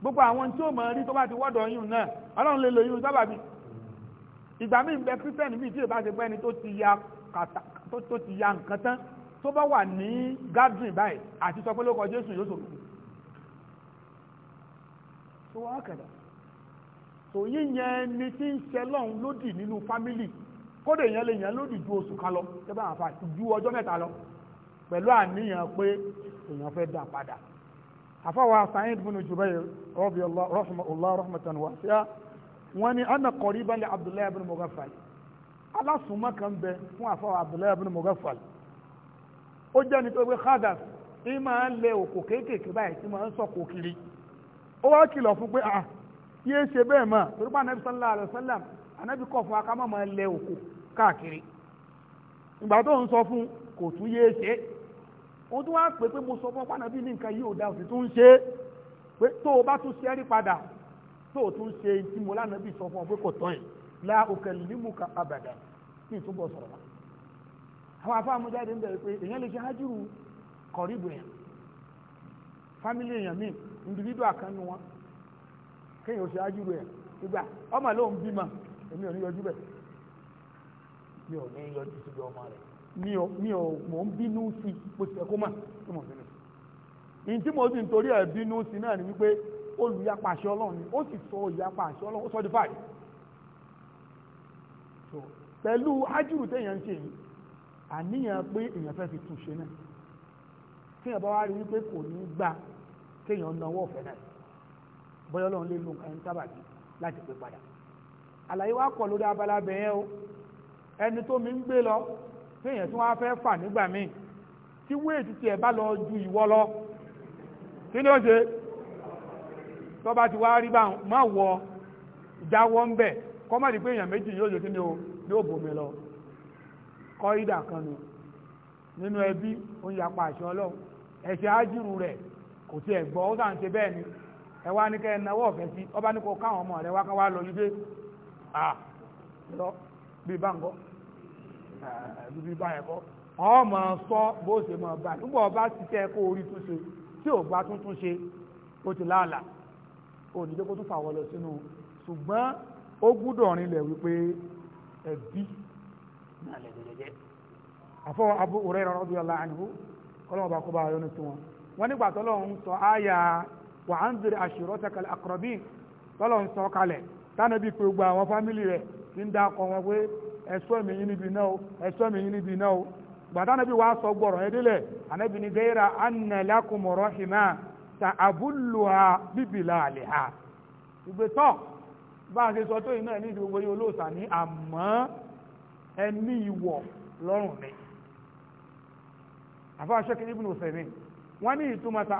gbogbo àwọn tí ó mọ̀ rí tó bá ti wọ́dọ̀ yìí náà ọlọ́run lè lò yìí sábà bí ìgbà míì bẹ christian bíi tí ìbá ti pẹ́ ni tó ti ya kàtà tó ti ya nǹkan tán tó bá wà ní gathering báyìí àti sọ pé lóko jésù yóò sòrò tó wọ́n kẹ̀dà tòyí yẹn ni tí ń ṣẹlọ́run lódì nínú fámìlì kódà èèyàn lè yàn lódì ju oṣù kan lọ tẹ́bà àfà ju ọjọ́ mẹ́ta lọ pẹ̀lú àníyàn pé èèyàn fẹ́ dà padà àfọwà Sa'id bin Jubayr radiyallahu rahmatullah rahmatan wasi'a wọ́n ní anna qariban li Abdullahi bin Mughaffal alásùnmọ́ kan bẹ fún àfọwà Abdullahi bin Mughaffal ó jẹ́ ní tó gbé khadas ní máa ń lẹ òkò kéékèèké báyìí tí máa ń sọ̀kò kiri ó wá kìlọ̀ fún pé ah yéé ṣe bẹ́ẹ̀ mọ́ torípa anabi sallallahu alayhi wa sallam anabi kọ̀ fún akamọ́ máa ń lẹ òkò káàkiri ìgbà tó ń sọ fún kò tún yé ṣe ó tún wá pé pé mo sọ fún pánàbí ní nǹkan yìí ò dáa sì tún ṣe pé tó o bá tún ṣe rí padà tó o tún ṣe tí mo lánàbí sọ fún ọ pé kò tán yìí la òkè límù ka abàdà kí n túbọ̀ sọ̀rọ̀ wa àwọn afáàmújáde ń bẹ̀rẹ̀ pé èèyàn lè ṣe hájúrù kọ̀ríbù yẹn fámílì èèyàn míì individual kan wọn kéèyàn ò ṣe hájúrù yẹn ìgbà ọmọ lóun bímọ èmi ò ní yọjú bẹ́ẹ̀ mi ò ní yọjú síbi ọmọ rẹ̀ mi ò mi ò mò ń bínú sí bó ti ẹkọ mà tí mo bínú sí ní tí mo sì ń torí ẹ̀ bínú sí náà ni wípé olùyapa àṣẹ ọlọ́run ó sì sọ ìyapa àṣẹ ọlọ́run ó sọ di fàáyì so pẹ̀lú ájúrù téèyàn ń ṣe yìí àníyàn pé èèyàn fẹ́ fi túnṣe náà téèyàn bá wá rí wípé kò ní gbà kéèyàn náwó ọ̀fẹ́ náà bọ́yọ́ ọlọ́run lè lo nǹkan tábàbí láti pé padà àlàyé wa kọ̀ lórí abala bẹ̀yẹn o ẹni tó mi ń gbé lọ téèyàn tí wọ́n á fẹ́ fà nígbà míì tí ti tiẹ̀ bá lọ ju ìwọ lọ kí ni ó ṣe ti wá rí bá má wọ ìjáwọ́ ń bẹ̀ kọ́mọ̀dé pé èèyàn méjì yóò ni ó yóò bòmí lọ kọ́ ìdà kan nù nínú ẹbí ó ń yapa àṣẹ ọlọ́run ẹ̀ṣẹ̀ ájúrù rẹ̀ kò tiẹ̀ gbọ́ ó sàn ṣe bẹ́ẹ̀ ni ẹ wá ní ọba ní káwọn ọmọ lọ yí dé lọ bí bíbí báyẹn kọ́ ọ sọ bó ṣe bá nígbà ọba kó orí tún ṣe tí ò bá tún tún ṣe ó ti láàlà òdìdé kó tún fàwọ́ lọ sínú ṣùgbọ́n ó gbúdọ̀ rinlẹ̀ wípé ẹbí náà Abu bá kó bá wọn nígbà sọ wà á ń zèrè sọ kalẹ̀ tánàbí pé gbogbo àwọn fámìlì rẹ̀ ti ń dákọ̀ ẹ̀ṣọ́ mi yín bi náà ẹ̀ṣọ́ mi yín bi náà gbàdá nàbí wàá sọ gbọ̀rọ̀ yẹn délẹ̀ ànábì ní gẹ́rà ta àbúlùhà bíbìlà àlèhà ìgbésọ̀ bá a ṣe sọ tó iná ẹni ìdìbò yìí olóòsà ní ẹni ni àfáà ṣẹ́kì ibùn òsèmí wọ́n ní ìtumọ̀ ta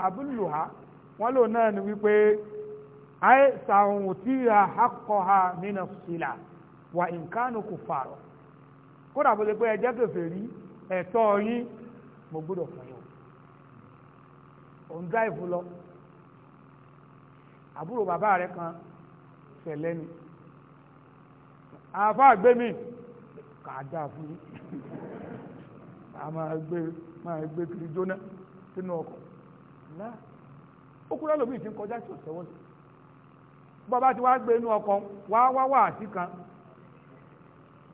lò náà ni wípé àìsàn òtí ha nínú wà nkánu kò fàrọ̀ kódà bó ṣe pé ẹjẹ́ kèfèrí ẹ̀tọ́ yín mo fún yín o ò ń dáìfù lọ àbúrò bàbá rẹ kan ṣẹlẹ̀ ni àfa àgbẹ̀mí kà á dáa fún yín a máa gbé máa gbé kiri jóná sínú ọkọ̀ náà ó lómi kọjá sí ti gbé inú wá kan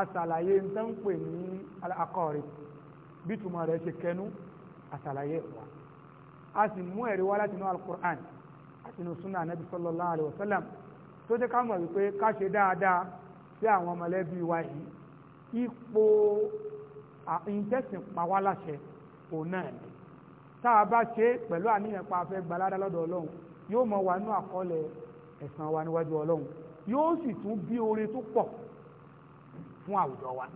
asàlàyé ń tán pè ní akọ́rì bí túmọ̀ rẹ̀ ṣe kẹnu asàlàyé wa a sì mú ẹ̀rí wá láti inú alukur'an àti inú sunna anabi sallallahu alayhi wa sallam tó jẹ́ ká mọ̀ wípé ká ṣe dáadáa sí àwọn mọ̀lẹ́bí wa yìí ipò ìtẹ̀sìn pàwá láṣẹ òun náà ni tá a bá ṣe pẹ̀lú àníyàn pa afẹ́ gbalada lọ́dọ̀ ọlọ́run yóò mọ̀ wà nínú àkọọ́lẹ̀ ẹ̀san wa níwájú ọlọ́run yóò sì tún bí oore tó pọ̀ fún àwùjọ wa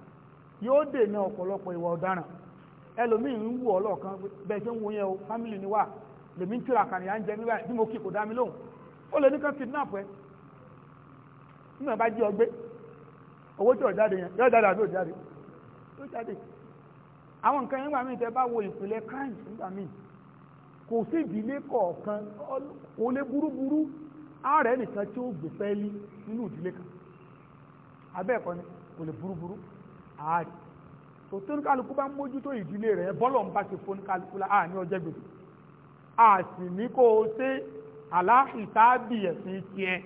yóò dènà ọ̀pọ̀lọpọ̀ ìwà ọ̀daràn ẹlòmíín ń wù ọ́ lọ́ọ̀kan bẹ́ẹ̀ tó o fámìlì ni wà lèmi ń tura kàníyà ń jẹ mi bí mo kò dá mi lóhùn ó lè ní kidnap ẹ nígbà bá jí ọgbẹ́ owó tí ò jáde yẹn yóò jáde àbí ò jáde jáde àwọn nǹkan yẹn tẹ bá wo nígbà kò sí ìdílé kọ̀ọ̀kan burúburú ààrẹ nìkan tí ó kò lè burúburú ààrẹ tó tó ní kálukú bá ń mójútó ìdílé rẹ̀ bọ́lọ̀ ń bá ṣe fún kálukú la àní ọjẹ́ gbèsè a sì ní kó o ṣe aláhìtábì ẹ̀sìn tiẹ̀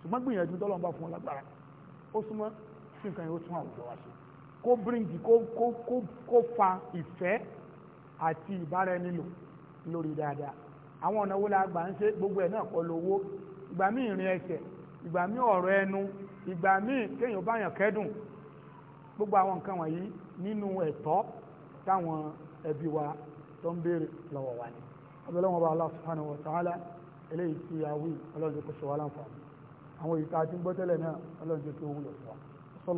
ṣùgbọ́n gbìyànjú tọ́lọ́ ń bá fún ọ lágbára ó súnmọ́ sí nǹkan yẹn ó tún àwùjọ wa ṣe kó bíríǹgì kó kó kó kó fa ìfẹ́ àti ìbára ẹni lò lórí dáadáa àwọn ọ̀nà wo la gbà ń ṣe gbogbo ẹ̀ náà kọ́ lówó ìgbà míì ìrìn ẹsẹ̀ ìgbà míì ọ̀rọ̀ ẹnu ìgbà míì kéèyàn báyàn kẹ́dùn gbogbo àwọn nǹkan wọ̀nyí nínú ẹ̀tọ́ táwọn ẹbí wa tó ń béèrè lọ́wọ́ wa ni abẹ́lẹ́wọ̀n bá Allah subhanahu wa ta'ala eléyìí tí a wí ọlọ́run kò ṣe wá láǹfààní àwọn èyí tá a ti ń gbọ́ tẹ́lẹ̀ náà ọlọ́run tó wúlò fún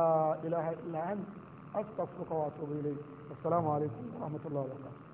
wa sallallahu ala أكثر وأتوب إليك والسلام عليكم ورحمة الله وبركاته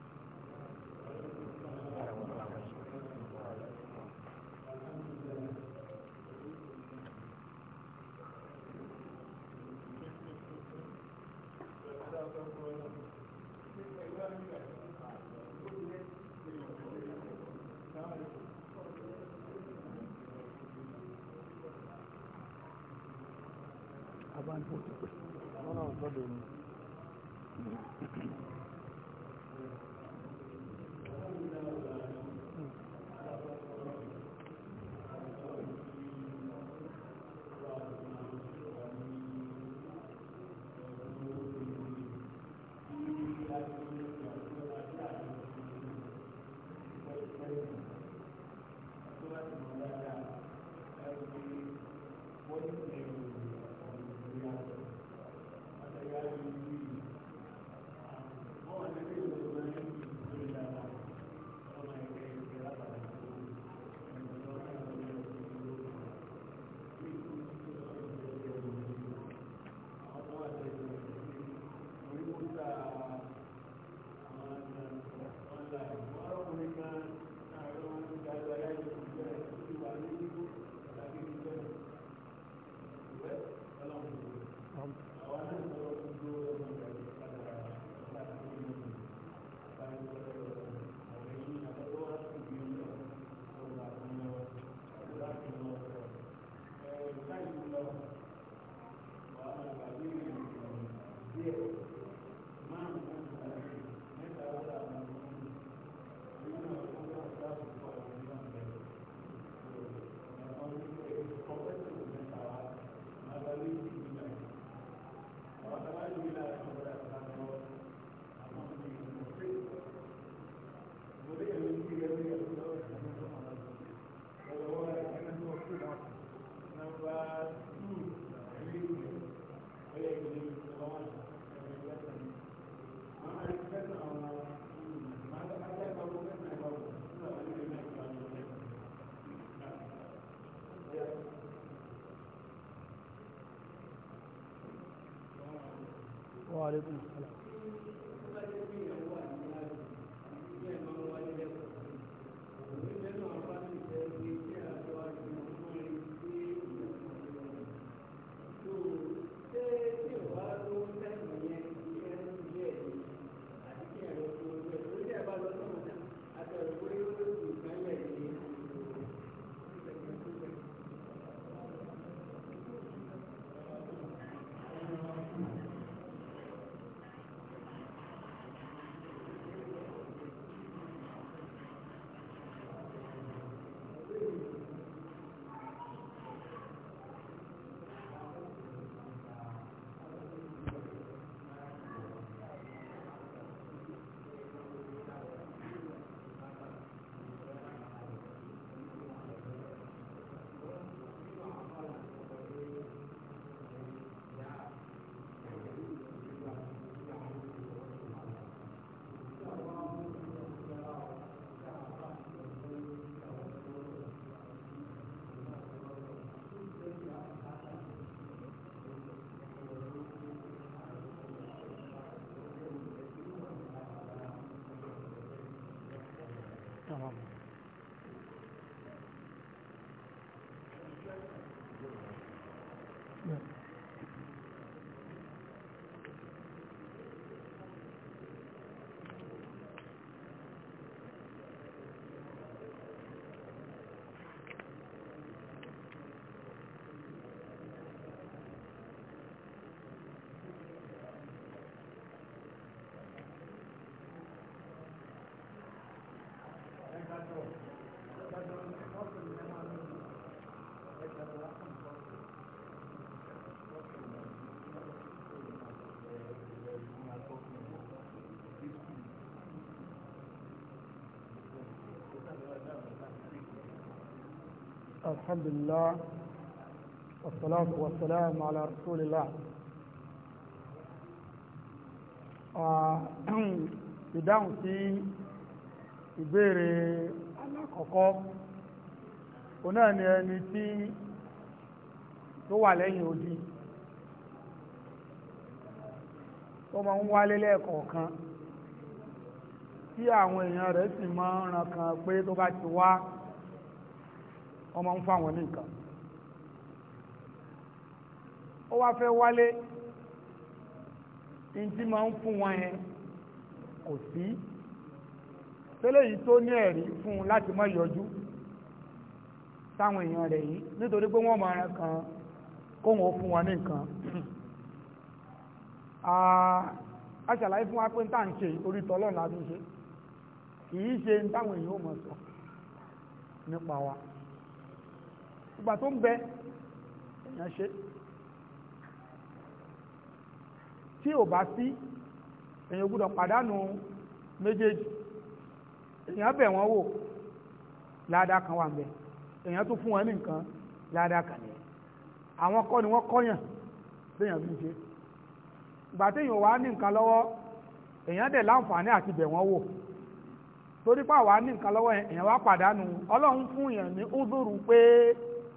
الحمد لله والصلاة والسلام على رسول الله ìdáhùn sí ìbéèrè alákọ̀ọ́kọ́ onáà ni ẹni tí tó wà lẹ́yìn odi ó máa ń wálé lẹ́ẹ̀kọ̀ọ̀kan tí àwọn èèyàn rẹ̀ sì máa ń ràn pé tó bá ti wá wọ́n máa ń fáwọn ní nǹkan ó wá fẹ́ wálé ní tí máa ń fún wọn yẹn kò sí tẹ́lẹ̀ yìí tó ní ẹ̀rí fún un láti má yọjú sáwọn èèyàn rẹ̀ yìí nítorí pé wọ́n máa kan kóhùn ó fún wọn ní nǹkan a ṣàlàyé fún wa pé tá à ń ṣe orí tọ́lọ́run la fi ṣe kì í ṣe táwọn èèyàn ò mọ̀ sọ nípa wa ìgbà tó ń bẹ èèyàn ṣe tí ò bá sí èèyàn gbúdọ̀ pàdánù méjèèjì èèyàn bẹ̀ wọ́n wò ládàá kan wà ń bẹ èèyàn tó fún wọn ní ládàá kan nìyẹn àwọn kọ́ ni wọ́n kọ́yàn léèyàn fi ń ṣe ìgbà téèyàn wà ní nǹkan lọ́wọ́ èèyàn dẹ̀ láǹfààní àti bẹ̀ wọ́n wò torí pé àwa ní nǹkan lọ́wọ́ èèyàn wá pàdánù ọlọ́run fún èèyàn ní ó pé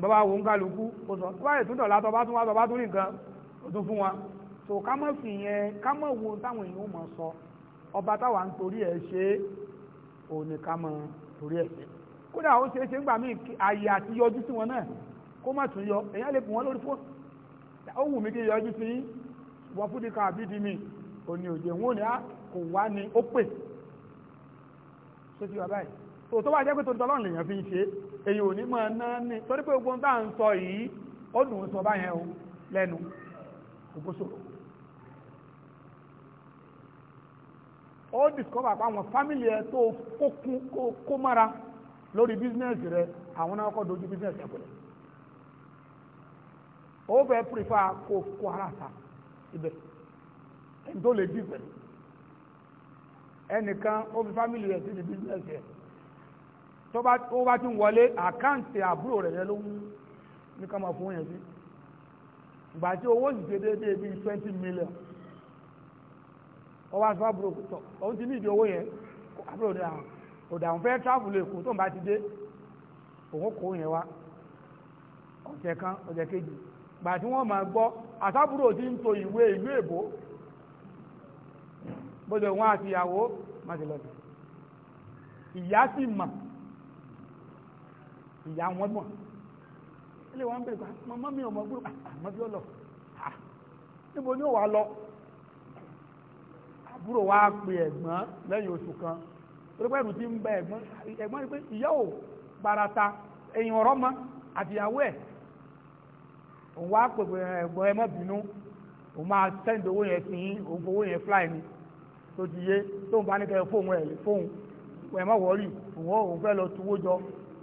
bàbá wo ń kálukú ó sọ tó bá tún dọ̀la tó bá tún wá tó bá tún rí nǹkan ó tún fún wa tó ká mọ̀ fi yẹn ká mọ̀ wo táwọn èèyàn ó mọ̀ sọ ọba táwa ń torí ẹ̀ ṣe ò ní ká mọ̀ torí ẹ̀ ṣe kódà ó ṣe é ṣe ń gbà mí àyè àti yọjú sí wọn náà kó má tún yọ èèyàn lè pù wọn lórí fóònù ó wù mí kí yọjú sí wọn fúdi kan àbí di mi òní òjò wọn ò ní ah, kò wá ni ó pè sójú wa báyìí tó tó bá jẹ́ pé tó ń tọ́lọ́run èyí ò ní mọ̀ náà ní torí pé ogun tá ń sọ yìí ó dùn sọ o lẹ́nu ó discover pa family ẹ tó kó mára lórí business rẹ àwọn náà dojú business ẹ̀ ó fẹ́ prefer ta ibẹ̀ ẹni tó lè dí o ẹnìkan ó fi family rẹ sí ní business rẹ tó bá ti ń wọlé àkáǹtì àbúrò rẹ̀ yẹn ló ń ní ká máa fún yẹn sí ìgbà tí owó sì ṣe déédéé bíi twenty million ọwọ́ àti fábùrò tọ̀ òun ti ní ìdí owó yẹn àbúrò ní àwọn òdà òun fẹ́ travel èkó tó ń bá ti dé òun kò yẹn wá ọ̀sẹ̀ kan ọ̀sẹ̀ kejì gbà tí wọ́n máa gbọ́ àsábúrò tí ń to ìwé ìlú èbó bóde wọn àti ìyàwó má ti lọ ìyá sì mà ìyá wọn mọ̀ ilé wọn bẹ̀rẹ̀ pa mọ́mọ́ mi ò mọ̀ gbúrò àmọ́ ah, ah, bí ó lọ ah, níbo ni ó wà lọ àbúrò wa pe ẹ̀gbọ́n lẹ́yìn oṣù kan torí pé ẹ̀rù ti ń bẹ ẹ̀gbọ́n ẹ̀gbọ́n ni pé ìyá ò barata èèyàn ọ̀rọ̀ mọ́ àtìyàwó ẹ̀ òun wá pè pé ẹ̀gbọ́n ẹ má bínú òun máa sẹ́ǹdì owó yẹn sí òun fowó yẹn fly ni tó ti yé tóun bá ní kẹ́ fóun ẹ̀ fóun ẹ̀ má wọ́ọ̀rì òun fẹ́ lọ tuwó jọ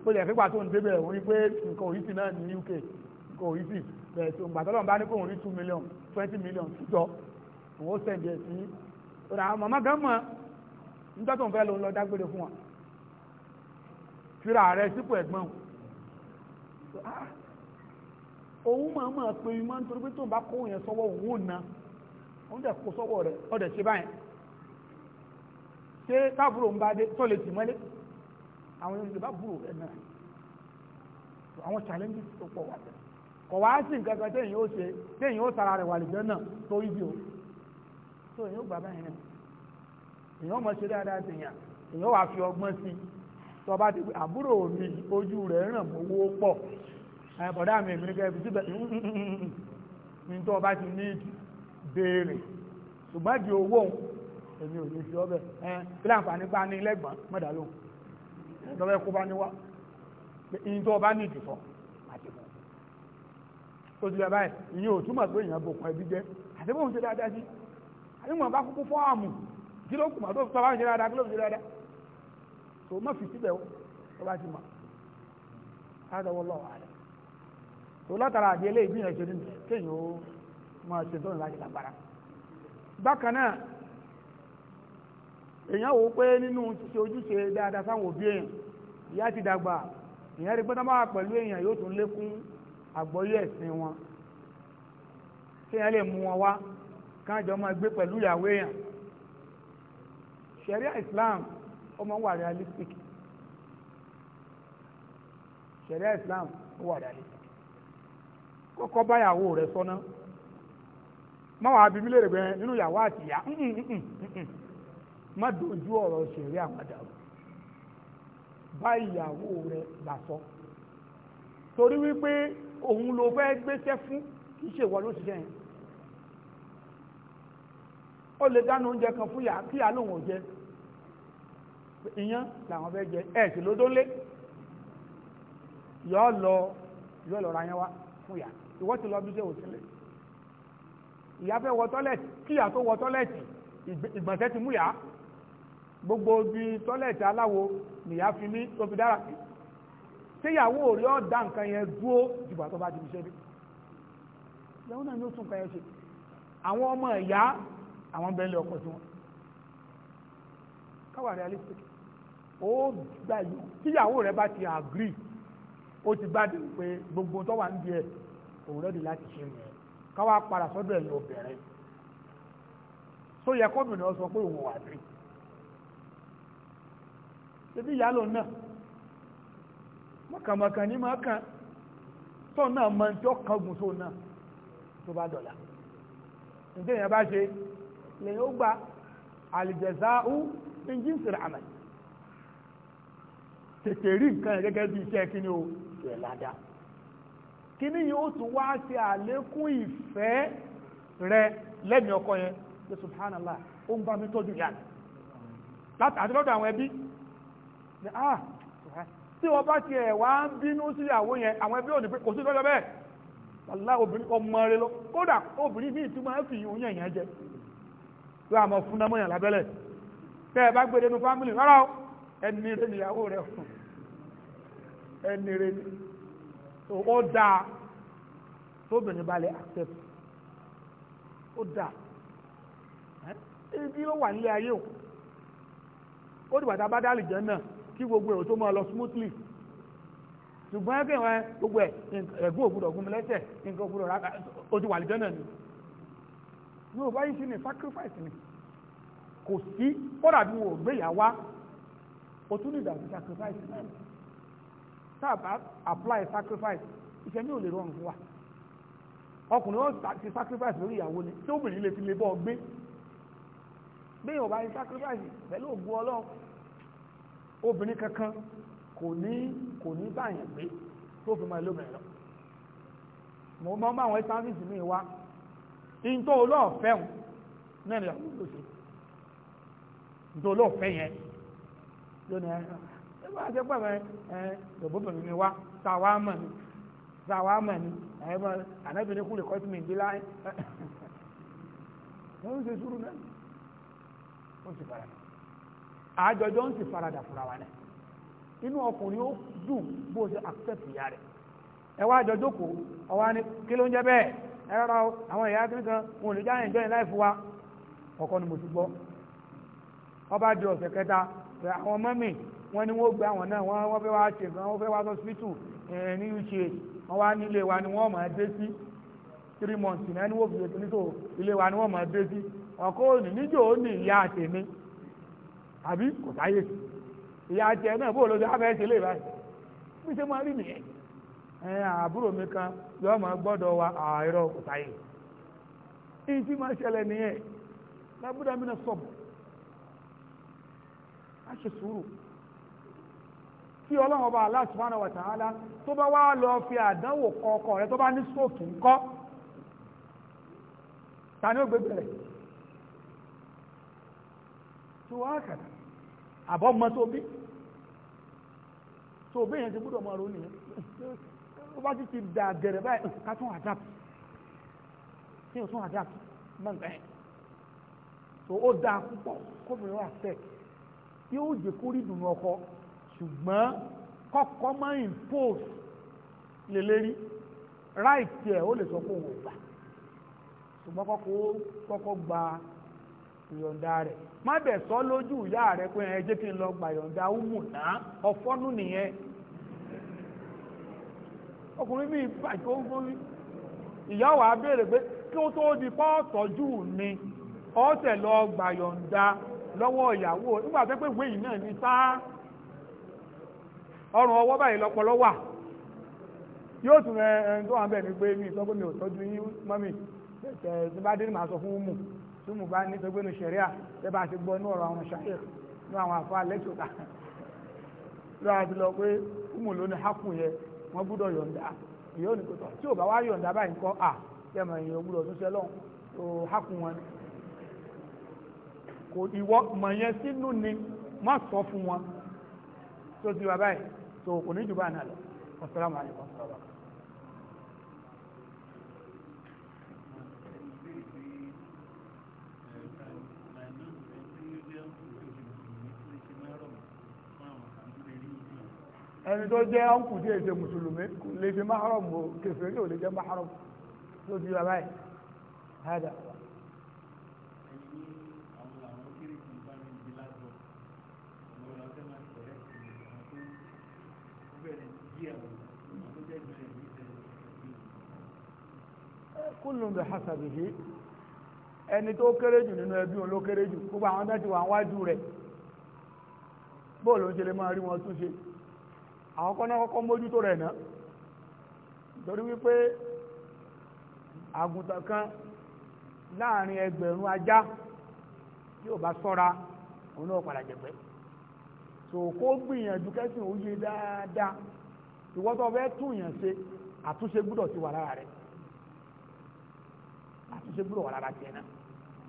ó lè fipá tó ń débẹ̀ òun pé nǹkan òyìnbí náà ní UK nǹkan òyìnbí bẹ̀rẹ̀ tó gbà tọ́lọ́ bá ní kó òun rí two million twenty million títọ́ òun ó sẹ̀ǹdì ẹ̀ sí ọ̀dà àwọn màmá gan mọ̀ níjọ́ tó ń fẹ́ lòun lọ dágbére fún wọn fira rẹ̀ sípò ẹ̀gbọ́n ah, òun máa máa pe imá nítorí pé tó ń bá kó yẹn sọ́wọ́ òun ò na òun dẹ̀ kó sọ́wọ́ rẹ̀ ọ̀dẹ̀ ṣe báyẹn ṣé táàbùrò àwọn yóò bá búrò ẹ̀ náà àwọn challenges tó pọ̀ wà bẹ́ẹ̀ kọ̀ wá sí nǹkan kan téèyàn ó ṣe téèyàn ó tara rẹ̀ wà lè jẹ́ náà tó rí bí o tó èyàn ó gbà báyìí náà èyàn mọ̀ ṣe dáadáa tèèyàn èyàn wà fi ọgbọ́n sí tó bá ti pé àbúrò mi ojú rẹ̀ ràn mówó pọ̀ bọ̀dá mi èmi nígbà ibi síbẹ̀ ní tó bá ti ní béèrè ṣùgbọ́n di owó èmi ò ní fi ọbẹ̀ ẹ kí láǹfààní pa ní lẹ́gbọ̀n mọ́dàlóhùn lọ́wọ́ ẹkú bá ní wá ìyìn tó bá ní ìdìfọ́ àti fún ó ti bàbá ẹ̀ ìyìn ò túmọ̀ pé èèyàn bòkun ẹbí jẹ́ àdébòhun ṣe dáadáa sí àdébòhun bá kúkú fọ́ àmù kí ló kùmọ̀ tó fi tọ́wọ́ ṣe dáadáa kí ló fi ṣe dáadáa tó mọ̀ fi síbẹ̀ ó bá ti mọ̀ ádọ́wọ́ lọ́wọ́ rẹ̀ tó látara àdé ilé ìgbìyànjú kéèyàn ó máa ṣe tó ń láti lágbára bákan náà èèyàn wò pé nínú ṣíṣe ojúṣe dáadáa sáwọn òbí èèyàn ìyá ti dàgbà èèyàn rí pẹ́tàmọ́ wà pẹ̀lú èèyàn yóò tún lékún àgbọ́yé ẹ̀sìn wọn tí èèyàn lè mú wọn wá káàjọ máa gbé pẹ̀lú ìyàwó èèyàn ṣẹ̀ríà Islam ọmọ wà realistic ṣẹ̀ríà Islam ó wà realistic kọ́kọ́ báyàwó rẹ̀ sọ́nà máa wà á bí mílẹ̀ rẹ̀ nínú ìyàwó àti ìyá má dojú ọ̀rọ̀ ṣẹ̀rí àmàdà o bá ìyàwó rẹ làsọ torí wípé òun ló fẹ́ gbéṣẹ́ fún kì í ṣèwọ ló ṣiṣẹ́ yẹn ó lè dáná oúnjẹ kan fún yà kí àlóhùn jẹ iyán làwọn fẹ́ jẹ ẹ̀ sì ló dónlé yọ lọ yọ lọ ra yẹn wá fún yà ìwọ ti lọ bí ṣe òsìlẹ̀ ìyá fẹ́ wọ tọ́lẹ̀tì kíyà tó wọ tọ́lẹ̀tì ìgbọ̀nsẹ̀ ti mú yà á gbogbo ibi tọ́lẹ̀tì aláwo nìyá fi mí tó fi dára sí tíyàwó rí ọ̀dà nǹkan yẹn dúó jùgbà tó bá ti fi ṣe dé ìyàwó náà ni ó tún nǹkan yẹn ṣe àwọn ọmọ ìyá àwọn bẹ́ẹ̀ lé ọkọ̀ sí wọn káwà realistic ó gbà yìí tíyàwó rẹ bá ti agree ó ti gbádùn pé gbogbo tó wà ń di ẹ òun rẹ́dì láti ṣe nìyẹn káwà padà sọ́dọ̀ ẹ̀yìn obìnrin tó yẹ kọ́bìnrin sọ pé òun wà agree tẹ́bí ìyálò náà mọ́kànmọ́kà ní máa kàn tọ́ náà mọ́ tí ó kan gùn tó náà tó bá dọ̀là ǹjẹ́ èèyàn bá ṣe lèyìn ó gba àlìjẹ̀sáú engine sir amal tètè rí nǹkan gẹ́gẹ́ bí iṣẹ́ kí ni ó rẹ̀ ládá kí ni yóò tún wá ṣe àlékún ìfẹ́ rẹ lẹ́mìí ọkọ yẹn subhanallah ó ń bá mi tọ́jú ìyá mi látàdúrọ́dọ̀ àwọn ẹbí Ah, tí wọ́n bá tiẹ̀ wá ń bínú sí ìyàwó yẹn àwọn ẹbí òní pé kò sí lọ́jọ́ bẹ́ẹ̀ wàlá obìnrin ọmọ rẹ lọ kódà obìnrin míì tí máa fi ìhun yẹn yẹn jẹ tó àmọ́ fún náà mọ́yàn lábẹ́lẹ̀ tẹ́ ẹ bá gbé e dénú fámìlì rárá o ẹni rẹ níyàwó rẹ fún ẹni rẹ ni ó dáa tóbìnrin balẹ̀ accept ó dáa ibi ló wà nílé ayé o ó dìgbà tá a bá dá àlìjẹ́ náà kí gbogbo ẹ̀ tó máa lọ smoothly ṣùgbọ́n ẹgbẹ́ wọn gbogbo ẹ̀ ẹ̀gbọ́n ògbúdọ̀ gún mi lẹ́sẹ̀ nǹkan ògbúdọ̀ rárá o ti wà lìjọ́ náà ni yóò bá yìí sí ni sacrifice ni kò sí kódà bí wọn ò gbéyà wá o tún ní ìdàgbé sacrifice náà sábà apply sacrifice iṣẹ́ ní ò lè rọrùn fún wa ọkùnrin ó ti sacrifice lórí ìyàwó ni tí obìnrin lè fi lè bọ́ gbé bí yóò bá yìí sacrifice pẹ̀lú ògbó ọlọ́run obìnrin kankan kò ní kò ní báyìí pé tó fi máa lóbìnrin lọ mo máa ń bá àwọn sáfíìsì mi wá in tó olóòfẹ́ hùn náà ni àwọn olóòṣè in tó olóòfẹ́ yẹn lónìí ẹ ẹ bá jẹ́ pẹ̀lú ẹ lọ́bọ̀bìnrin mi wá sáwá mọ̀ ni sáwá mọ̀ ni ẹ mọ̀ ànábìnrin kúlẹ̀ kọ́ sí mi ìdílá ẹ ẹ ń ṣe sùúrù náà ó sì fara náà. àjọjọ ń sì farada fúnra wa náà inú ọkùnrin ó dùn bó ṣe accept ìyá rẹ̀ ẹwà wá kò ọwá ni kí ló ń jẹ́ bẹ́ẹ̀ kan wọn lè já ọkọ ni mo ti gbọ́ ọba di ọ̀sẹ̀ kẹta àwọn mọ́mì wọn ni wọ́n gbé àwọn náà wọ́n fẹ́ wá ṣe nǹkan wọ́n fẹ́ wá eh, ní wọ́n wá nílé wa ni wọ́n dé sí three months ni wọ́n fi nítorí ilé ọkọ òní níjọ́ àbí kò sáyé ìyá tiẹ̀ náà bó ló ṣe á ṣe lè báyìí bí ṣe máa rí nìyẹn àbúrò mi kan yóò máa gbọ́dọ̀ wa àìrọ̀ kò sáyé ní máa ṣẹlẹ̀ nìyẹn lábúdá mi náà sọ̀bù ṣe sùúrù tí ọlọ́run ọba bá wà lọ fi àdánwò kọ ọkọ bá ní ńkọ́ ta ni ó tó wá kàdà àbọ̀ ọmọ tó bí tó bẹ́yẹn ti gbúdọ̀ mọ̀ ọ̀rọ̀ nìyẹn ó bá ti ti dà gẹ̀rẹ̀ báyìí ká tún adapt kí o tún adapt mọ̀ nǹkan yẹn tó ó dáa púpọ̀ kóbìnrin wà tẹ̀ tí ó jẹ́ kó rí dùnú ọkọ ṣùgbọ́n kọ́kọ́ máa ń impose lè lérí right ẹ̀ ó lè sọ pé òun gbà ṣùgbọ́n kọ́kọ́ gba ìyọ̀ǹda rẹ̀ má bẹ̀ sọ lójú ìyá rẹ̀ pé ẹ jẹ́ kí n lọ gbà ìyọ̀ǹda umu náà ọ̀fọ́nú nìyẹn ọkùnrin mi bàjẹ́ ìyá wa béèrè pé kí ó tó di ni mi mi ò tọ́jú yín mọ́mì sọ fún mù tí mo bá ní sọgbẹ́nu sẹ̀ríà tẹ́ bá ti gbọ́ ní ọ̀rọ̀ àwọn ṣàkíyà ní àwọn àfa lẹ́tọ̀ọ̀tà lọ́wọ́ àti lọ pé kúmù ló ní hákù yẹ wọ́n gbúdọ̀ yọ̀ǹda ìyá ò ní kò tọ̀ tí ò bá wá yọ̀ǹda báyìí kọ́ à yẹ̀mọ̀ èèyàn gbúdọ̀ tún sẹ́lọ̀ tó hákù wọn kò ìwọ mọ̀ yẹn sínú ni má sọ fún wọn tó ti wà báyìí tó kò ní jù bá náà lọ assalamu alaikum ẹni tó jẹ́ ọ̀nkù tí èsè mùsùlùmí kò lè fi mahram o kèfèrí ò lè jẹ́ mahram tó di bàbá yìí hádà. kúlù bẹ̀ hasabihi ẹni tó kéré jù nínú ẹbí òun ló kéré jù gbogbo àwọn tó ti wà wájú rẹ̀ bóòlù ń ṣe lè máa rí wọn túnṣe àwọn kọ́nà kọ́kọ́ mójú tó rẹ̀ náà torí wípé àgùntàn kan láàrin ẹgbẹ̀rún ajá yóò bá sọ́ra òun náà padà jẹ̀gbẹ́ so kó gbìyànjú kẹ́sìn òye dáadáa ìwọ́tọ̀ fẹ́ túnyàn ṣe àtúnṣe gbúdọ̀ ti wà lára rẹ̀ àtúnṣe gbúdọ̀ wà lára tiẹ̀ náà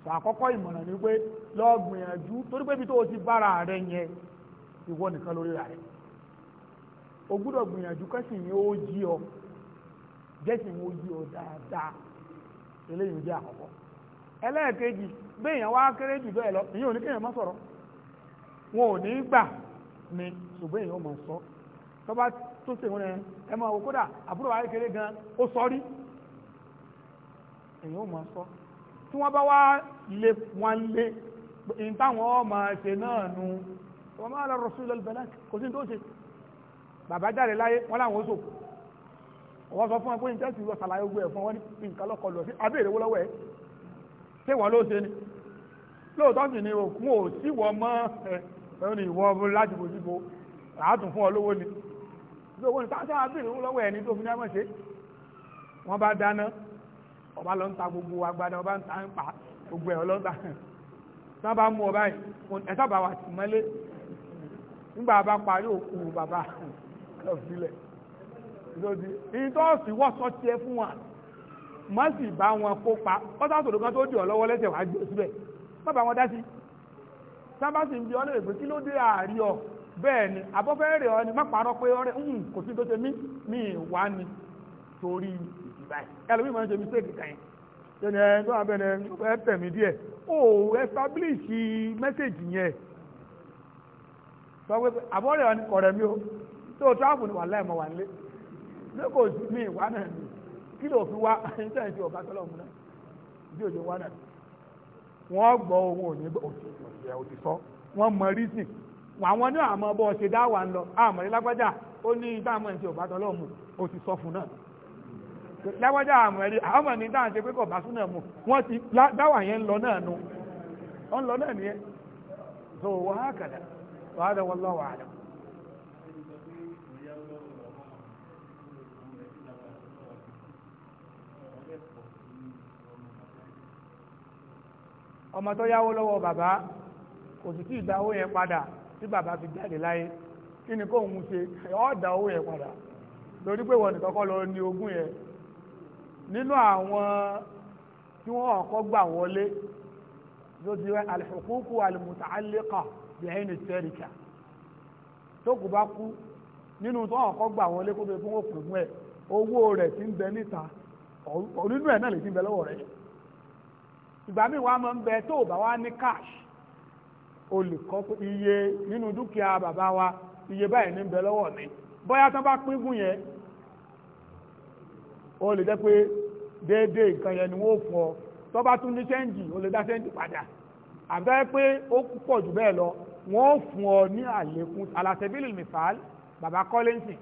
so àkọ́kọ́ ìmọ̀ràn ni pé lọ gbìyànjú torí pé ibi tó o ti bára rẹ̀ yẹn ìwọ nìkan lórí rẹ̀ o gbúdọ̀ gbìyànjú kẹ́sìn yẹn ó yí ọ jẹ́sìn yẹn ó yí ọ dáadáa eléyìí jẹ́ àkọ́kọ́ ẹlẹ́ẹ̀kejì béèyàn wá kéré jù bẹ́ẹ̀ lọ èyí ò ní kéèyàn má sọ̀rọ̀ wọn ò ní gbà ni ṣùgbọ́n èyàn mọ̀ sọ tọ́ba tó ṣe wọn ẹ máa wò kódà àbúrò wa kéré gan ó sọ rí èyàn ò mọ̀ sọ tí wọ́n bá wá lé wọn lé ní táwọn ọmọ ṣe náà nu wọ́n máa lọ rọ̀ sí lọ́lùbẹ̀lá kò sí tó ṣe bàbá jáde láyé wọ́n láwọn oṣù wọ́n sọ fún wọn pé ní tẹ́sí lọ sàlàyé ogun ẹ̀ fún wọn ní nǹkan lọ́kọ lọ sí abéèrè wọ́n lọ́wọ́ ẹ̀ ṣé wọ́n ló ṣe ni lóòótọ́ sì ni òkun ò sí wọ́n mọ́ ẹ̀ ní ìwọ láti bò síbo àátùn fún ọ lówó ni ṣé owó ni táwọn sábà béèrè wọ́n lọ́wọ́ ẹ̀ ní tó fi ní ṣe wọ́n bá dáná ọba lọ ń ta gbogbo agbada ọba ń ta ń pa gbogbo ẹ̀ ọlọ́ta tí wọ́n bá mú ọba yìí ẹ̀ sábà wà sí mọ́lé nígbà bá parí òkú bàbá lọ sílẹ̀ lódì ìtọ́sí wọ́sọ tiẹ̀ fún wa má sì bá wọn kópa ọ́sà sòdò kan tó dì ọ́ lọ́wọ́ lẹ́sẹ̀ wàá gbé e síbẹ̀ má bá wọn dá sí sábà sì ń bi ọ́ lè pé kí ló dé àárí ọ bẹ́ẹ̀ ni abọ́fẹ́ rẹ̀ ọ ni má parọ́ pé ọ̀rẹ́ ń kò sí tó ṣe mí mi wá ni torí ìdìbà yìí ẹlòmíì máa ń ṣe mistake kan yẹn ṣẹlẹ̀ ẹ tó àbẹ̀ rẹ̀ ẹ tẹ̀mí díẹ̀ ó establish message yẹn sọ pé àbọ̀rẹ̀ ọ ni kọ̀rẹ̀ mi o tó tíráàbù ni wà láì mọ̀ wà nílé ṣé kò sí mi ìwà náà ni kí ló fi wá ẹ̀ńtẹ́ ti ọ̀gá tọ́lọ̀ mu náà bí wọ́n gbọ́ ohun òní wọ́n mọ rísì àwọn ní àmọ́ bọ́ ṣe dá wà ń lọ àmọ́lé lágbájá ó ní ẹ̀ ti ọ̀gá tọ́lọ̀ mu fún náà lágbájá àmọ́ ní ṣe wọ́n ti dáwà yẹn lọ nu ó ń lọ náà nìyẹn ọmọ tó yáwó lọ́wọ́ bàbá kò sì tí ìdá owó yẹn padà tí bàbá fi jáde láyé kí ni kó òun ṣe ó dá owó yẹn padà lórí pé wọ́n nìkan kọ́ lọ ní ogún yẹn nínú àwọn tí wọ́n kọ́ gbà wọlé ló ti wẹ́ alhuququ almuta'alliqa bi ayn tó kù bá kú nínú tó hàn kọ́ gbà wọlé kó bẹ fún òkùnkùn ẹ̀ owó rẹ̀ ti ń bẹ níta nínú ẹ̀ náà lè ti ń bẹ lọ́wọ́ rẹ̀ yẹn ìgbà míì wàá máa ń bẹ tó bá wá ní cash olùkọ́ iye nínú dúkìá bàbá wa iye báyìí ní bẹ lọ́wọ́ mi bóyá tán bá pín gùn yẹn o lè jẹ́ pé déédéé nǹkan yẹn ni wọ́n fún tó bá tún ní sẹ́ńjì o lè dá sẹ́ńjì padà àbí dáyé pé ó pọ̀ jù bẹ́ẹ̀ lọ wọ́n fún ọ ní àlékún alásẹ̀bílì mìfàl bàbá kọ́lẹ́ǹsì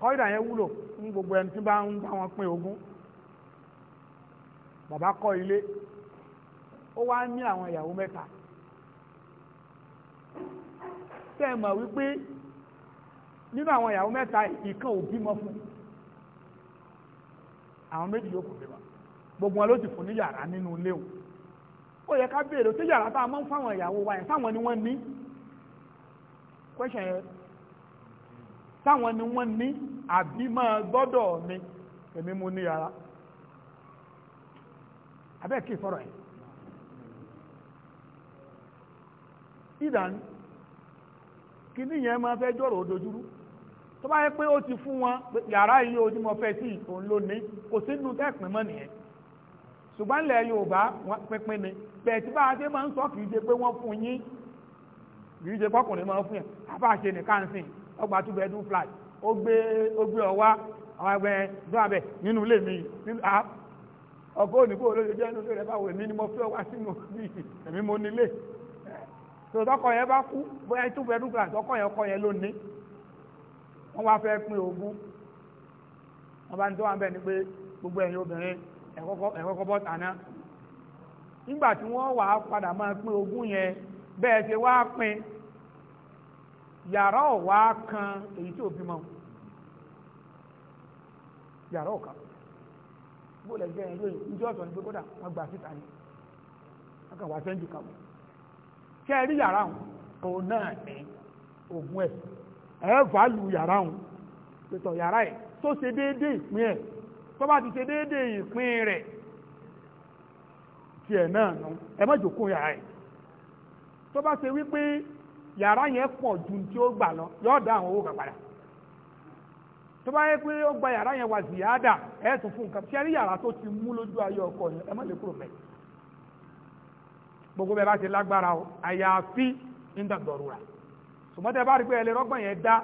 kọ́ìdà yẹn wúlò fún gbogbo ẹni tí bá ń bá wọn pín ogún bàbá kọ́ ilé ó wá ní àwọn ìyàwó mẹ́ta tẹ́ mọ̀ wípé nínú àwọn ìyàwó mẹ́ta ìkan ò bímọ fún àwọn méjì yóò kò bímọ gbogbo wọn ló ti fún ní yàrá nínú ilé o ó yẹ ká béèrè tí yàrá tá a máa ń fáwọn ìyàwó wa yẹn sáwọn ni wọ́n ní question yẹn sáwọn ni wọ́n ní àbí máa gbọ́dọ̀ mi èmi mo ní yàrá abẹ́ kí sọ̀rọ̀ yẹn ìdán kìíní yẹn máa fẹ́ jọ̀rọ̀ òdojúrú tó bá yẹ pé ó ti fún wọn yàrá yìí ojú mọ́ fẹ́ sí òun ló ní kò sínú tẹ́ẹ̀pín mọ́ nìyẹn ṣùgbọ́n ilẹ̀ Yorùbá pínpín ni bẹ́ẹ̀ tí bá a ṣe máa ń sọ kìí ṣe pé wọ́n fún yín kìí ṣe pọ́kùnrin máa ń fún yẹn àbá ṣe nìkan sìn ọgbà two bedroom flat ó gbé ó gbé ọwá àwọn ẹgbẹ́ dún abẹ nínú ilé mi ọ̀pọ̀ òníbò olóde jẹ́ inú rẹ̀ báwo èmi ni mo fẹ́ wá sínú bí èmi mo nílé tó tọkọ yẹn bá kú bóyá two bedroom flat tọkọ yẹn kọ yẹn ló ní wọ́n wá fẹ́ pín ogún wọ́n bá ní tó wà ń bẹ̀ ni pé gbogbo ẹ̀yin obìnrin ẹ̀kọ́kọ́ bọ́ tàná nígbà tí wọ́n wà á padà máa pín ogún yẹn bẹ́ẹ̀ ṣe wá pín yàrá ọ̀wá kan èyí tí ò bímọ yàrá ọ̀kan bóòlù ẹgbẹ́ yìí ní ọ̀sán ní kódà wọ́n gbà síta ni wọ́n kàn wá sẹ́ńjù rí yàrá wọn òun náà ní ògùn ẹ̀ ẹ̀ yàrá wọn pẹ̀tọ̀ yàrá ẹ̀ tó ṣe déédéé ìpín tó bá ti ṣe déédéé ìpín rẹ̀ tiẹ̀ náà nù ẹ má jòkó yàrá ẹ tó bá ṣe wípé yàrá yẹn pọ̀ ju tí ó gbà lọ dá àwọn owó tó bá yẹ pé ó gba yàrá yẹn wà ziyada ẹ̀ tún fún nǹkan ṣe rí yàrá tó ti mú lójú ayé ọkọ yẹn ẹ má lè kúrò mẹ́ gbogbo bẹ́ẹ̀ bá ti lágbára o àyàfi ń dàgbọ̀rù rà ṣùgbọ́n tẹ́ bá rí pé ẹ lè rọ́gbọ̀n yẹn dá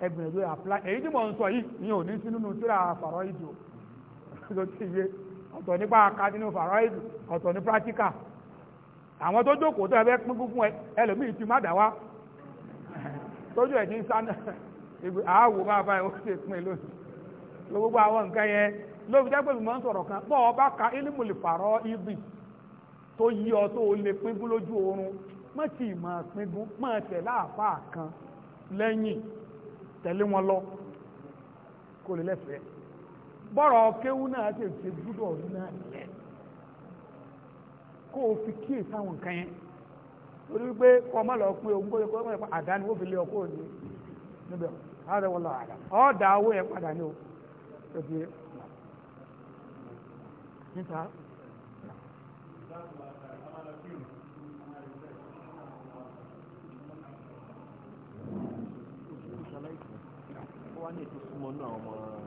ẹgbẹ̀rún ló apply èyí tí mo ń sọ yìí ní òní sí nínú tíra fàrọ ìdù ló ti yé ọ̀tọ̀ nípa aka nínú fàrọ ìdù ọ̀tọ̀ ní practical àwọn tó jókòó tó ẹbẹ́ pín fún ẹ ẹlòmíì ti má dà wá tójú ẹ̀ ti ń sá náà ìgbé àáwò bàbá ẹ̀ ó ṣe pin lónìí ló gbogbo àwọn nǹkan yẹn lóbi jẹ́ pé mi máa ń sọ̀rọ̀ kan pọ̀ ọba ka ilimu lè fàrọ̀ ibi tó yí ọ tó lè pínkún lójú oorun má tì í máa pínkún máa tẹ̀ láàfà kan lẹ́yìn tẹ̀lé wọn lọ kó lè lẹ́fẹ̀ẹ́ bọ́rọ̀ kéwú náà ti ṣe gbúdọ̀ náà nìyẹn kó o fi kíyè sáwọn nǹkan yẹn torí pé kọ́ ọ má lọ pé òun kó yẹ kó yẹ kó àdáni ó fi lé ọkọ̀ òní níbẹ̀ هذا والله أعلم أه دعوة يبقى دعنيو تجي انتهى wọ́n á ní